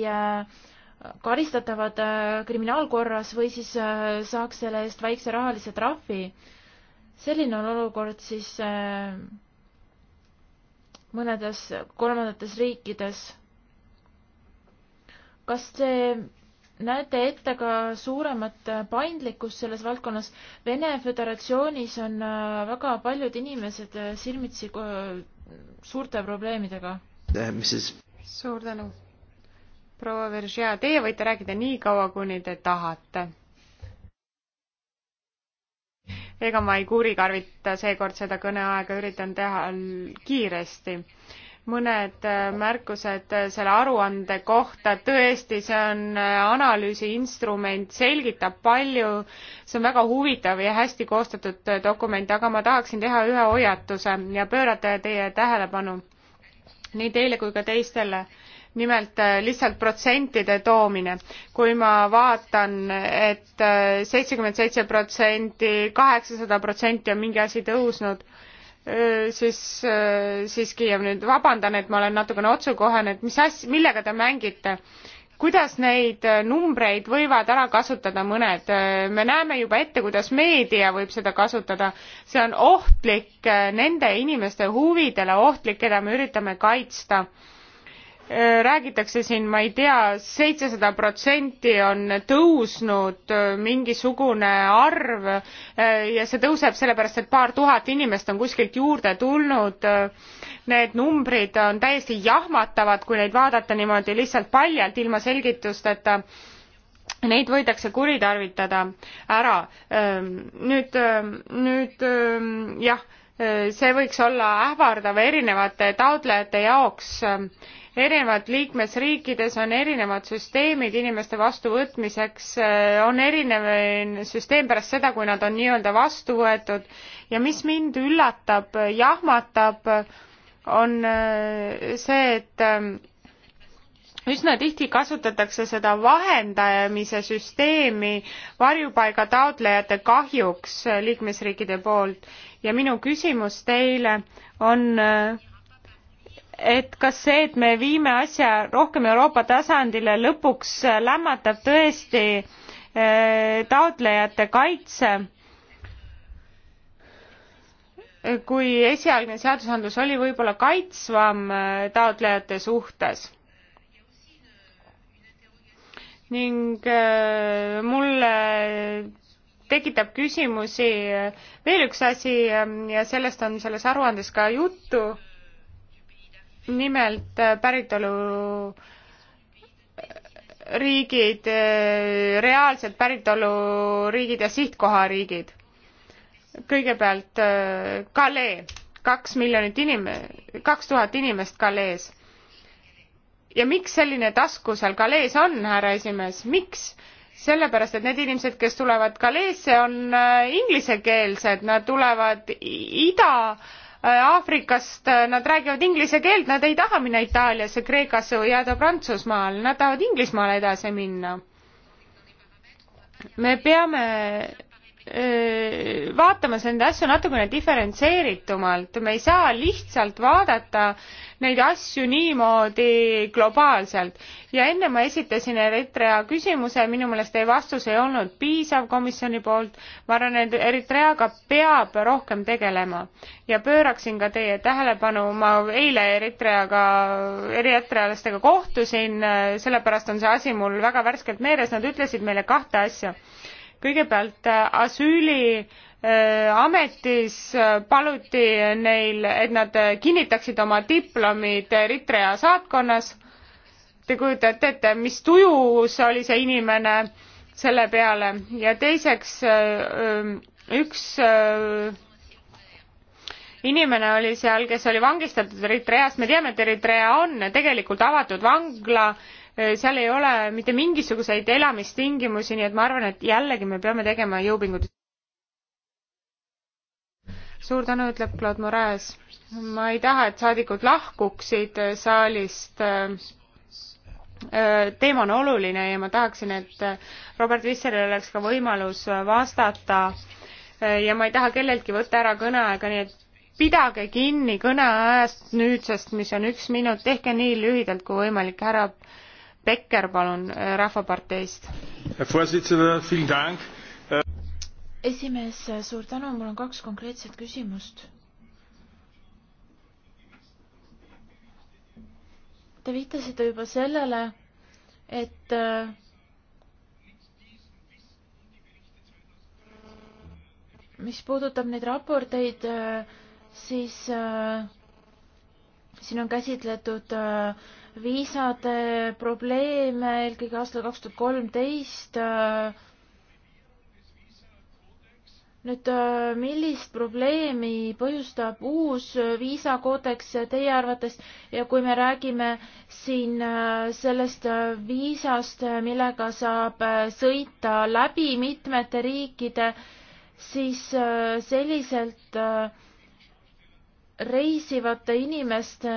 karistatavad kriminaalkorras või siis saaks selle eest väikse rahalise trahvi selline on olukord siis äh, mõnedes kolmandates riikides. kas te näete ette ka suuremat paindlikkust selles valdkonnas? Vene Föderatsioonis on äh, väga paljud inimesed äh, silmitsi suurte probleemidega. suur tänu. proua Veržea, teie võite rääkida nii kaua, kuni te tahate ega ma ei kuritarvita seekord seda kõneaega, üritan teha kiiresti. mõned äh, märkused äh, selle aruande kohta, tõesti, see on äh, analüüsi instrument, selgitab palju, see on väga huvitav ja hästi koostatud dokument, aga ma tahaksin teha ühe hoiatuse ja pöörata teie tähelepanu nii teile kui ka teistele nimelt äh, lihtsalt protsentide toomine. kui ma vaatan et, et äh, seitsekümmend seitse protsenti, kaheksasada protsenti on mingi asi tõusnud, äh, siis, siiski ja nüüd vabandan, et ma olen natukene otsukohene, et mis asja, millega te mängite kuidas neid numbreid võivad ära kasutada mõned me näeme juba ette kuidas meedia võib seda kasutada see on ohtlik nende inimeste huvidele ohtlik keda me üritame kaitsta Äh, räägitakse siin ma ei tea seitsesada protsenti on tõusnud äh, mingisugune arv äh, ja see tõuseb sellepärast et paar tuhat inimest on kuskilt juurde tulnud need numbrid on täiesti jahmatavad kui neid vaadata niimoodi lihtsalt paljalt ilma selgitusteta neid võidakse kuritarvitada ära nüüd nüüd jah see võiks olla ähvardav erinevate taotlejate jaoks. erinevad liikmesriikides on erinevad süsteemid inimeste vastuvõtmiseks, on erinev süsteem pärast seda, kui nad on nii-öelda vastu võetud ja mis mind üllatab, jahmatab, on äh, see, et ähm, üsna tihti kasutatakse seda vahendamise süsteemi varjupaiga taotlejate kahjuks liikmesriikide poolt ja minu küsimus teile on et kas see, et me viime asja rohkem Euroopa tasandile, lõpuks lämmatab tõesti eh, taotlejate kaitse? kui esialgne seadusandlus oli võib-olla kaitsvam eh, taotlejate suhtes ning eh, mulle tekitab küsimusi. veel üks asi ähm, ja sellest on selles aruandes ka juttu. nimelt äh, äh, äh, päritolu riigid, reaalsed päritoluriigid ja sihtkohariigid. kõigepealt Kalee, kaks miljonit inim-, kaks tuhat inimest Kalees. ja miks selline tasku seal Kalees on, härra esimees, miks? sellepärast, et need inimesed, kes tulevad Galeesse, on äh, inglisekeelsed, nad tulevad ida äh, Aafrikast, äh, nad räägivad inglise keelt, nad ei taha minna Itaaliasse, Kreekasse või jääda Prantsusmaale, nad tahavad Inglismaale edasi minna. me peame vaatamas nende asju natukene diferentseeritumalt, me ei saa lihtsalt vaadata neid asju niimoodi globaalselt. ja enne ma esitasin Eritrea küsimuse, minu meelest teie vastus ei olnud piisav komisjoni poolt, ma arvan, et Eritreaga peab rohkem tegelema. ja pööraksin ka teie tähelepanu, ma eile Eritreaga, eritrealastega kohtusin, sellepärast on see asi mul väga värskelt meeles, nad ütlesid meile kahte asja kõigepealt äh, asüüli äh, ametis äh, paluti neil, et nad kinnitaksid oma diplomid Eritrea saatkonnas. Te kujutate ette, mis tujus oli see inimene selle peale ja teiseks üks inimene oli seal, kes oli vangistatud Eritreast, me teame, et Eritrea on tegelikult avatud vangla Äh, seal ei ole mitte mingisuguseid elamistingimusi, nii et ma arvan, et jällegi me peame tegema jõupingutusi. suur tänu, ütleb Claude Moraes. ma ei taha, et saadikud lahkuksid äh, saalist äh, teema on oluline ja ma tahaksin, et Robert Visseril oleks ka võimalus vastata ja ma ei taha kelleltki võtta ära kõneaega, nii et pidage kinni kõneajast nüüdsest, mis on üks minut, tehke nii lühidalt kui võimalik, härra Becker, palun, äh, Rahvaparteist. Äh, esimees, äh, suur tänu, mul on kaks konkreetset küsimust. Te viitasite juba sellele, et mis puudutab neid raporteid, siis siin on käsitletud äh, viisade probleeme eelkõige aastal kaks tuhat kolmteist. nüüd, millist probleemi põhjustab uus viisakoodeks teie arvates ja kui me räägime siin äh, sellest äh, viisast, millega saab äh, sõita läbi mitmete riikide, siis selliselt reisivate inimeste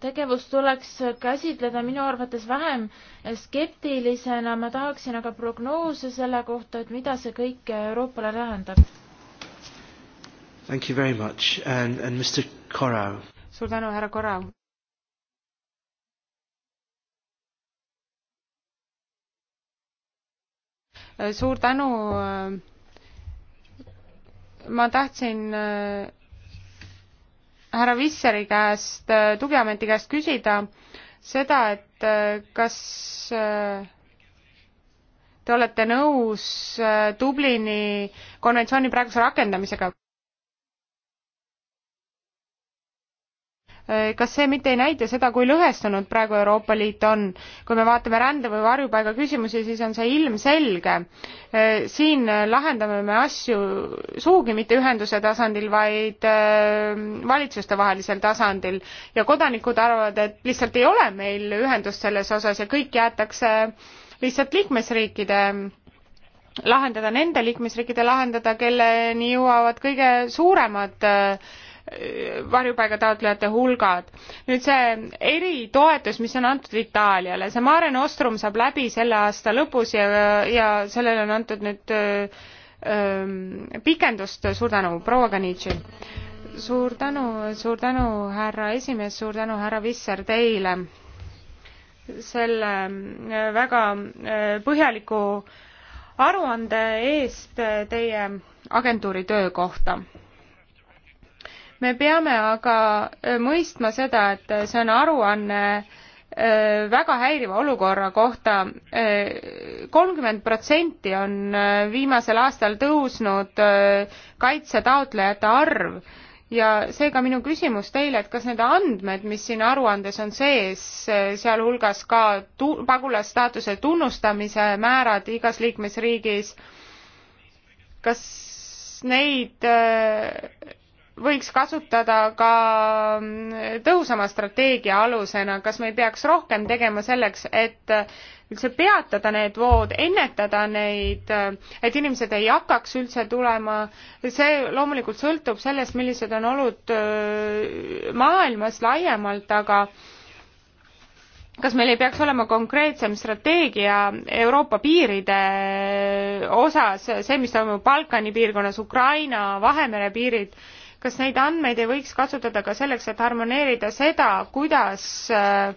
tegevust tuleks käsitleda minu arvates vähem skeptilisena, ma tahaksin aga prognoose selle kohta, et mida see kõik Euroopale tähendab. Thank you very much and, and Mr Korrau. suur tänu, härra Korrau. suur tänu. ma tahtsin härra Visseri käest, äh, tugiameti käest küsida seda, et äh, kas äh, te olete nõus Dublini konventsiooni praeguse rakendamisega? Äh, kas see mitte ei näita seda, kui lõhestunud praegu Euroopa Liit on? kui me vaatame rände või varjupaiga küsimusi, siis on see ilmselge. Äh, siin lahendame me asju sugugi mitte ühenduse tasandil, vaid äh, valitsustevahelisel tasandil ja kodanikud arvavad, et lihtsalt ei ole meil ühendust selles osas ja kõik jäetakse lihtsalt liikmesriikide lahendada nende liikmesriikide lahendada, kelleni jõuavad kõige suuremad äh, varjupaiga taotlejate hulgad. nüüd see eritoetus, mis on antud Itaaliale, see Mare Nostrum saab läbi selle aasta lõpus ja, ja sellele on antud nüüd öö, pikendust, suur tänu, proua Ganitši. suur tänu, suur tänu, härra esimees, suur tänu, härra Visser, teile selle väga põhjaliku aruande eest teie agentuuri töö kohta me peame aga äh, mõistma seda, et see on aruanne äh, väga häiriva olukorra kohta. Äh, kolmkümmend protsenti on viimasel aastal tõusnud kaitsetaotlejate arv ja seega minu küsimus teile, et kas need andmed, mis siin aruandes on sees, sealhulgas ka tu-, pagulasstaatuse tunnustamise määrad igas liikmesriigis, kas neid võiks kasutada ka tõhusama strateegia alusena, kas me ei peaks rohkem tegema selleks, et üldse peatada need vood, ennetada neid, et inimesed ei hakkaks üldse tulema, see loomulikult sõltub sellest, millised on olud äh, maailmas laiemalt, aga kas meil ei peaks olema konkreetsem strateegia Euroopa piiride äh, osas, see, mis toimub Balkani piirkonnas, Ukraina, Vahemere piirid, kas neid andmeid ei võiks kasutada ka selleks, et harmoneerida seda, kuidas äh,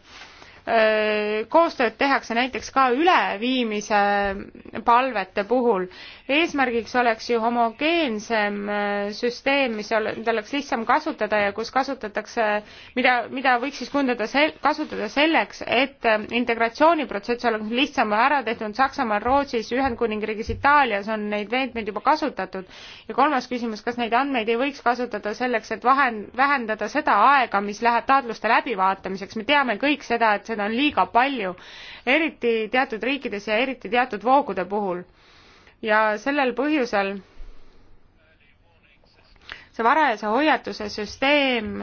äh, koostööd tehakse näiteks ka üleviimise palvete puhul eesmärgiks oleks ju homogeensem äh, süsteem, mis ole, mida oleks lihtsam kasutada ja kus kasutatakse, mida, mida võiks siis kujundada sel-, kasutada selleks, et äh, integratsiooniprotsess oleks lihtsam ära tehtud Saksamaal, Rootsis, Ühendkuningriigis, Itaalias on neid meetmeid juba kasutatud. ja kolmas küsimus, kas neid andmeid ei võiks kasutada selleks, et vahen-, vähendada seda aega, mis läheb taotluste läbivaatamiseks, me teame kõik seda, et seda on liiga palju, eriti teatud riikides ja eriti teatud voogude puhul ja sellel põhjusel see varajase hoiatuse süsteem,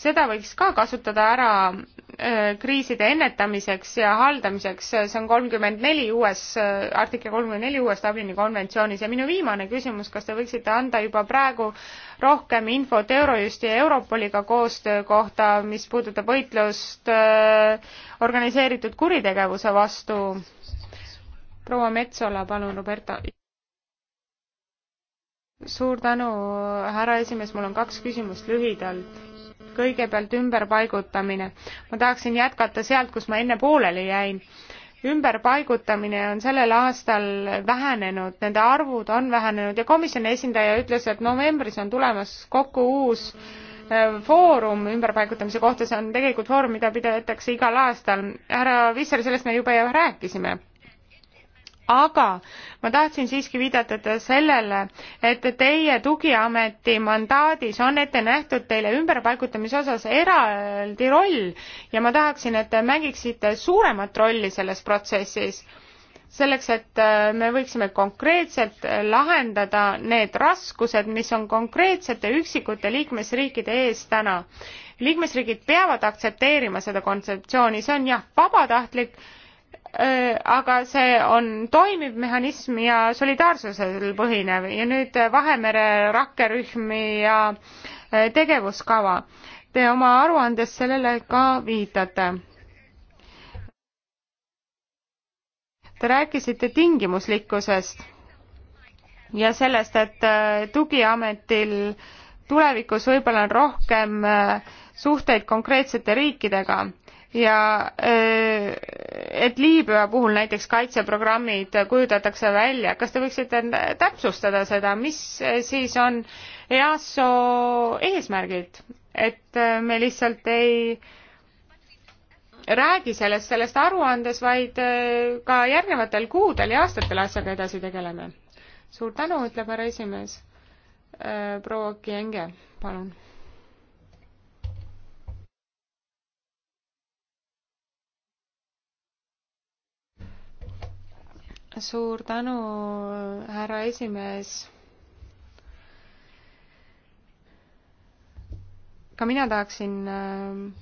seda võiks ka kasutada ära äh, kriiside ennetamiseks ja haldamiseks, see on kolmkümmend neli uues, äh, artikkel kolmkümmend neli uues Dublini konventsioonis ja minu viimane küsimus, kas te võiksite anda juba praegu rohkem infot Eurojusti ja Europoliga koostöö kohta, mis puudutab võitlust äh, organiseeritud kuritegevuse vastu? proua Metsola, palun, Roberta suur tänu, härra esimees, mul on kaks küsimust lühidalt. kõigepealt ümberpaigutamine. ma tahaksin jätkata sealt, kus ma enne pooleli jäin. ümberpaigutamine on sellel aastal vähenenud, nende arvud on vähenenud ja komisjoni esindaja ütles, et novembris on tulemas kokku uus äh, foorum ümberpaigutamise kohta, see on tegelikult foorum, mida pidetakse igal aastal. härra Visser, sellest me juba ju rääkisime aga ma tahtsin siiski viidata sellele, et teie tugiameti mandaadis on ette nähtud teile ümberpaigutamise osas eraldi roll ja ma tahaksin, et te mängiksite suuremat rolli selles protsessis selleks, et äh, me võiksime konkreetselt äh, lahendada need raskused, mis on konkreetsete üksikute liikmesriikide ees täna. liikmesriigid peavad aktsepteerima seda kontseptsiooni, see on jah, vabatahtlik Äh, aga see on toimiv mehhanism ja solidaarsusel põhinev ja nüüd äh, Vahemere rakkerühmi ja äh, tegevuskava. Te oma aruandes sellele ka viitate. Te rääkisite tingimuslikkusest ja sellest, et tugiametil tulevikus võib-olla on rohkem suhteid konkreetsete riikidega ja äh, et Liibüa puhul näiteks kaitseprogrammid kujutatakse välja, kas te võiksite täpsustada seda, mis äh, siis on EASO eesmärgid, et äh, me lihtsalt ei räägi sellest, sellest aruandes, vaid ka järgnevatel kuudel ja aastatel asjaga edasi tegeleme. suur tänu, ütleb härra esimees. proua Kienge, palun suur tänu, härra esimees. ka mina tahaksin äh,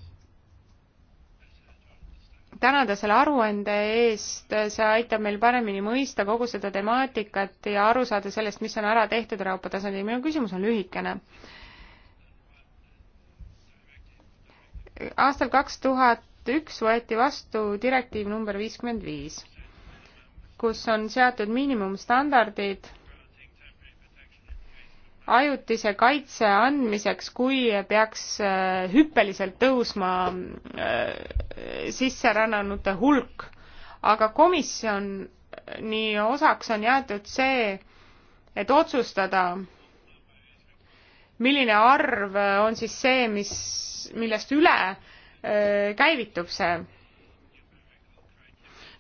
tänada selle aruande eest, see aitab meil paremini mõista kogu seda temaatikat ja aru saada sellest, mis on ära tehtud Euroopa tasandil. minu küsimus on lühikene aastal kaks tuhat üks võeti vastu direktiiv number viiskümmend viis kus on seatud miinimumstandardid ajutise kaitse andmiseks, kui peaks äh, hüppeliselt tõusma äh, sisserännanute hulk. aga komisjoni osaks on jäetud see, et otsustada, milline arv on siis see, mis, millest üle äh, käivitub see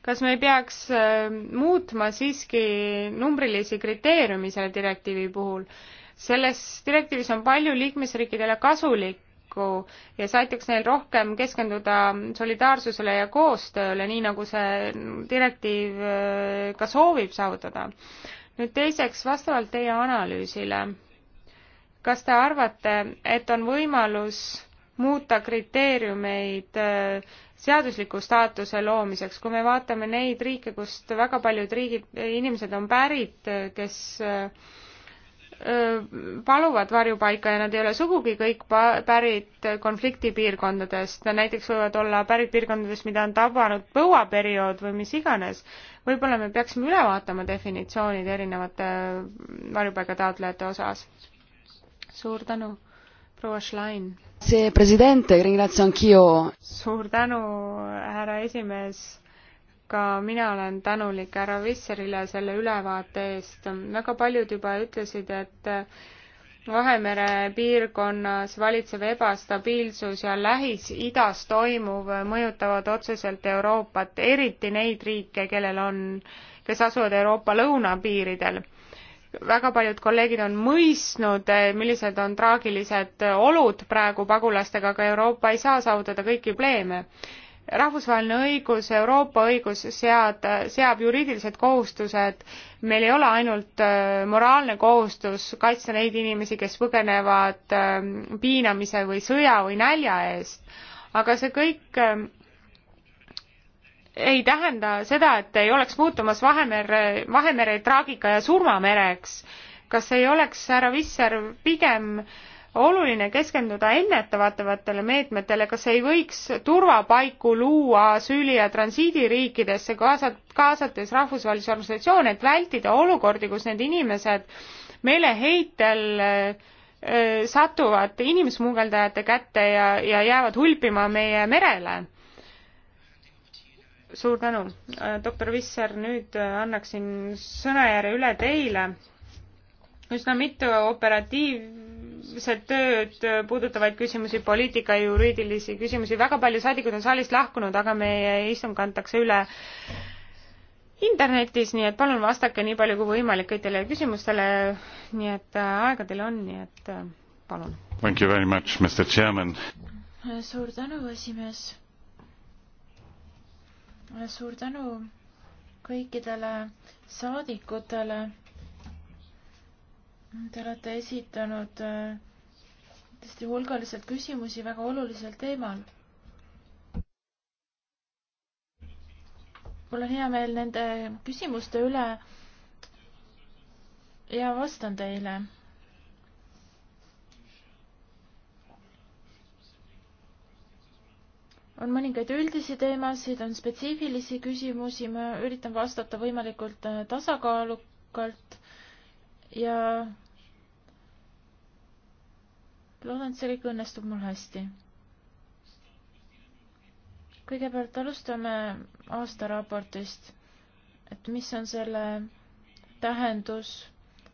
kas me ei peaks äh, muutma siiski numbrilisi kriteeriumi selle direktiivi puhul? selles direktiivis on palju liikmesriikidele kasulikku ja see aitaks neil rohkem keskenduda solidaarsusele ja koostööle, nii nagu see direktiiv äh, ka soovib saavutada. nüüd teiseks, vastavalt teie analüüsile, kas te arvate, et on võimalus muuta kriteeriumeid äh, seadusliku staatuse loomiseks, kui me vaatame neid riike, kust väga paljud riigid, inimesed on pärit, kes paluvad varjupaika ja nad ei ole sugugi kõik pärit konfliktipiirkondadest, näiteks võivad olla pärit piirkondadest, mida on tabanud põuaperiood või mis iganes. võib-olla me peaksime üle vaatama definitsioonid erinevate varjupaiga taotlejate osas. suur tänu proua Schlein. see president, suur tänu, härra esimees ka mina olen tänulik härra Visserile selle ülevaate eest. väga paljud juba ütlesid, et Vahemere piirkonnas valitsev ebastabiilsus ja Lähis-Idas toimuv mõjutavad otseselt Euroopat, eriti neid riike, kellel on, kes asuvad Euroopa lõunapiiridel väga paljud kolleegid on mõistnud, eh, millised on traagilised olud praegu pagulastega, aga Euroopa ei saa saavutada kõiki pleeme. rahvusvaheline õigus, Euroopa õigus sead, seab juriidilised kohustused. meil ei ole ainult eh, moraalne kohustus kaitsta neid inimesi, kes põgenevad eh, piinamise või sõja või nälja eest, aga see kõik ei tähenda seda, et ei oleks muutumas Vahemere, Vahemere traagika ja surmamereks. kas ei oleks, härra Visser, pigem oluline keskenduda ennetavatavatele meetmetele, kas ei võiks turvapaiku luua asüüli- ja transiidiriikidesse, kaasat-, kaasates rahvusvahelisi organisatsioone, et vältida olukordi, kus need inimesed meeleheitel äh, satuvad inimsmugeldajate kätte ja, ja jäävad hulpima meie merele suur tänu, äh, doktor Visser, nüüd äh, annaksin sõnajärje üle teile. üsna mitu operatiivset tööd äh, puudutavaid küsimusi, poliitika ja juriidilisi küsimusi, väga palju saadikuid on saalist lahkunud, aga meie istung antakse üle internetis, nii et palun vastake nii palju kui võimalik kõikidele küsimustele, nii et aega teil on, nii et palun. Thank you very much, Mr Chairman. suur tänu, esimees suur tänu kõikidele saadikutele. Te olete esitanud äh, tõesti hulgaliselt küsimusi väga olulisel teemal. mul on hea meel nende küsimuste üle ja vastan teile on mõningaid üldisi teemasid, on spetsiifilisi küsimusi, ma üritan vastata võimalikult äh, tasakaalukalt ja loodan, et see kõik õnnestub mul hästi. kõigepealt alustame aastaraportist, et mis on selle tähendus,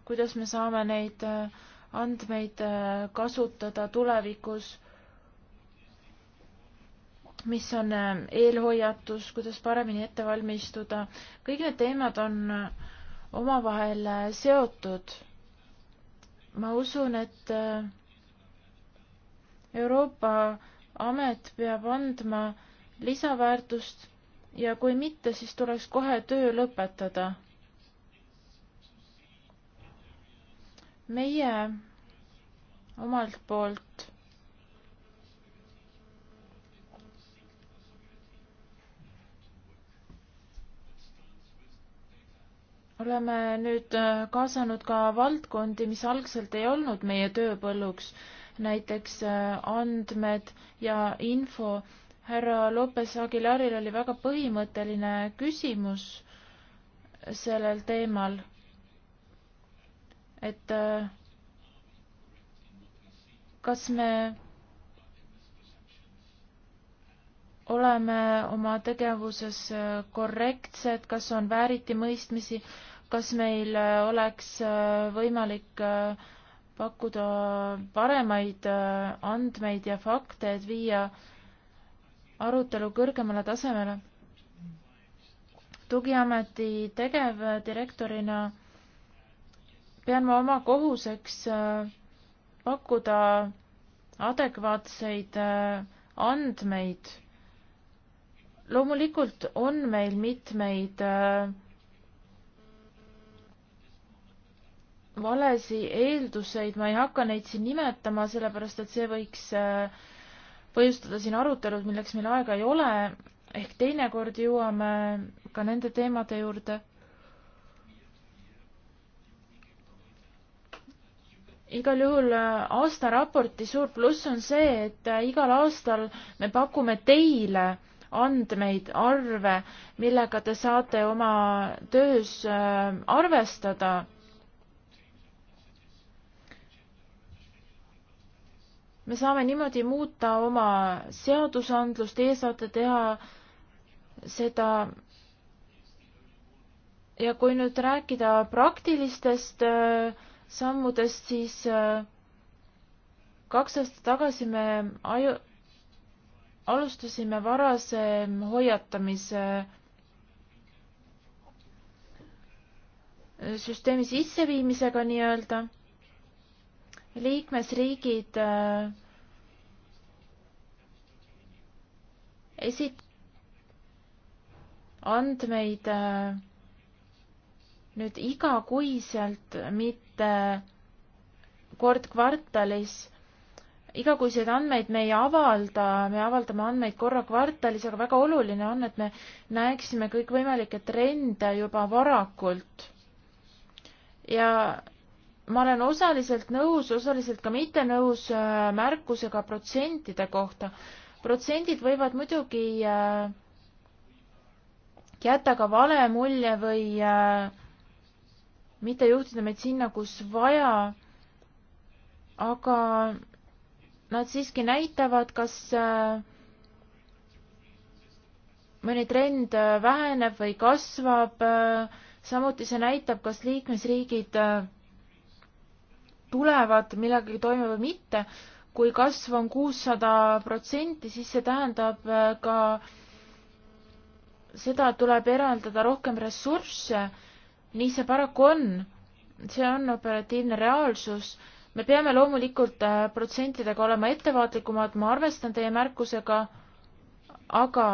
kuidas me saame neid äh, andmeid äh, kasutada tulevikus mis on äh, eelhoiatus, kuidas paremini ette valmistuda. kõik need teemad on äh, omavahel äh, seotud. ma usun, et Euroopa amet peab andma lisaväärtust ja kui mitte, siis tuleks kohe töö lõpetada. meie omalt poolt oleme nüüd äh, kaasanud ka valdkondi, mis algselt ei olnud meie tööpõlluks, näiteks äh, andmed ja info. härra Lopes Aguilaril oli väga põhimõtteline küsimus sellel teemal, et äh, kas me oleme oma tegevuses äh, korrektsed, kas on vääritimõistmisi, kas meil äh, oleks äh, võimalik pakkuda paremaid andmeid ja fakte, et viia arutelu kõrgemale tasemele. tugiameti tegevdirektorina pean ma oma kohuseks pakkuda adekvaatseid andmeid loomulikult on meil mitmeid äh, valesi eelduseid, ma ei hakka neid siin nimetama, sellepärast et see võiks äh, põhjustada siin arutelud, milleks meil aega ei ole, ehk teinekord jõuame ka nende teemade juurde. igal juhul äh, aastaraporti suur pluss on see, et igal aastal me pakume teile andmeid, arve, millega te saate oma töös äh, arvestada me saame niimoodi muuta oma seadusandlust, teie saate teha seda. ja kui nüüd rääkida praktilistest äh, sammudest, siis äh, kaks aastat tagasi me aju-, alustasime varase hoiatamise süsteemi sisseviimisega nii-öelda. liikmesriigid äh, esit-, andmeid äh, nüüd igakuiselt, mitte kord kvartalis igakuiseid andmeid me ei avalda, me avaldame andmeid korra kvartalis, aga väga oluline on, et me näeksime kõikvõimalikke trende juba varakult. ja ma olen osaliselt nõus, osaliselt ka mitte nõus äh, märkusega protsentide kohta. protsendid võivad muidugi äh, jätta ka vale mulje või äh, mitte juhtida meid sinna, kus vaja, aga nad siiski näitavad, kas äh, mõni trend äh, väheneb või kasvab. Äh, samuti see näitab, kas liikmesriigid tulevad millegagi toime või mitte. kui kasv on kuussada protsenti, siis see tähendab ka seda, et tuleb eraldada rohkem ressursse. nii see paraku on. see on operatiivne reaalsus me peame loomulikult äh, protsentidega olema ettevaatlikumad, ma arvestan teie märkusega, aga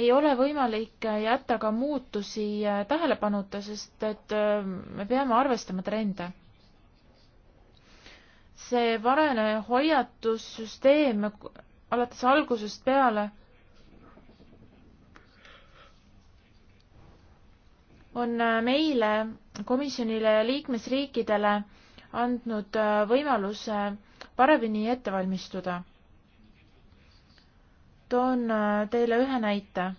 ei ole võimalik äh, jätta ka muutusi äh, tähelepanuta, sest et me peame arvestama trende. see varene hoiatussüsteem alates algusest peale on meile, komisjonile ja liikmesriikidele andnud äh, võimaluse paremini ette valmistuda. toon äh, teile ühe näite.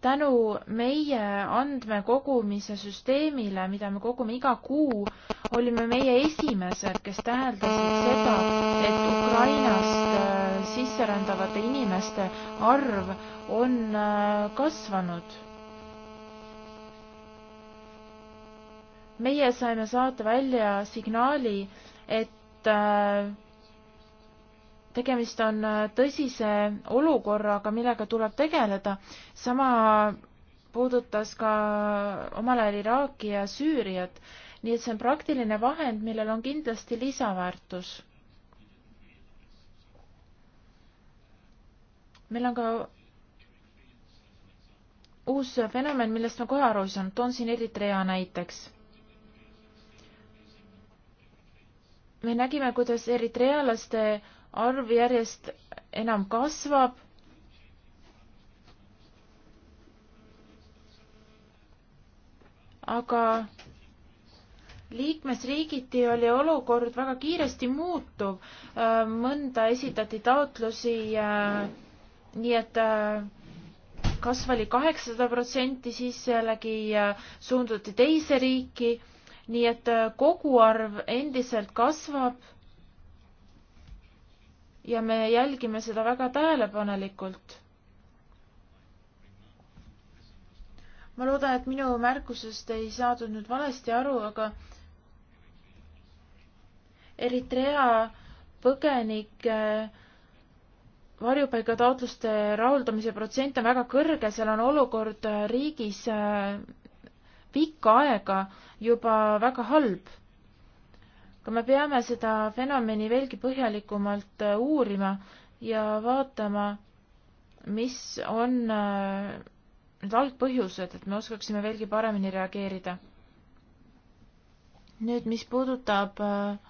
tänu meie andmekogumise süsteemile, mida me kogume iga kuu, olime meie esimesed, kes täheldasid seda, et Ukrainast äh, sisserändavate inimeste arv on kasvanud meie saime saata välja signaali, et äh, tegemist on äh, tõsise olukorraga, millega tuleb tegeleda. sama puudutas ka omal ajal Iraaki ja Süüriat, nii et see on praktiline vahend, millel on kindlasti lisaväärtus meil on ka uus fenomen, millest ma kohe aru ei saanud, toon siin Eritrea näiteks. me nägime, kuidas eritrealaste arv järjest enam kasvab. aga liikmesriigiti oli olukord väga kiiresti muutuv. mõnda esitati taotlusi nii, et kasv oli kaheksasada protsenti, siis jällegi suunduti teise riiki nii et äh, koguarv endiselt kasvab ja me jälgime seda väga tähelepanelikult. ma loodan, et minu märkusest ei saadud nüüd valesti aru, aga Eritrea põgenike äh, varjupaigataotluste rahuldamise protsent on väga kõrge, seal on olukord äh, riigis pikka aega juba väga halb. aga me peame seda fenomeni veelgi põhjalikumalt äh, uurima ja vaatama, mis on äh, need algpõhjused, et me oskaksime veelgi paremini reageerida. nüüd, mis puudutab äh,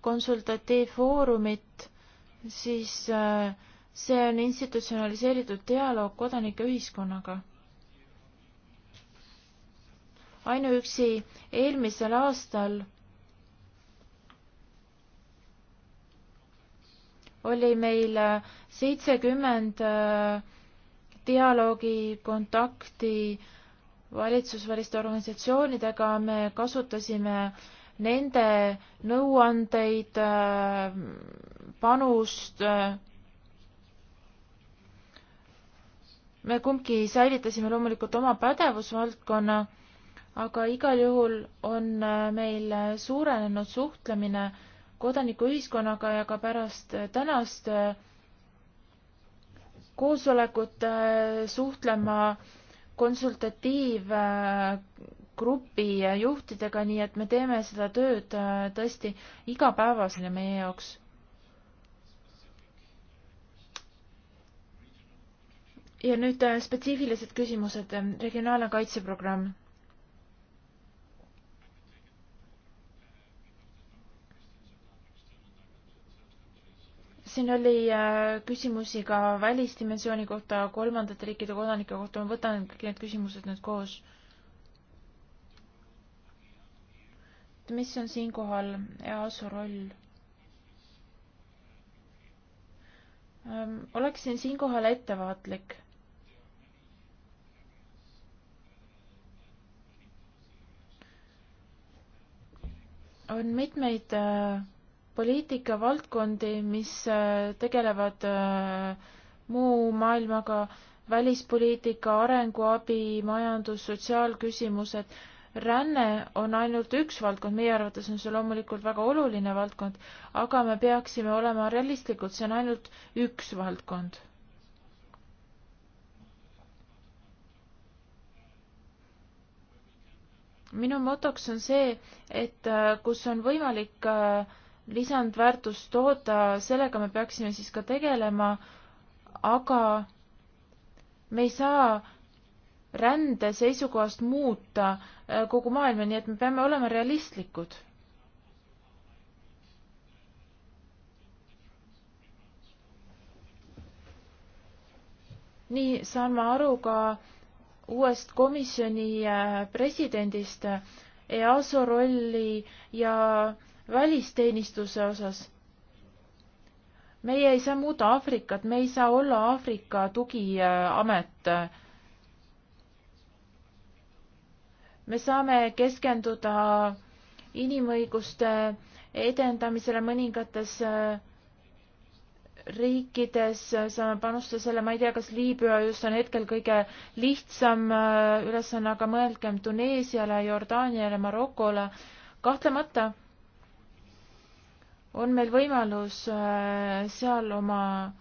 konsultatiivfoorumit, siis see on institutsionaliseeritud dialoog kodanike ühiskonnaga ainuüksi eelmisel aastal oli meil seitsekümmend äh, dialoogi kontakti valitsusväliste organisatsioonidega, me kasutasime nende nõuandeid, äh, panust. Äh. me kumbki säilitasime loomulikult oma pädevusvaldkonna aga igal juhul on äh, meil äh, suurenenud suhtlemine kodanikuühiskonnaga ja ka pärast äh, tänast koosolekut suhtlema konsultatiivgrupi juhtidega, nii et me teeme seda tööd tõesti igapäevasena meie jaoks. ja nüüd spetsiifilised küsimused, regionaalne kaitseprogramm siin oli äh, küsimusi ka välisdimensiooni kohta, kolmandate riikide kodanike kohta, ma võtan kõik need küsimused nüüd koos. mis on siinkohal EASO roll? Ähm, oleksin siinkohal ettevaatlik. on mitmeid äh, poliitikavaldkondi, mis äh, tegelevad äh, muu maailmaga, välispoliitika, arenguabi, majandus, sotsiaalküsimused. ränne on ainult üks valdkond, meie arvates on see loomulikult väga oluline valdkond, aga me peaksime olema realistlikud, see on ainult üks valdkond. minu motoks on see, et äh, kus on võimalik äh, lisandväärtust toota, sellega me peaksime siis ka tegelema, aga me ei saa rände seisukohast muuta äh, kogu maailma, nii et me peame olema realistlikud. nii saan ma aru ka uuest komisjoni äh, presidendist äh, EASO rolli ja välisteenistuse osas. meie ei saa muuta Aafrikat, me ei saa olla Aafrika tugiamet. me saame keskenduda inimõiguste edendamisele mõningates äh, riikides, saame panustada selle, ma ei tea, kas Liibüa just on hetkel kõige lihtsam äh, ülesanne, aga mõelgem Tuneesiale, Jordaaniale, Marokole. kahtlemata on meil võimalus äh, seal oma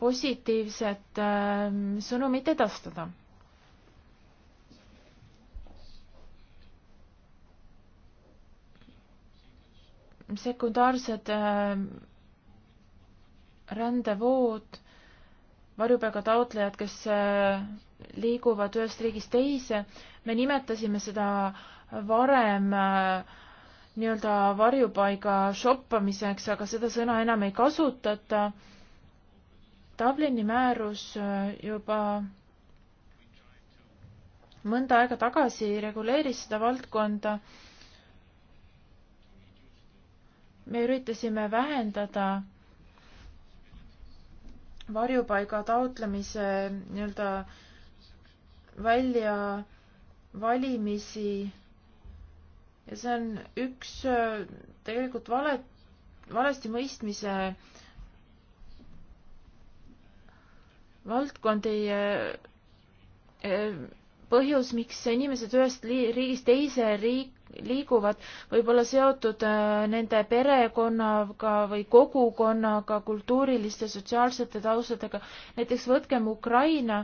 positiivset äh, sõnumit edastada. sekundaarsed äh, rändevood, varjupaiga taotlejad, kes liiguvad ühest riigist teise, me nimetasime seda varem äh, nii-öelda varjupaiga shoppamiseks, aga seda sõna enam ei kasutata. Dublini määrus äh, juba mõnda aega tagasi reguleeris seda valdkonda. me üritasime vähendada varjupaiga taotlemise nii-öelda välja valimisi ja see on üks äh, tegelikult vale, valesti mõistmise valdkond ei äh, äh, põhjus, miks inimesed ühest riigist teise riik, liiguvad, võib olla seotud nende perekonnaga või kogukonnaga, kultuuriliste, sotsiaalsete taustadega. näiteks võtkem Ukraina,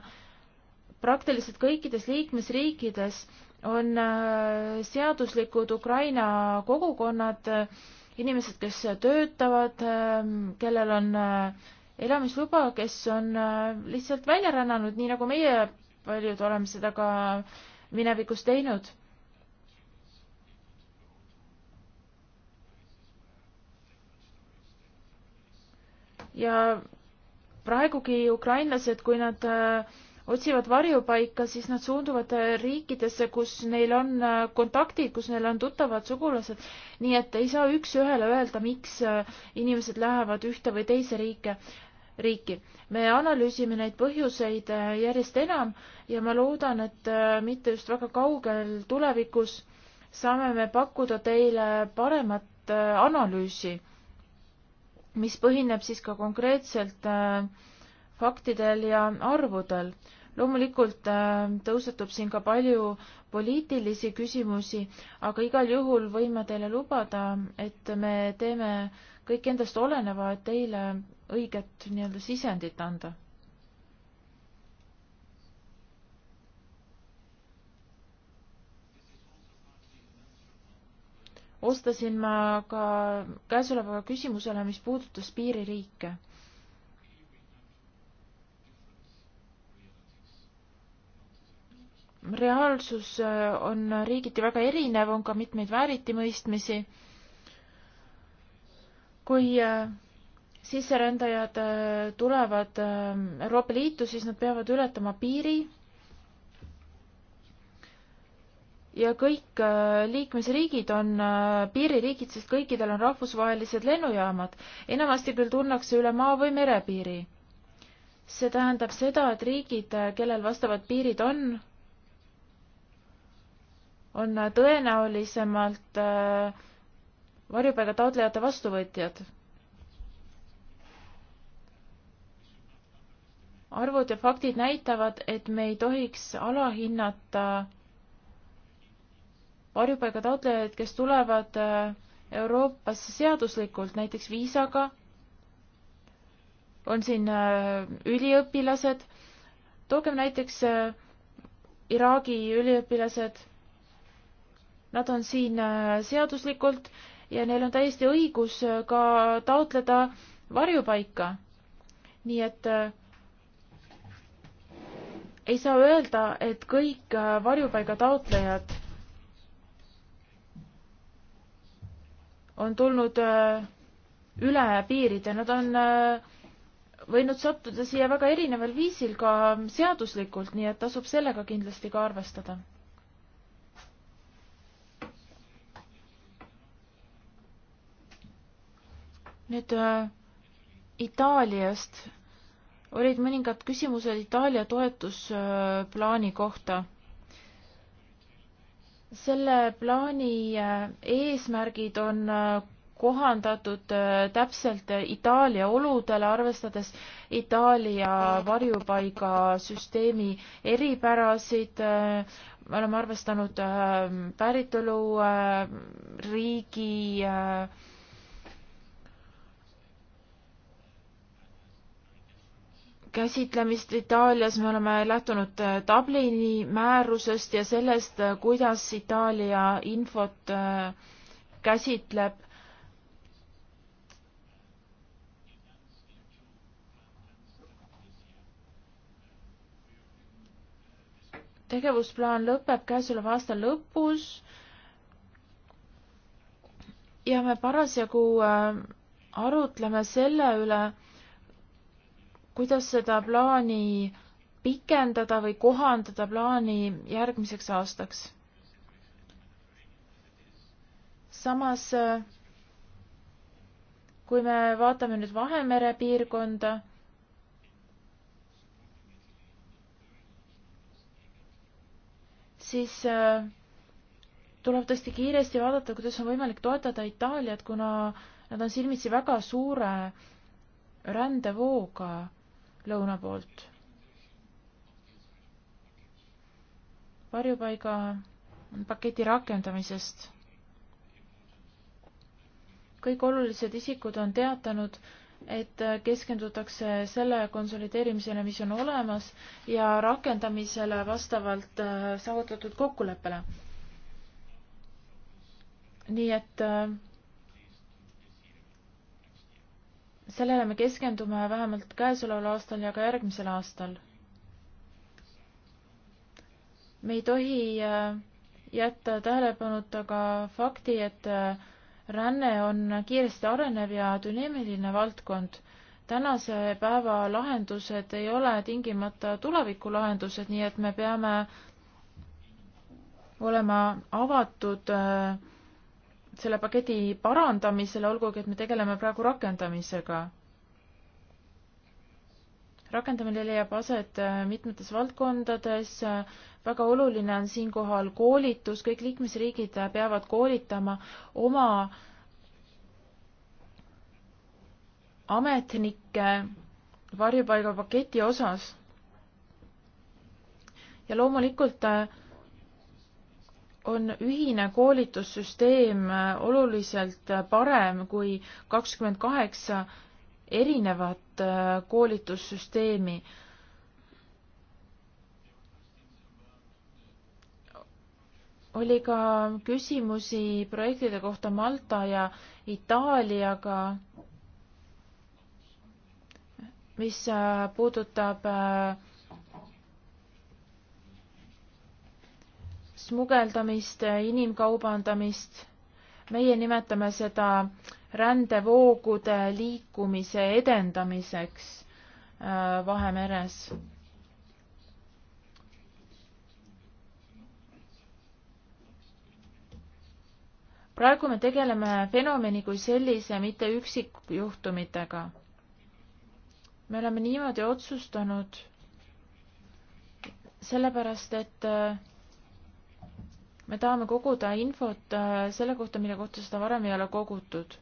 praktiliselt kõikides liikmesriikides on äh, seaduslikud Ukraina kogukonnad, äh, inimesed, kes töötavad, ähm, kellel on äh, elamisluba, kes on lihtsalt välja rännanud, nii nagu meie paljud oleme seda ka minevikus teinud. ja praegugi ukrainlased, kui nad äh, otsivad varjupaika, siis nad suunduvad äh, riikidesse, kus neil on äh, kontaktid, kus neil on tuttavad, sugulased, nii et ei saa üks-ühele öelda, miks äh, inimesed lähevad ühte või teise riike, riiki. me analüüsime neid põhjuseid järjest enam ja ma loodan, et mitte just väga kaugel tulevikus saame me pakkuda teile paremat analüüsi, mis põhineb siis ka konkreetselt äh, faktidel ja arvudel. loomulikult äh, tõusetub siin ka palju poliitilisi küsimusi, aga igal juhul võime teile lubada, et me teeme kõik endast oleneva, et teile õiget nii-öelda sisendit anda. ostasin ma ka käesolevale küsimusele, mis puudutas piiririike reaalsus äh, on riigiti väga erinev, on ka mitmeid vääritimõistmisi. kui äh, sisserändajad äh, tulevad Euroopa Liitu, siis nad peavad ületama piiri. ja kõik liikmesriigid on piiririigid, sest kõikidel on rahvusvahelised lennujaamad. enamasti küll tunnakse üle maa või merepiiri. see tähendab seda, et riigid, kellel vastavad piirid on, on tõenäolisemalt äh, varjupaiga taotlejate vastuvõtjad. arvud ja faktid näitavad, et me ei tohiks alahinnata varjupaiga taotlejaid, kes tulevad äh, Euroopasse seaduslikult, näiteks viisaga, on siin äh, üliõpilased, toogem näiteks Iraagi üliõpilased Nad on siin äh, seaduslikult ja neil on täiesti õigus äh, ka taotleda varjupaika. nii et äh, ei saa öelda, et kõik varjupaiga taotlejad on tulnud üle piiride, nad on võinud sattuda siia väga erineval viisil ka seaduslikult, nii et tasub sellega kindlasti ka arvestada nüüd äh, Itaaliast olid mõningad küsimused Itaalia toetusplaani äh, kohta. selle plaani äh, eesmärgid on äh, kohandatud äh, täpselt äh, Itaalia oludele, arvestades Itaalia varjupaigasüsteemi eripärasid, me oleme arvestanud päritoluriigi äh, käsitlemist Itaalias, me oleme lähtunud äh, Dublini määrusest ja sellest, äh, kuidas Itaalia infot äh, käsitleb. tegevusplaan lõpeb käesoleva aasta lõpus ja me parasjagu arutleme selle üle kuidas seda plaani pikendada või kohandada plaani järgmiseks aastaks. samas, kui me vaatame nüüd Vahemere piirkonda, siis äh, tuleb tõesti kiiresti vaadata, kuidas on võimalik toetada Itaaliat, kuna nad on silmitsi väga suure rändevooga lõuna poolt. varjupaiga paketi rakendamisest. kõik olulised isikud on teatanud, et keskendutakse selle konsolideerimisele, mis on olemas ja rakendamisele vastavalt äh, saavutatud kokkuleppele. nii et äh, sellele me keskendume vähemalt käesoleval aastal ja ka järgmisel aastal. me ei tohi äh, jätta tähelepanuta ka fakti, et äh, ränne on kiiresti arenev ja dünaamiline valdkond. tänase päeva lahendused ei ole tingimata tulevikulahendused, nii et me peame olema avatud äh, selle paketi parandamisele, olgugi et me tegeleme praegu rakendamisega. rakendamine leiab aset äh, mitmetes valdkondades, äh, väga oluline on siinkohal koolitus, kõik liikmesriigid äh, peavad koolitama oma ametnikke varjupaigapaketi osas. ja loomulikult äh, on ühine koolitussüsteem oluliselt parem kui kakskümmend kaheksa erinevat äh, koolitussüsteemi. oli ka küsimusi projektide kohta Malta ja Itaaliaga, mis äh, puudutab äh, smugeldamist, inimkaubandamist. meie nimetame seda rändevoogude liikumise edendamiseks äh, Vahemeres. praegu me tegeleme fenomeni kui sellise, mitte üksikjuhtumitega. me oleme niimoodi otsustanud sellepärast, et äh, me tahame koguda infot äh, selle kohta, mille kohta seda varem ei ole kogutud.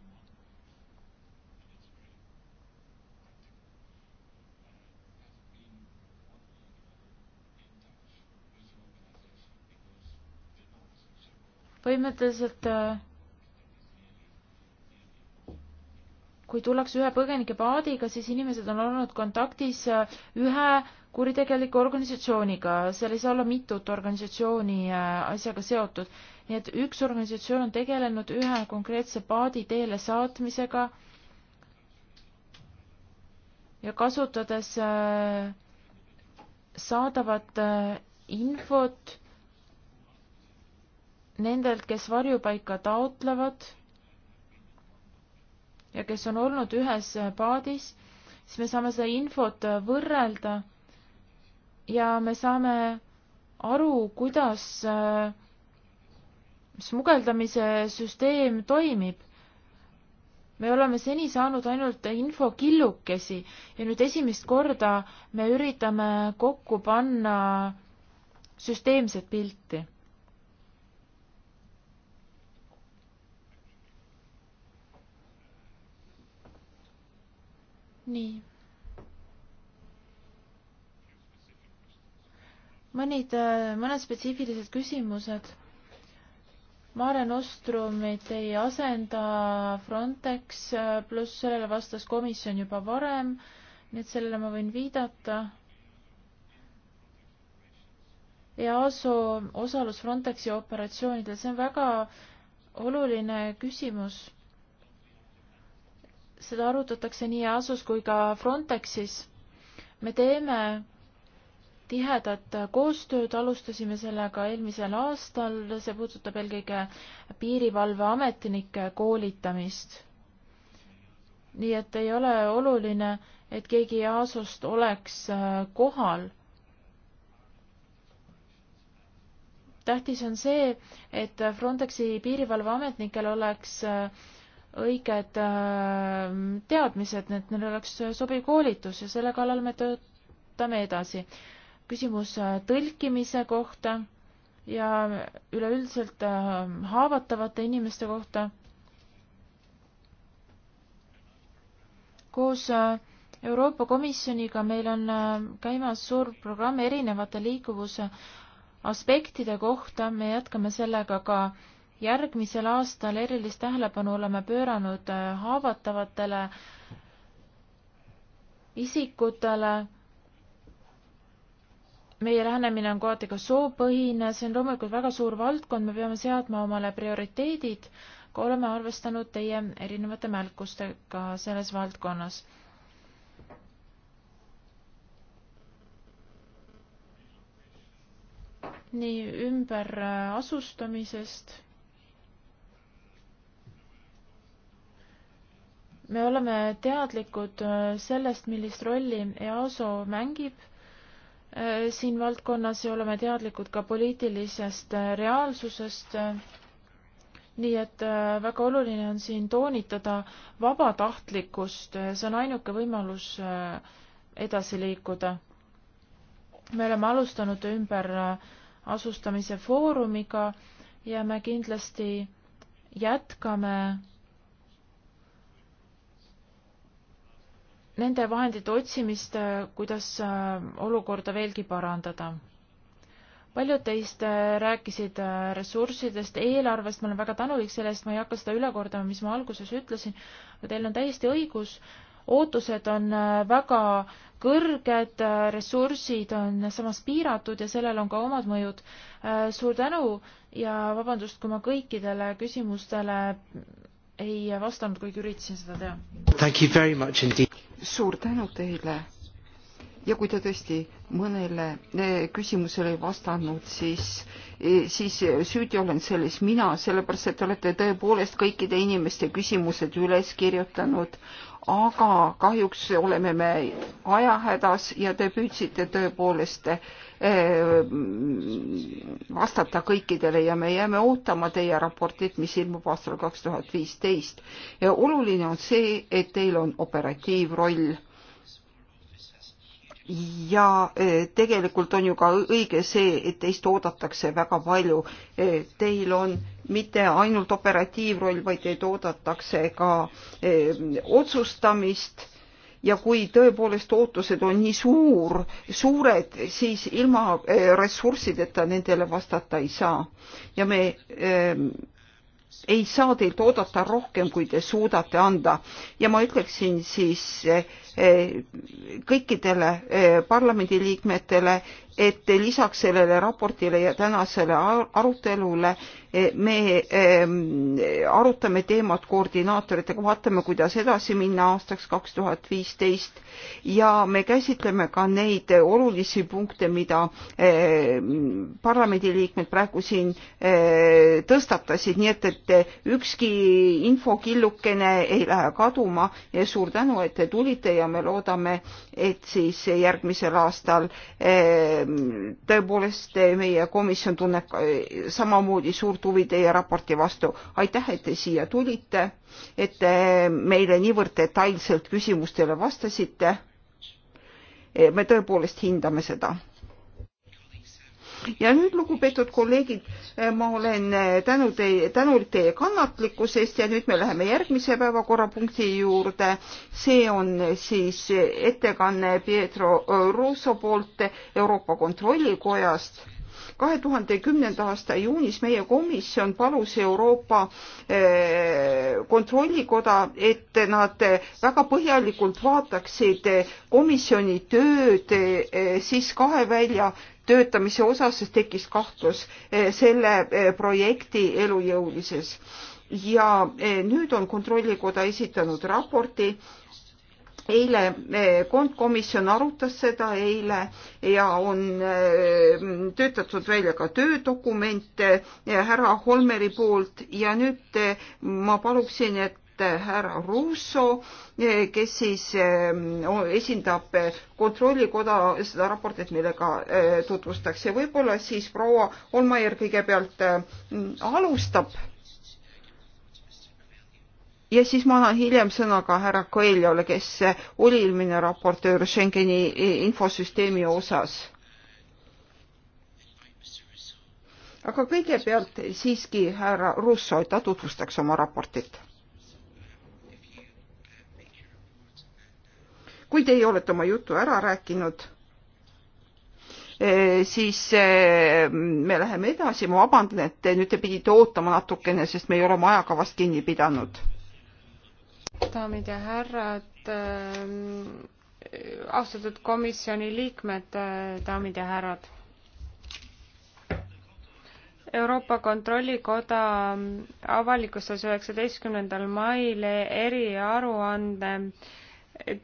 põhimõtteliselt äh, kui tullakse ühe põgenikepaadiga, siis inimesed on olnud kontaktis äh, ühe kuritegeliku organisatsiooniga, seal ei saa olla mitut organisatsiooni äh, asjaga seotud. nii et üks organisatsioon on tegelenud ühe konkreetse paadi teele saatmisega ja kasutades äh, saadavat infot nendelt, kes varjupaika taotlevad ja kes on olnud ühes paadis, siis me saame seda infot võrrelda ja me saame aru, kuidas äh, smugeldamise süsteem toimib. me oleme seni saanud ainult infokillukesi ja nüüd esimest korda me üritame kokku panna süsteemset pilti nii. mõnid, äh, mõned spetsiifilised küsimused. Mare Nostrumit ei asenda Frontex, äh, pluss sellele vastas komisjon juba varem, nii et sellele ma võin viidata. EASO osalus Frontexi operatsioonidel, see on väga oluline küsimus seda arutatakse nii EASO-s kui ka Frontexis. me teeme tihedat koostööd, alustasime sellega eelmisel aastal, see puudutab eelkõige piirivalveametnike koolitamist. nii et ei ole oluline, et keegi EASO-st oleks äh, kohal. tähtis on see, et Frontexi piirivalveametnikel oleks äh, õiged äh, teadmised, et neil oleks sobiv koolitus ja selle kallal me töötame edasi. küsimus äh, tõlkimise kohta ja üleüldiselt äh, haavatavate inimeste kohta. koos Euroopa Komisjoniga meil on käimas suur programm erinevate liikuvuse aspektide kohta, me jätkame sellega ka äh, järgmisel aastal erilist tähelepanu oleme pööranud äh, haavatavatele isikutele. meie lähenemine on kohati ka soopõhine, see on loomulikult väga suur valdkond, me peame seadma omale prioriteedid, aga oleme arvestanud teie erinevate märkustega selles valdkonnas nii ümberasustamisest äh, me oleme teadlikud äh, sellest, millist rolli EASO mängib äh, siin valdkonnas ja oleme teadlikud ka poliitilisest äh, reaalsusest. nii et väga oluline on siin toonitada vabatahtlikkust, see on ainuke võimalus edasi liikuda. me oleme alustanud ümberasustamise foorumiga ja me kindlasti jätkame nende vahendite otsimist, kuidas äh, olukorda veelgi parandada. paljud teist äh, rääkisid äh, ressurssidest, eelarvest, ma olen väga tänulik selle eest, ma ei hakka seda üle kordama, mis ma alguses ütlesin, aga teil on täiesti õigus, ootused on väga kõrged, ressursid on samas piiratud ja sellel on ka omad mõjud. suur tänu ja vabandust, kui ma kõikidele küsimustele ei vastanud, kuigi üritasin seda teha. suur tänu teile ja kui te tõesti mõnele eh, küsimusele ei vastanud, siis, eh, siis süüdi olen selles mina, sellepärast et te olete tõepoolest kõikide inimeste küsimused üles kirjutanud, aga kahjuks oleme me ajahädas ja te püüdsite tõepoolest Äh, vastata kõikidele ja me jääme ootama teie raportit, mis ilmub aastal kaks tuhat viisteist. ja oluline on see, et teil on operatiivroll ja äh, tegelikult on ju ka õige see, et teist oodatakse väga palju. Äh, teil on mitte ainult operatiivroll, vaid teid oodatakse ka otsustamist ja kui tõepoolest ootused on nii suur, suured, siis ilma eh, ressurssideta nendele vastata ei saa. ja me eh, ei saa teilt oodata rohkem, kui te suudate anda ja ma ütleksin siis eh, Eh, kõikidele eh, parlamendiliikmetele, et lisaks sellele raportile ja tänasele arutelule eh, me ehm, arutame teemat koordinaatoritega, vaatame, kuidas edasi minna aastaks kaks tuhat viisteist ja me käsitleme ka neid olulisi punkte, mida ehm, parlamendiliikmed praegu siin tõstatasid, nii et, et ükski infokillukene ei lähe kaduma ja suur tänu, et te tulite ja ja me loodame, et siis järgmisel aastal ehm, tõepoolest eh, meie komisjon tunneb eh, samamoodi suurt huvi teie raporti vastu. aitäh, et te siia tulite, et te meile niivõrd detailselt küsimustele vastasite. Eh, me tõepoolest hindame seda ja nüüd, lugupeetud kolleegid, eh, ma olen eh, tänu teie, tänulik teie kannatlikkusest ja nüüd me läheme järgmise päevakorrapunkti juurde. see on eh, siis ettekanne Pietro Russo poolt Euroopa Kontrollikojast kahe tuhande kümnenda aasta juunis meie komisjon palus Euroopa eh, Kontrollikoda, et nad väga põhjalikult vaataksid komisjoni tööd eh, siis kahe välja töötamise osas, sest tekkis kahtlus eh, selle projekti elujõulises ja nüüd on Kontrollikoda esitanud raporti eile eh, kontkomisjon arutas seda eile ja on eh, töötatud välja ka töödokument eh, härra Holmeri poolt ja nüüd ma paluksin, et härra Russo, kes siis esindab Kontrollikoda, seda raportit meile ka tutvustaks ja võib-olla siis proua Olmajärv kõigepealt alustab ja siis ma annan hiljem sõna ka härra Koeljole, kes oli eelmine raportöör Schengeni infosüsteemi osas. aga kõigepealt siiski härra Russo, et ta tutvustaks oma raportit. kui teie olete oma jutu ära rääkinud, eh, siis eh, me läheme edasi, ma vabandan, et te nüüd te pidite ootama natukene, sest me ei ole oma ajakavast kinni pidanud daamid ja härrad äh,, austatud komisjoni liikmed äh,, daamid ja härrad. Euroopa Kontrollikoda avalikustas üheksateistkümnendal mail eriaruande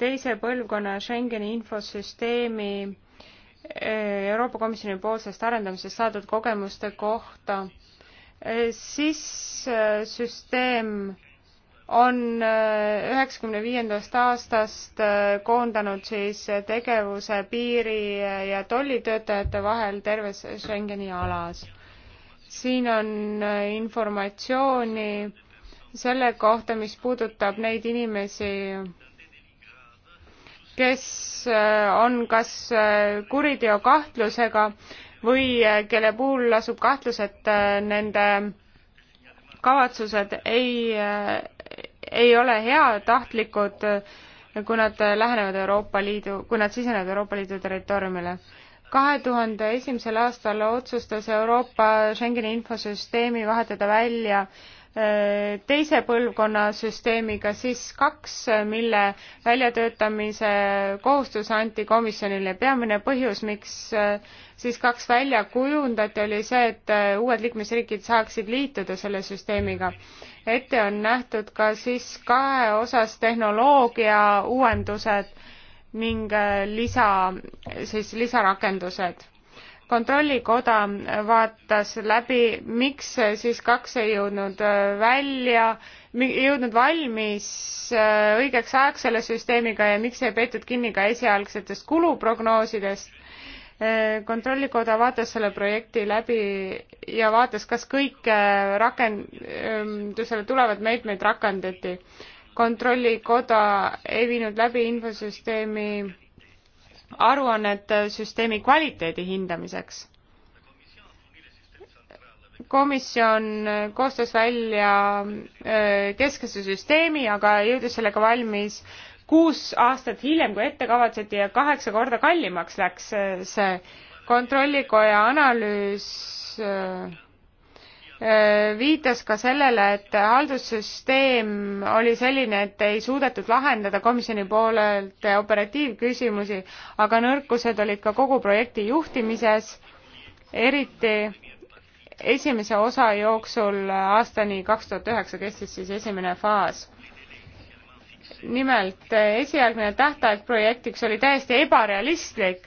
teise põlvkonna Schengeni infosüsteemi äh, Euroopa Komisjoni poolsest arendamisest saadud kogemuste kohta. Äh, siis äh, süsteem on äh, üheksakümne viiendast aastast äh, koondanud siis äh, tegevuse piiri ja tollitöötajate vahel terves Schengeni alas. siin on informatsiooni selle kohta, mis puudutab neid inimesi, kes on kas kuriteo kahtlusega või kelle puhul lasub kahtlus, et nende kavatsused ei ei ole heatahtlikud, eh, kui nad lähenevad Euroopa Liidu, kui nad sisenevad Euroopa Liidu territooriumile. kahe tuhande esimesel aastal otsustas Euroopa Schengeni infosüsteemi vahetada välja äh, Äh, teise põlvkonna süsteemiga siis kaks, mille väljatöötamise kohustus anti komisjonile. peamine põhjus, miks äh, siis kaks välja kujundati, oli see, et äh, uued liikmesriigid saaksid liituda selle süsteemiga. ette on nähtud ka siis kahe osas tehnoloogia uuendused ning lisa, siis lisarakendused kontrollikoda vaatas läbi, miks siis kaks ei jõudnud äh, välja, ei jõudnud valmis äh, õigeks ajaks selle süsteemiga ja miks ei peetud kinni ka esialgsetest kuluprognoosidest. Äh, kontrollikoda vaatas selle projekti läbi ja vaatas, kas kõike rakendusele ähm, tulevad meetmeid rakendati. kontrollikoda ei viinud läbi infosüsteemi aruannet äh, süsteemi kvaliteedi hindamiseks. komisjon äh, koostas välja äh, keskse süsteemi, aga jõudis sellega valmis kuus aastat hiljem, kui ette kavatseti ja kaheksa korda kallimaks läks see kontrollikoja analüüs äh, Äh, viitas ka sellele, et haldussüsteem oli selline, et ei suudetud lahendada komisjoni poolelt operatiivküsimusi, aga nõrkused olid ka kogu projekti juhtimises, eriti esimese osa jooksul aastani kaks tuhat üheksa kestis siis esimene faas. nimelt esialgne tähtaeg projektiks oli täiesti ebarealistlik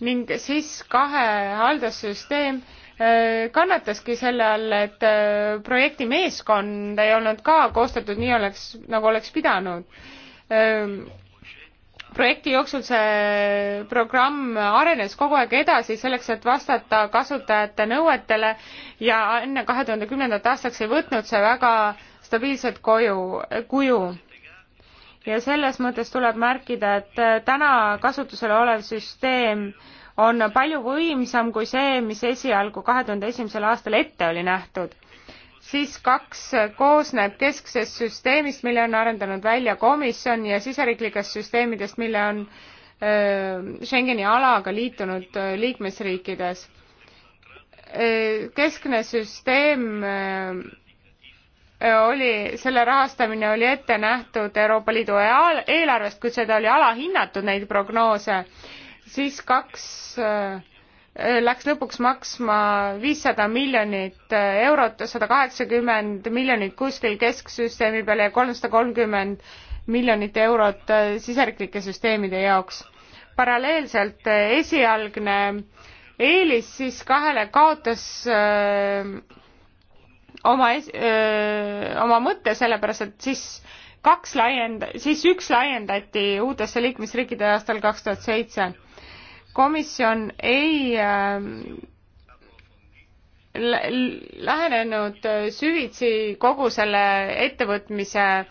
ning siis kahe haldussüsteem Äh, kannataski selle all, et äh, projekti meeskond ei olnud ka koostatud nii oleks, nagu oleks pidanud. Ähm, projekti jooksul see programm arenes kogu aeg edasi selleks, et vastata kasutajate nõuetele ja enne kahe tuhande kümnendat aastaks ei võtnud see väga stabiilset koju, kuju ja selles mõttes tuleb märkida, et äh, täna kasutusel olev süsteem äh, on palju võimsam kui see, mis esialgu kahe tuhande esimesel aastal ette oli nähtud. siis kaks koosneb kesksest süsteemist, mille on arendanud välja komisjon ja siseriiklikest süsteemidest, mille on Schengeni alaga liitunud liikmesriikides. keskne süsteem oli, selle rahastamine oli ette nähtud Euroopa Liidu eelarvest, kuid seda oli alahinnatud, neid prognoose siis kaks äh, läks lõpuks maksma viissada miljonit äh, eurot, sada kaheksakümmend miljonit kuskil kesksüsteemi peale ja kolmsada kolmkümmend miljonit eurot äh, siseriiklike süsteemide jaoks. paralleelselt esialgne eelis siis kahele kaotas öö, oma es-, öö, oma mõtte, sellepärast et siis kaks laiend-, siis üks laiendati uutesse liikmesriikide aastal kaks tuhat seitse komisjon ei ähm, lähenenud äh, süvitsi kogu selle ettevõtmise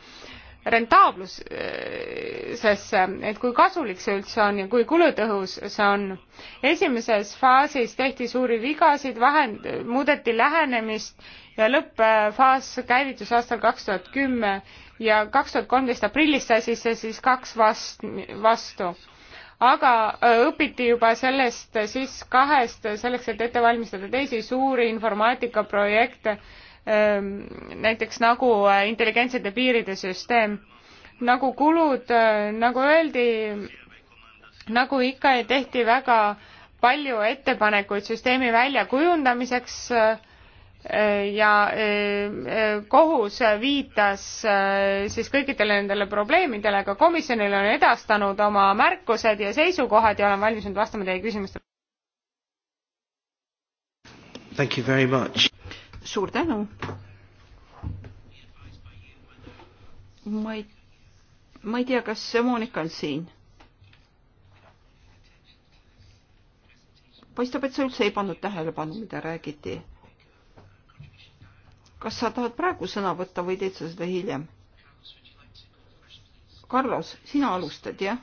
rentaablusesse, et kui kasulik see üldse on ja kui kulutõhus see on. esimeses faasis tehti suuri vigasid, vahend, muudeti lähenemist ja lõppfaas käivitus aastal kaks tuhat kümme ja kaks tuhat kolmteist aprillis sai siis see siis kaks vast-, vastu aga äh, õpiti juba sellest äh, siis kahest, äh, selleks et ette valmistada teisi suuri informaatikaprojekte, ähm, näiteks nagu intelligentsete piiride süsteem. nagu kulud, nagu öeldi, nagu ikka tehti väga palju ettepanekuid süsteemi väljakujundamiseks äh, ja e, e, kohus viitas e, siis kõikidele nendele probleemidele, ka komisjonile on edastanud oma märkused ja seisukohad ja olen valmis nüüd vastama teie küsimustele. suur tänu. ma ei, ma ei tea, kas Monika on siin paistab, et sa üldse ei pannud tähelepanu, mida räägiti kas sa tahad praegu sõna võtta või teed sa seda hiljem? Carlos, sina alustad, jah?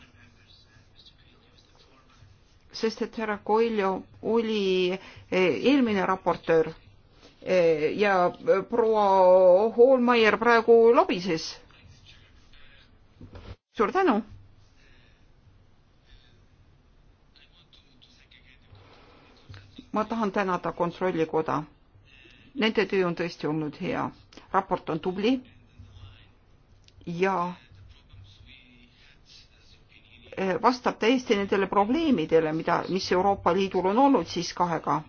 sest et härra Coelho oli eh, eelmine raportöör eh, ja eh, proua Hoolmeier praegu lobises. suur tänu. ma tahan tänada Kontrollikoda Nende töö on tõesti olnud hea. raport on tubli ja eh, vastab täiesti nendele probleemidele, mida, mis Euroopa Liidul on olnud siis kahega.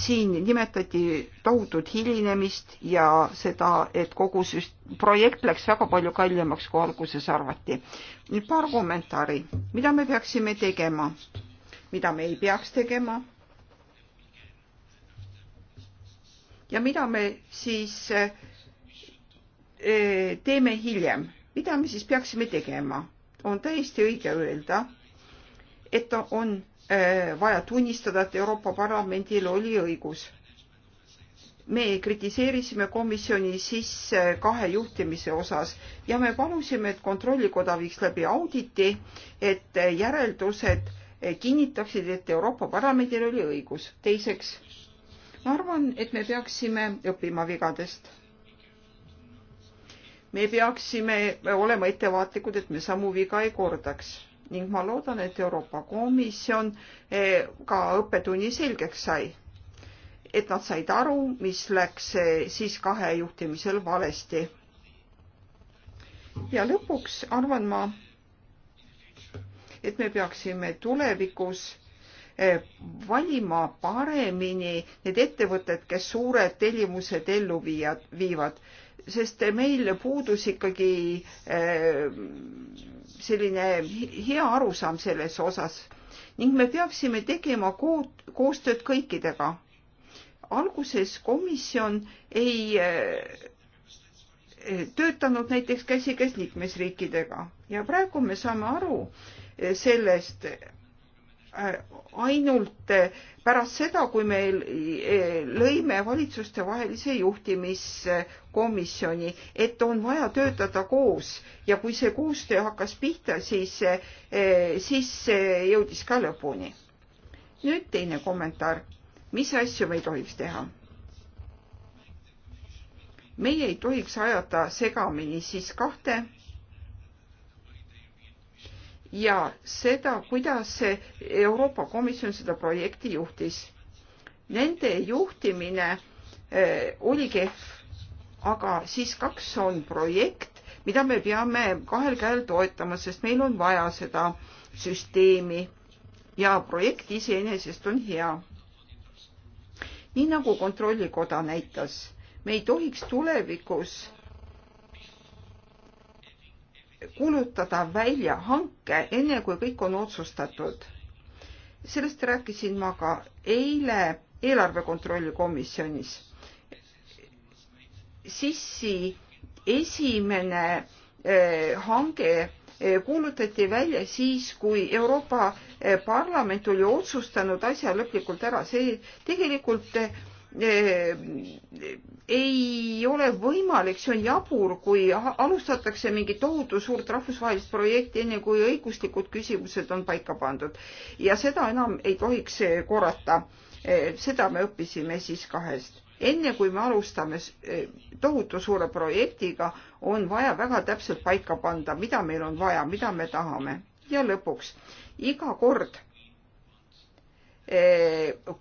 siin nimetati tohutut hilinemist ja seda, et kogu süst-, projekt läks väga palju kallimaks, kui alguses arvati. nüüd paar kommentaari, mida me peaksime tegema, mida me ei peaks tegema ja mida me siis eh, teeme hiljem, mida me siis peaksime tegema, on täiesti õige öelda, et on eh, vaja tunnistada, et Euroopa Parlamendil oli õigus. me kritiseerisime komisjoni sisse kahe juhtimise osas ja me palusime, et Kontrollikoda viiks läbi auditi, et järeldused eh, kinnitaksid, et Euroopa Parlamendil oli õigus. teiseks ma arvan, et me peaksime õppima vigadest. me peaksime olema ettevaatlikud, et me samu viga ei kordaks ning ma loodan, et Euroopa Komisjon eh, ka õppetunni selgeks sai. et nad said aru, mis läks eh, siis kahe juhtimisel valesti. ja lõpuks arvan ma, et me peaksime tulevikus Eh, valima paremini need ettevõtted, kes suured tellimused ellu viiad, viivad, sest meil puudus ikkagi eh, selline hea arusaam selles osas ning me peaksime tegema koostööd kõikidega. alguses komisjon ei eh, töötanud näiteks käsikäes liikmesriikidega ja praegu me saame aru sellest, Äh, ainult äh, pärast seda, kui me äh, lõime valitsustevahelise juhtimiskomisjoni, et on vaja töötada koos ja kui see koostöö hakkas pihta, siis, siis see jõudis ka lõpuni. nüüd teine kommentaar, mis asju me ei tohiks teha? meie ei tohiks ajada segamini siis kahte ja seda, kuidas Euroopa Komisjon seda projekti juhtis. Nende juhtimine eh, oli kehv, aga siis kaks on projekt, mida me peame kahel käel toetama, sest meil on vaja seda süsteemi ja projekt iseenesest on hea. nii nagu Kontrollikoda näitas, me ei tohiks tulevikus kuulutada välja hanke, enne kui kõik on otsustatud. sellest rääkisin ma ka eile eelarve kontrolli komisjonis. sissi esimene eh, hange eh, kuulutati välja siis, kui Euroopa eh, Parlament oli otsustanud asja lõplikult ära. see tegelikult Äh, ei ole võimalik, see on jabur, kui alustatakse mingit tohutu suurt rahvusvahelist projekti, enne kui õiguslikud küsimused on paika pandud. ja seda enam ei tohiks äh, korrata. Äh, seda me õppisime siis kahest. enne kui me alustame tohutu suure projektiga, on vaja väga täpselt paika panda, mida meil on vaja, mida me tahame. ja lõpuks, iga kord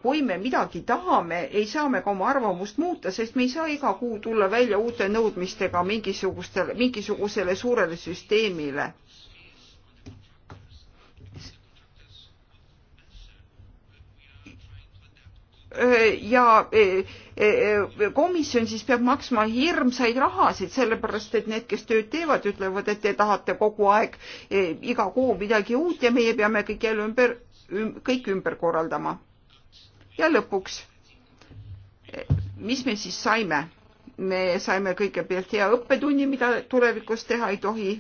kui me midagi tahame, ei saa me ka oma arvamust muuta, sest me ei saa iga kuu tulla välja uute nõudmistega mingisugustele, mingisugusele suurele süsteemile. ja e, e, e, komisjon siis peab maksma hirmsaid rahasid, sellepärast et need, kes tööd teevad, ütlevad, et te tahate kogu aeg iga kuu midagi uut ja meie peame kõik jälle ümber kõik ümber korraldama. ja lõpuks, mis me siis saime? me saime kõigepealt hea õppetunni, mida tulevikus teha ei tohi.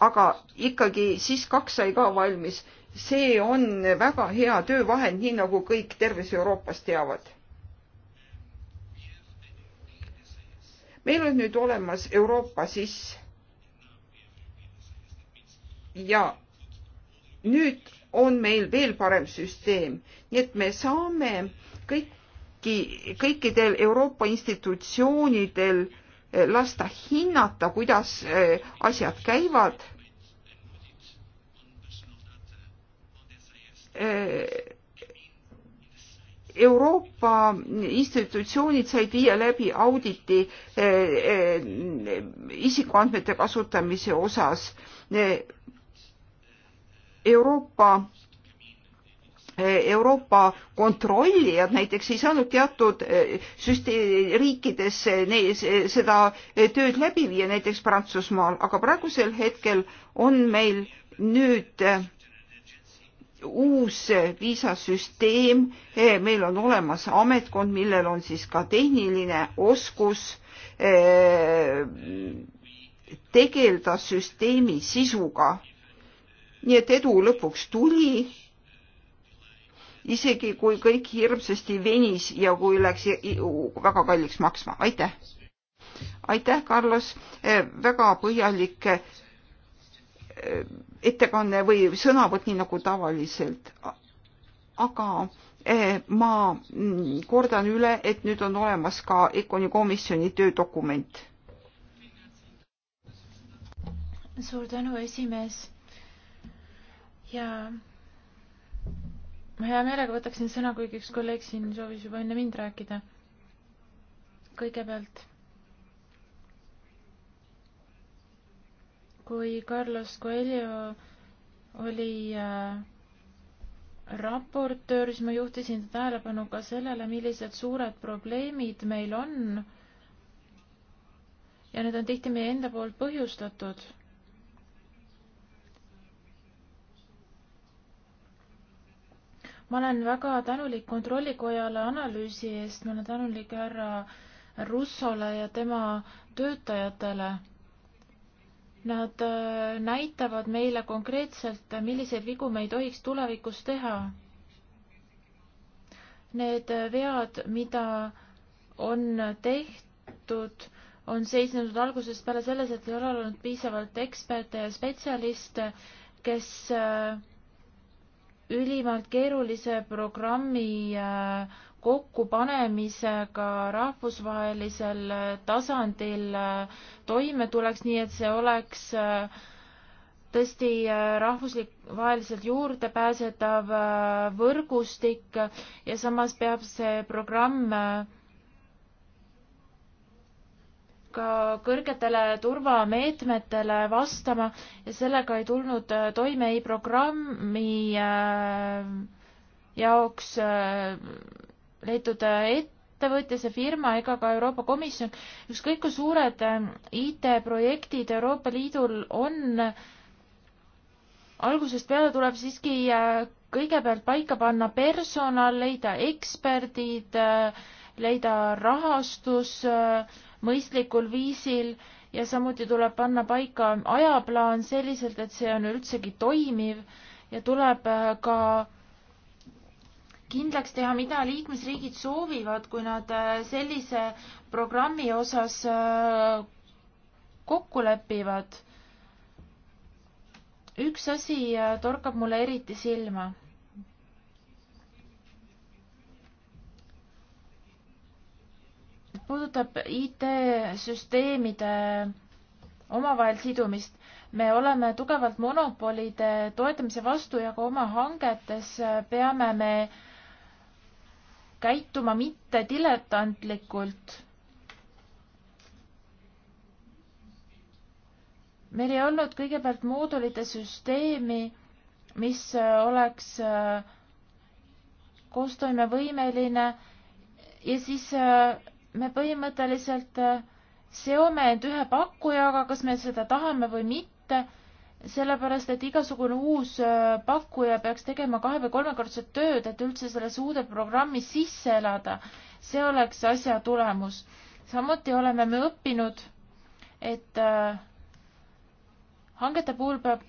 aga ikkagi siis kaks sai ka valmis. see on väga hea töövahend, nii nagu kõik terves Euroopas teavad. meil on nüüd olemas Euroopa siis ja nüüd on meil veel parem süsteem, nii et me saame kõiki, kõikidel Euroopa institutsioonidel eh, lasta hinnata, kuidas eh, asjad käivad. Eh, Euroopa institutsioonid said viia läbi auditi isikuandmete kasutamise osas Euroopa Euroopa kontrollijad näiteks ei saanud teatud eh, süsti-, riikides eh, seda eh, tööd läbi viia, näiteks Prantsusmaal, aga praegusel hetkel on meil nüüd uus viisasüsteem, meil on olemas ametkond, millel on siis ka tehniline oskus tegeleda süsteemi sisuga nii et edu lõpuks tuli. isegi kui kõik hirmsasti venis ja kui läks väga kalliks maksma, aitäh. aitäh, Carlos, eh, väga põhjalik eh, ettekanne või sõnavõtt, nii nagu tavaliselt. aga eh, ma mm, kordan üle, et nüüd on olemas ka EKONi komisjoni töödokument. suur tänu, esimees ja ma hea meelega võtaksin sõna, kuigi üks kolleeg siin soovis juba enne mind rääkida. kõigepealt, kui Carlos Coelho oli äh, raportöör, siis ma juhtisin tähelepanu ka sellele, millised suured probleemid meil on. ja need on tihti meie enda poolt põhjustatud ma olen väga tänulik Kontrollikojale analüüsi eest, ma olen tänulik härra Russole ja tema töötajatele Nad äh, näitavad meile konkreetselt, milliseid vigu me ei tohiks tulevikus teha. Need vead, mida on tehtud, on seisnenud algusest peale selles, et ei ole olnud piisavalt eksperte ja spetsialiste, kes äh, ülimalt keerulise programmi äh, kokkupanemisega rahvusvahelisel äh, tasandil äh, toime tuleks, nii et see oleks tõesti rahvuslik, vaheliselt juurdepääsetav võrgustik ja samas peab see programm ka kõrgetele turvameetmetele vastama ja sellega ei tulnud äh, toime ei programmi äh, jaoks äh, leitud ettevõtja, see firma ega ka Euroopa Komisjon. ükskõik kui suured IT-projektid Euroopa Liidul on, algusest peale tuleb siiski kõigepealt paika panna personal, leida eksperdid, leida rahastus, mõistlikul viisil ja samuti tuleb panna paika ajaplaan selliselt, et see on üldsegi toimiv ja tuleb äh, ka kindlaks teha, mida liikmesriigid soovivad, kui nad äh, sellise programmi osas äh, kokku lepivad. üks asi torkab mulle eriti silma puudutab IT-süsteemide omavahel sidumist, me oleme tugevalt monopolide toetamise vastu ja ka oma hangetes peame me käituma mitte diletantlikult. meil ei olnud kõigepealt moodulite süsteemi, mis oleks äh, koostoimevõimeline ja siis äh, me põhimõtteliselt äh, seome end ühe pakkujaga, kas me seda tahame või mitte, sellepärast et igasugune uus äh, pakkuja peaks tegema kahe või kolmekordset tööd, et üldse sellesse uude programmi sisse elada. see oleks asja tulemus. samuti oleme me õppinud, et äh, hangete puhul peab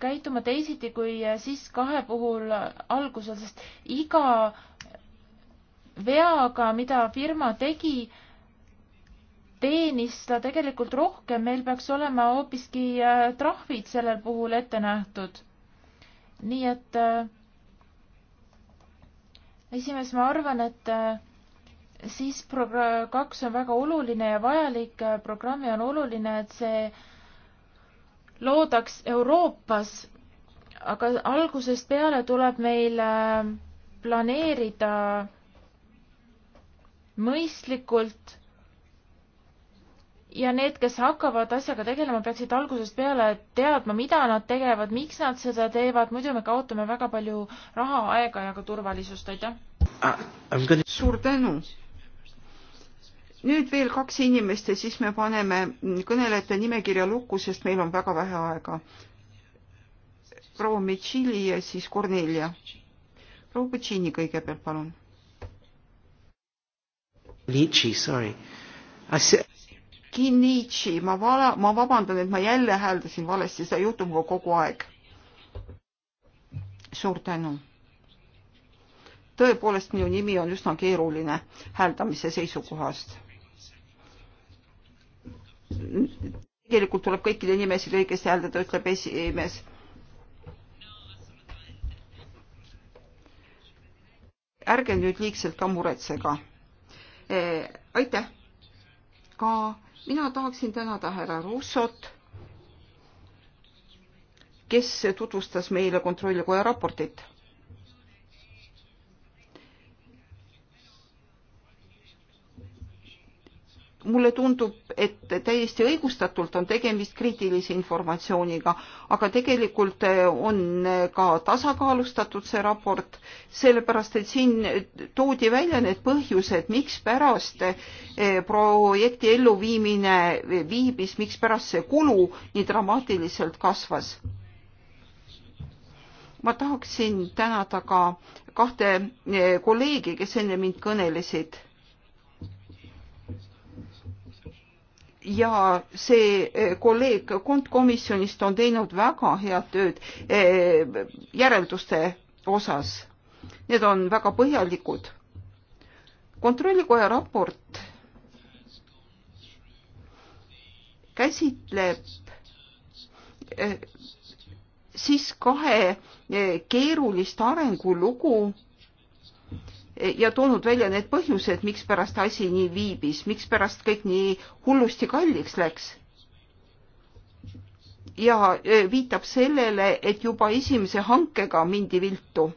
käituma teisiti kui siis kahe puhul algusel, sest iga veaga, mida firma tegi, teenis ta tegelikult rohkem, meil peaks olema hoopiski äh, trahvid sellel puhul ette nähtud. nii et äh, esimees, ma arvan, et äh, siis programm kaks on väga oluline ja vajalik programm ja on oluline, et see loodaks Euroopas, aga algusest peale tuleb meil planeerida mõistlikult ja need, kes hakkavad asjaga tegelema, peaksid algusest peale teadma, mida nad tegevad, miks nad seda teevad, muidu me kaotame väga palju raha, aega ja ka turvalisust, aitäh ah,! Gonna... suur tänu! nüüd veel kaks inimest ja siis me paneme kõnelejate nimekirja lukku, sest meil on väga vähe aega. proua Metšili ja siis Kornelia. proua Petšini kõigepealt, palun Liitši, sorry. Kinnitši, ma vala, ma vabandan, et ma jälle hääldasin valesti, seda juhtub ka kogu aeg. suur tänu. tõepoolest, minu nimi on üsna keeruline hääldamise seisukohast tegelikult tuleb kõikide nimesid õigesti hääldada, ütleb esimees. ärge nüüd liigselt ka muretsega. Eh, aitäh! ka mina tahaksin tänada härra Russot, kes tutvustas meile Kontrollikoja raportit. mulle tundub, et täiesti õigustatult on tegemist kriitilise informatsiooniga, aga tegelikult eh, on eh, ka tasakaalustatud see raport, sellepärast et siin toodi välja need põhjused, mikspärast eh, projekti elluviimine viibis, mikspärast see kulu nii dramaatiliselt kasvas. ma tahaksin tänada ka kahte kolleegi, kes enne mind kõnelesid ja see eh, kolleeg kontkomisjonist on teinud väga head tööd eh, järelduste osas. Need on väga põhjalikud. kontrollikoja raport käsitleb eh, siis kahe keerulist arengulugu ja toonud välja need põhjused, mikspärast asi nii viibis, mikspärast kõik nii hullusti kalliks läks. ja e, viitab sellele, et juba esimese hankega mindi viltu.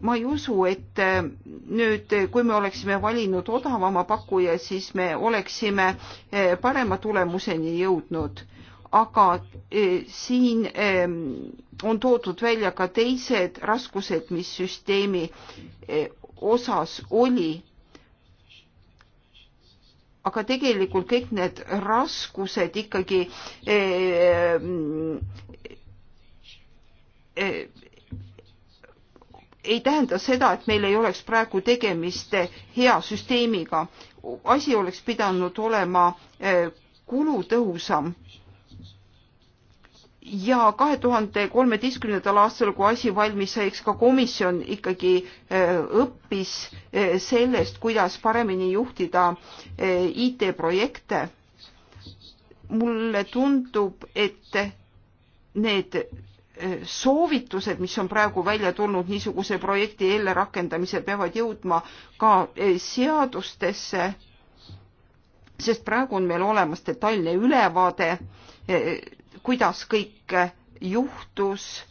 ma ei usu, et e, nüüd, e, kui me oleksime valinud odavama pakkuja, siis me oleksime parema tulemuseni jõudnud aga eh, siin ehm, on toodud välja ka teised raskused, mis süsteemi eh, osas oli. aga tegelikult kõik need raskused ikkagi ehm, eh, ei tähenda seda, et meil ei oleks praegu tegemist hea süsteemiga. asi oleks pidanud olema kulutõhusam ja kahe tuhande kolmeteistkümnendal aastal, kui asi valmis sai, eks ka komisjon ikkagi eh, õppis eh, sellest, kuidas paremini juhtida eh, IT-projekte. mulle tundub, et need soovitused, mis on praegu välja tulnud niisuguse projekti eelrakendamisel, peavad jõudma ka seadustesse, sest praegu on meil olemas detailne ülevaade kuidas kõik juhtus.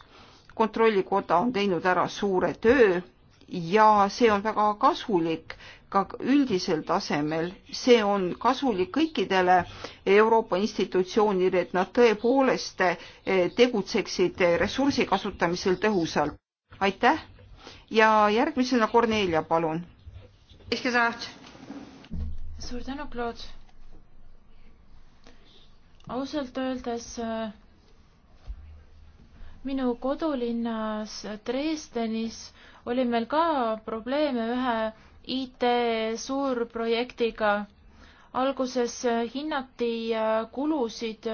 kontrollikoda on teinud ära suure töö ja see on väga kasulik ka üldisel tasemel. see on kasulik kõikidele Euroopa institutsioonidele, et nad tõepoolest eh, tegutseksid ressursi kasutamisel tõhusalt. aitäh ja järgmisena Kornelia, palun. suur tänu, Claude ausalt öeldes äh, minu kodulinnas Dresdenis oli meil ka probleeme ühe IT-suurprojektiga. alguses äh, hinnati äh, kulusid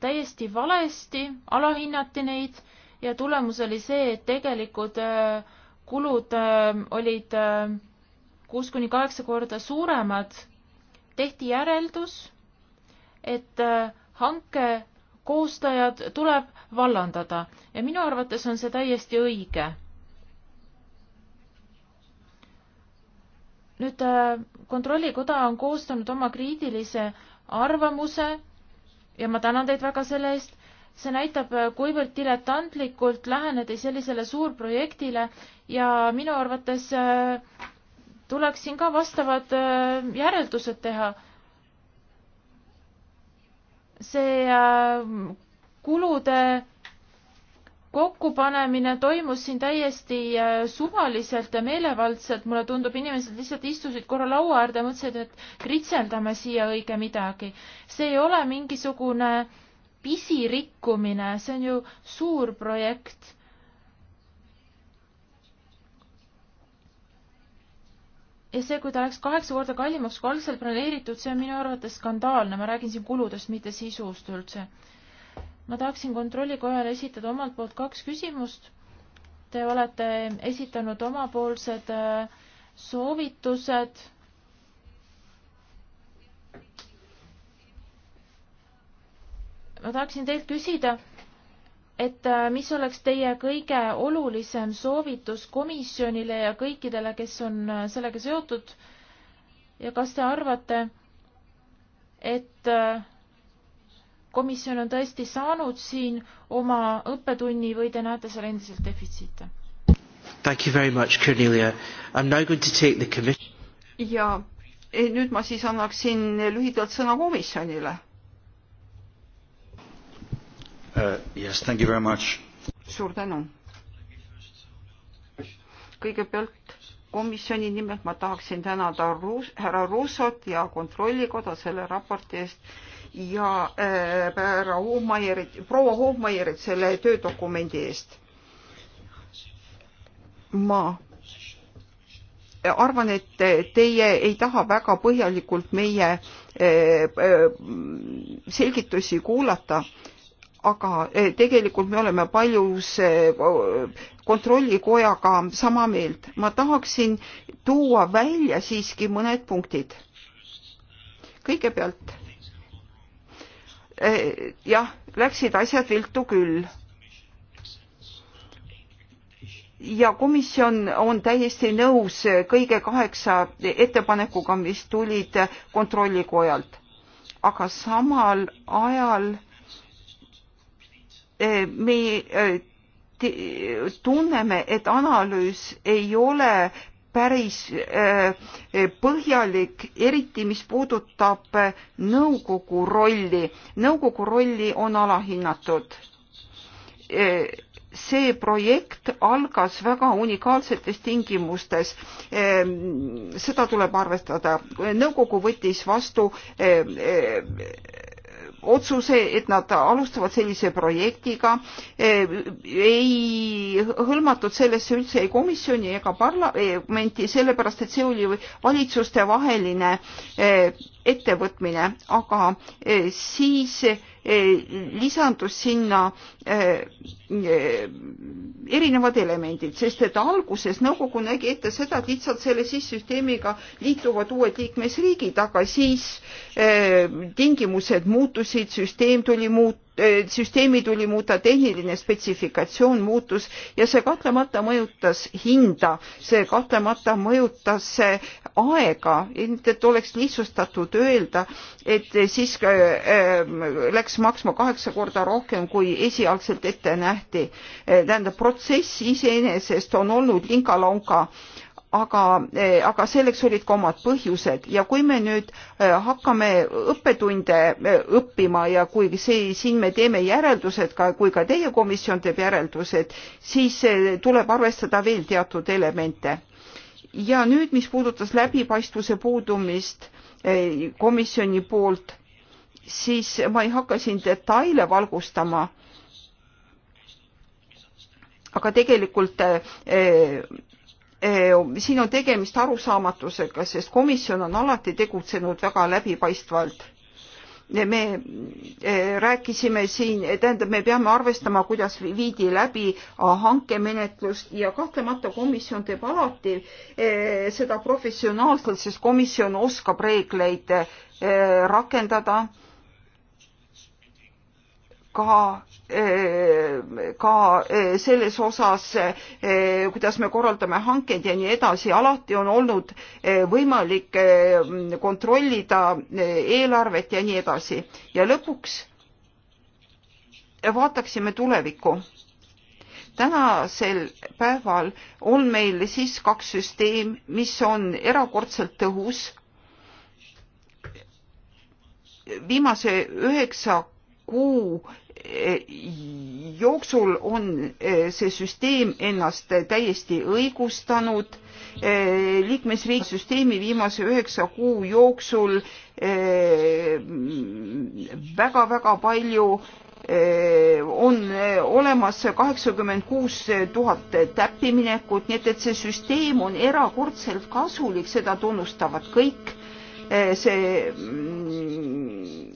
täiesti valesti, alahinnati neid ja tulemus oli see, et tegelikud kulud olid kuus kuni kaheksa korda suuremad. tehti järeldus et äh, hanke koostajad tuleb vallandada ja minu arvates on see täiesti õige. nüüd äh, Kontrollikoda on koostanud oma kriitilise arvamuse ja ma tänan teid väga selle eest. see näitab, äh, kuivõrd diletantlikult läheneti sellisele suurprojektile ja minu arvates tuleks siin ka vastavad järeldused teha see äh, kulude kokkupanemine toimus siin täiesti äh, suvaliselt ja meelevaldselt, mulle tundub, inimesed lihtsalt istusid korra laua äärde ja mõtlesid, et kritseldame siia õige midagi. see ei ole mingisugune pisirikkumine, see on ju suur projekt ja see, kui ta läks kaheksa korda kallimaks kui algselt planeeritud, see on minu arvates skandaalne, ma räägin siin kuludest, mitte sisust üldse. ma tahaksin kontrollikojale esitada omalt poolt kaks küsimust. Te olete esitanud omapoolsed äh, soovitused. ma tahaksin teilt küsida et äh, mis oleks teie kõige olulisem soovitus komisjonile ja kõikidele, kes on äh, sellega seotud ja kas te arvate, et äh, komisjon on tõesti saanud siin oma õppetunni või te näete seal endiselt defitsiite? Thank you very much, Cornelia. I am now going to take the commission. ja eh, nüüd ma siis annaksin lühidalt sõna komisjonile uh,. Yes, thank you very much. suur tänu. kõigepealt komisjoni nimel ma tahaksin tänada Ruus, härra Ruusot ja Kontrollikoda selle raporti eest ja äh, härra äh, Hohmaierit, proua Hohmaierit selle töödokumendi eest. ma arvan, et teie ei taha väga põhjalikult meie äh, äh, selgitusi kuulata aga eh, tegelikult me oleme paljus eh, kontrollikojaga sama meelt. ma tahaksin tuua välja siiski mõned punktid. kõigepealt eh, jah, läksid asjad viltu küll ja komisjon on täiesti nõus kõige kaheksa ettepanekuga, mis tulid kontrollikojalt. aga samal ajal Eh, me eh, tunneme, et analüüs ei ole päris eh, põhjalik, eriti mis puudutab nõukogu rolli. nõukogu rolli on alahinnatud. see projekt algas väga unikaalsetes tingimustes. seda tuleb arvestada. nõukogu võttis vastu otsuse, et nad alustavad sellise projektiga, eh, ei hõlmatud sellesse üldse ei komisjoni ega eh, parlamenti, sellepärast et see oli valitsustevaheline eh, ettevõtmine, aga e, siis e, lisandus sinna e, erinevad elemendid, sest et alguses nõukogu nägi ette seda, et lihtsalt selle siis süsteemiga liituvad uued liikmesriigid, aga siis tingimused muutusid, süsteem tuli muuta Äh, süsteemi tuli muuta, tehniline spetsifikatsioon muutus ja see kahtlemata mõjutas hinda, see kahtlemata mõjutas äh, aega, et, et oleks lihtsustatud öelda, et siis äh, läks maksma kaheksa korda rohkem, kui esialgselt ette nähti. tähendab, protsess iseenesest on olnud linkalonka aga, eh, aga selleks olid ka omad põhjused ja kui me nüüd eh, hakkame õppetunde eh, õppima ja kui see, siin me teeme järeldused ka, kui ka teie komisjon teeb järeldused, siis tuleb arvestada veel teatud elemente. ja nüüd, mis puudutas läbipaistvuse puudumist komisjoni poolt, siis ma ei hakka siin detaile valgustama aga tegelikult Äh, siin on tegemist arusaamatusega, sest komisjon on alati tegutsenud väga läbipaistvalt. me äh, rääkisime siin, tähendab, me peame arvestama, kuidas viidi läbi äh, hankemenetlust ja kahtlemata komisjon teeb alati seda professionaalselt, sest komisjon oskab reegleid rakendada ka, eh, ka eh, selles osas, eh, kuidas me korraldame hankeid ja nii edasi, alati on olnud võimalik kontrollida eelarvet ja nii edasi. ja lõpuks vaataksime tulevikku tänasel päeval on meil siis kaks süsteem, mis on erakordselt tõhus. viimase üheksa kuu eh, jooksul on eh, see süsteem ennast täiesti õigustanud. Eh, liikmesriik süsteemi viimase üheksa kuu jooksul väga-väga palju on olemas kaheksakümmend kuus tuhat täppiminekut, nii et, et see süsteem on erakordselt kasulik, seda tunnustavad kõik. see mm,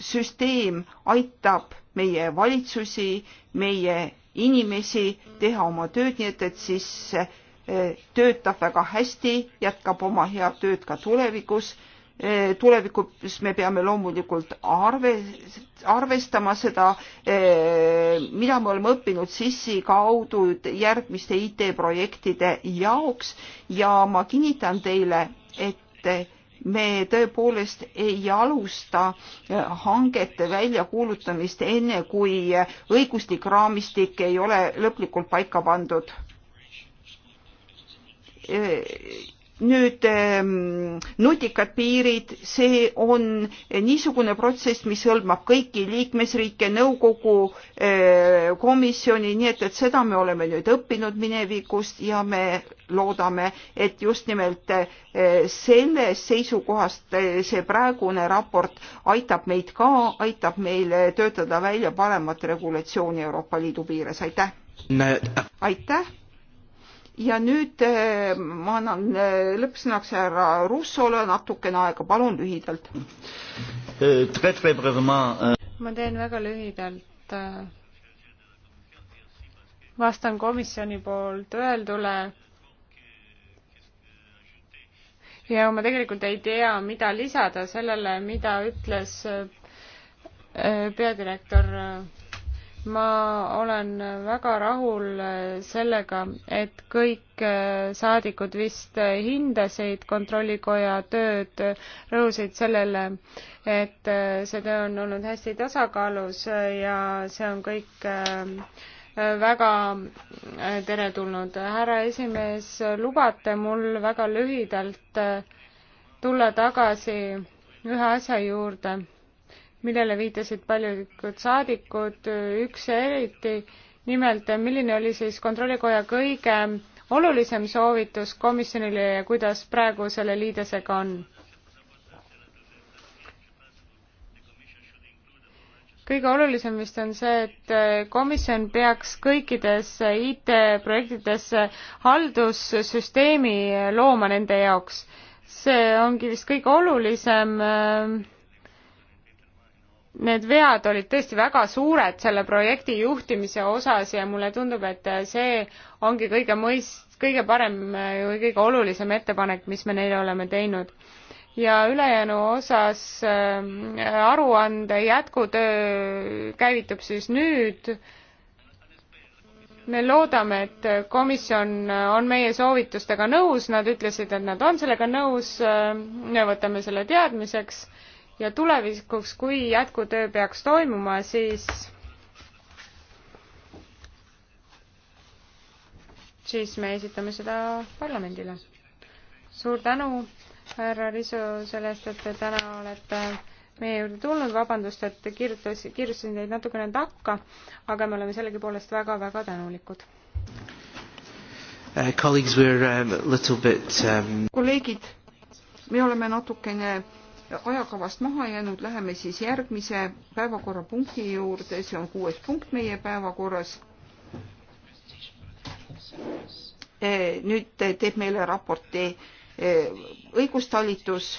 süsteem aitab meie valitsusi, meie inimesi teha oma tööd, nii et, et siis eh, töötab väga hästi, jätkab oma head tööd ka tulevikus. Eh, tulevikus me peame loomulikult arve, arvestama seda, eh, mida me oleme õppinud sissi kaudu järgmiste IT-projektide jaoks ja ma kinnitan teile, et me tõepoolest ei alusta äh, hangete väljakuulutamist enne, kui äh, õiguslik raamistik ei ole lõplikult paika pandud äh, nüüd ehm, nutikad piirid, see on niisugune protsess, mis hõlmab kõiki liikmesriike, nõukogu, eh, komisjoni, nii et, et seda me oleme nüüd õppinud minevikust ja me loodame, et just nimelt eh, sellest seisukohast eh, see praegune raport aitab meid ka, aitab meil töötada välja paremat regulatsiooni Euroopa Liidu piires, aitäh! aitäh! ja nüüd eh, ma annan eh, lõppsõnaks härra Russole natukene aega, palun lühidalt. Eh, euh, ma teen väga lühidalt. vastan komisjoni poolt öeldule ja ma tegelikult ei tea, mida lisada sellele, mida ütles peadirektor ma olen väga rahul sellega, et kõik saadikud vist hindasid Kontrollikoja tööd, rõhusid sellele, et see töö on olnud hästi tasakaalus ja see on kõik äh, väga teretulnud. härra esimees, lubate mul väga lühidalt äh, tulla tagasi ühe asja juurde millele viitasid paljud saadikud, üks eriti, nimelt milline oli siis Kontrollikoja kõige olulisem soovitus komisjonile ja kuidas praegu selle liidesega on? kõige olulisem vist on see, et komisjon peaks kõikidesse IT-projektidesse haldussüsteemi looma nende jaoks. see ongi vist kõige olulisem äh, need vead olid tõesti väga suured selle projekti juhtimise osas ja mulle tundub, et see ongi kõige mõist-, kõige parem või kõige olulisem ettepanek, mis me neile oleme teinud. ja ülejäänu osas äh, aruande jätkutöö käivitub siis nüüd. me loodame, et komisjon on meie soovitustega nõus, nad ütlesid, et nad on sellega nõus, ähm, me võtame selle teadmiseks ja tulevikuks, kui jätkutöö peaks toimuma, siis siis me esitame seda parlamendile. suur tänu, härra Risu, selle eest, et te täna olete meie juurde tulnud, vabandust, et kirjutas, kirjutasin teid natukene takka, aga me oleme sellegipoolest väga-väga tänulikud uh,. Um, kolleegid, um... me oleme natukene ajakavast maha jäänud, läheme siis järgmise päevakorrapunkti juurde, see on kuues punkt meie päevakorras. Eh, nüüd teeb meile raporti eh, õigustalitus.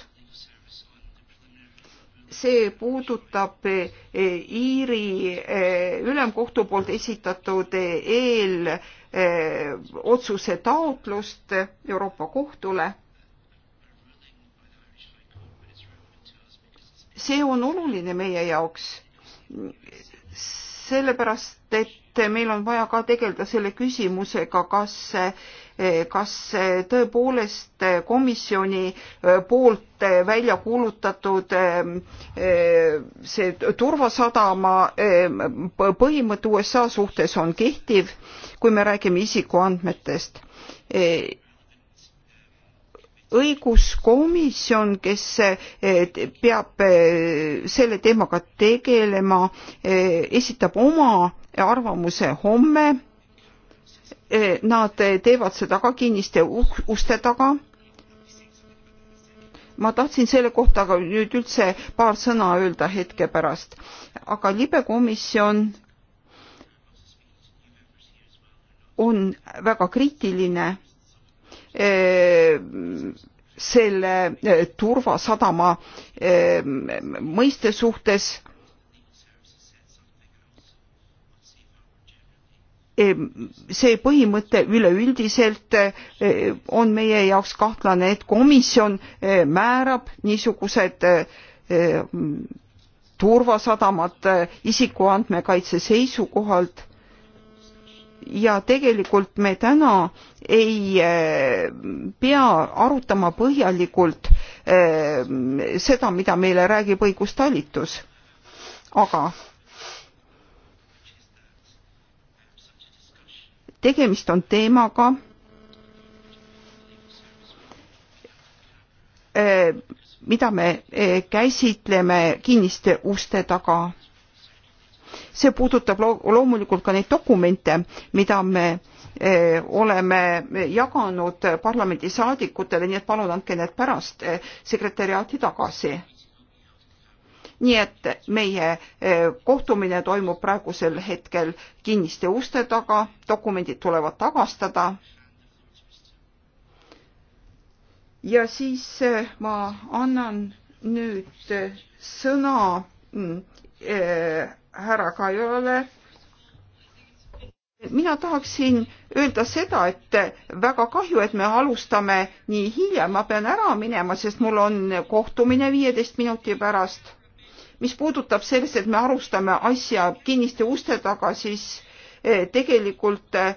see puudutab eh, Iiri ülemkohtu poolt esitatud eelotsuse taotlust Euroopa Kohtule see on oluline meie jaoks, sellepärast et meil on vaja ka tegeleda selle küsimusega, kas, kas tõepoolest komisjoni poolt välja kuulutatud eh, see turvasadama eh, põhimõte USA suhtes on kehtiv, kui me räägime isikuandmetest eh, õiguskomisjon, kes eh, peab eh, selle teemaga tegelema, eh, esitab oma arvamuse homme. Nad teevad seda ka kinniste uh-, uste taga. ma tahtsin selle kohta aga nüüd üldse paar sõna öelda hetke pärast, aga libekomisjon on väga kriitiline Äh, selle äh, turvasadama äh, mõiste suhtes see põhimõte üleüldiselt on meie jaoks kahtlane, et komisjon määrab niisugused turvasadamad isikuandmekaitse seisukohalt ja tegelikult me täna ei eh, pea arutama põhjalikult eh, seda, mida meile räägib õigustalitus. aga tegemist on teemaga, eh, mida me käsitleme kinniste uste taga see puudutab loomulikult ka neid dokumente mida me eh, oleme jaganud parlamendisaadikutele nii et palun andke need pärast eh, sekretäriaati tagasi nii et meie eh, kohtumine toimub praegusel hetkel kinniste uste taga dokumendid tulevad tagastada ja siis ma annan nüüd sõna mm, härra Kajolale. mina tahaksin öelda seda, et väga kahju, et me alustame nii hilja, ma pean ära minema, sest mul on kohtumine viieteist minuti pärast. mis puudutab sellest, et me alustame asja kinniste uste taga, siis eh, tegelikult eh,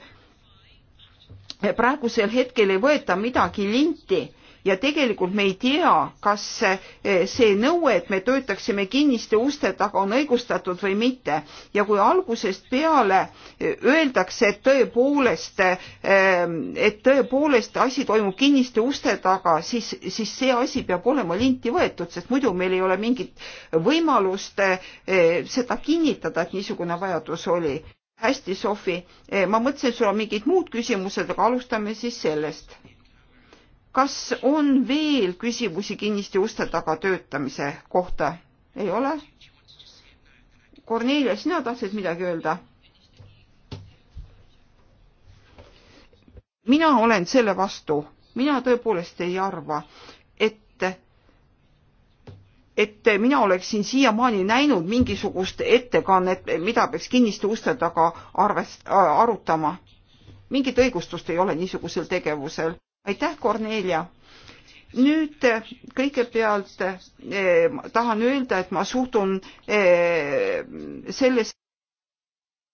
praegusel hetkel ei võeta midagi linti ja tegelikult me ei tea, kas eh, see nõue, et me töötaksime kinniste uste taga, on õigustatud või mitte. ja kui algusest peale eh, öeldakse, et tõepoolest, eh, et tõepoolest asi toimub kinniste uste taga, siis, siis see asi peab olema linti võetud, sest muidu meil ei ole mingit võimalust seda kinnitada, et niisugune vajadus oli hästi, Sofi, ma mõtlesin, et sul on mingid muud küsimused, aga alustame siis sellest kas on veel küsimusi kinniste uste taga töötamise kohta? ei ole? Kornelia, sina tahtsid midagi öelda? mina olen selle vastu, mina tõepoolest ei arva, et, et mina oleksin siiamaani näinud mingisugust ettekannet, mida peaks kinniste uste taga arvest-, arutama. mingit õigustust ei ole niisugusel tegevusel aitäh, Kornelia! nüüd kõigepealt eh, tahan öelda, et ma suhtun eh, sellesse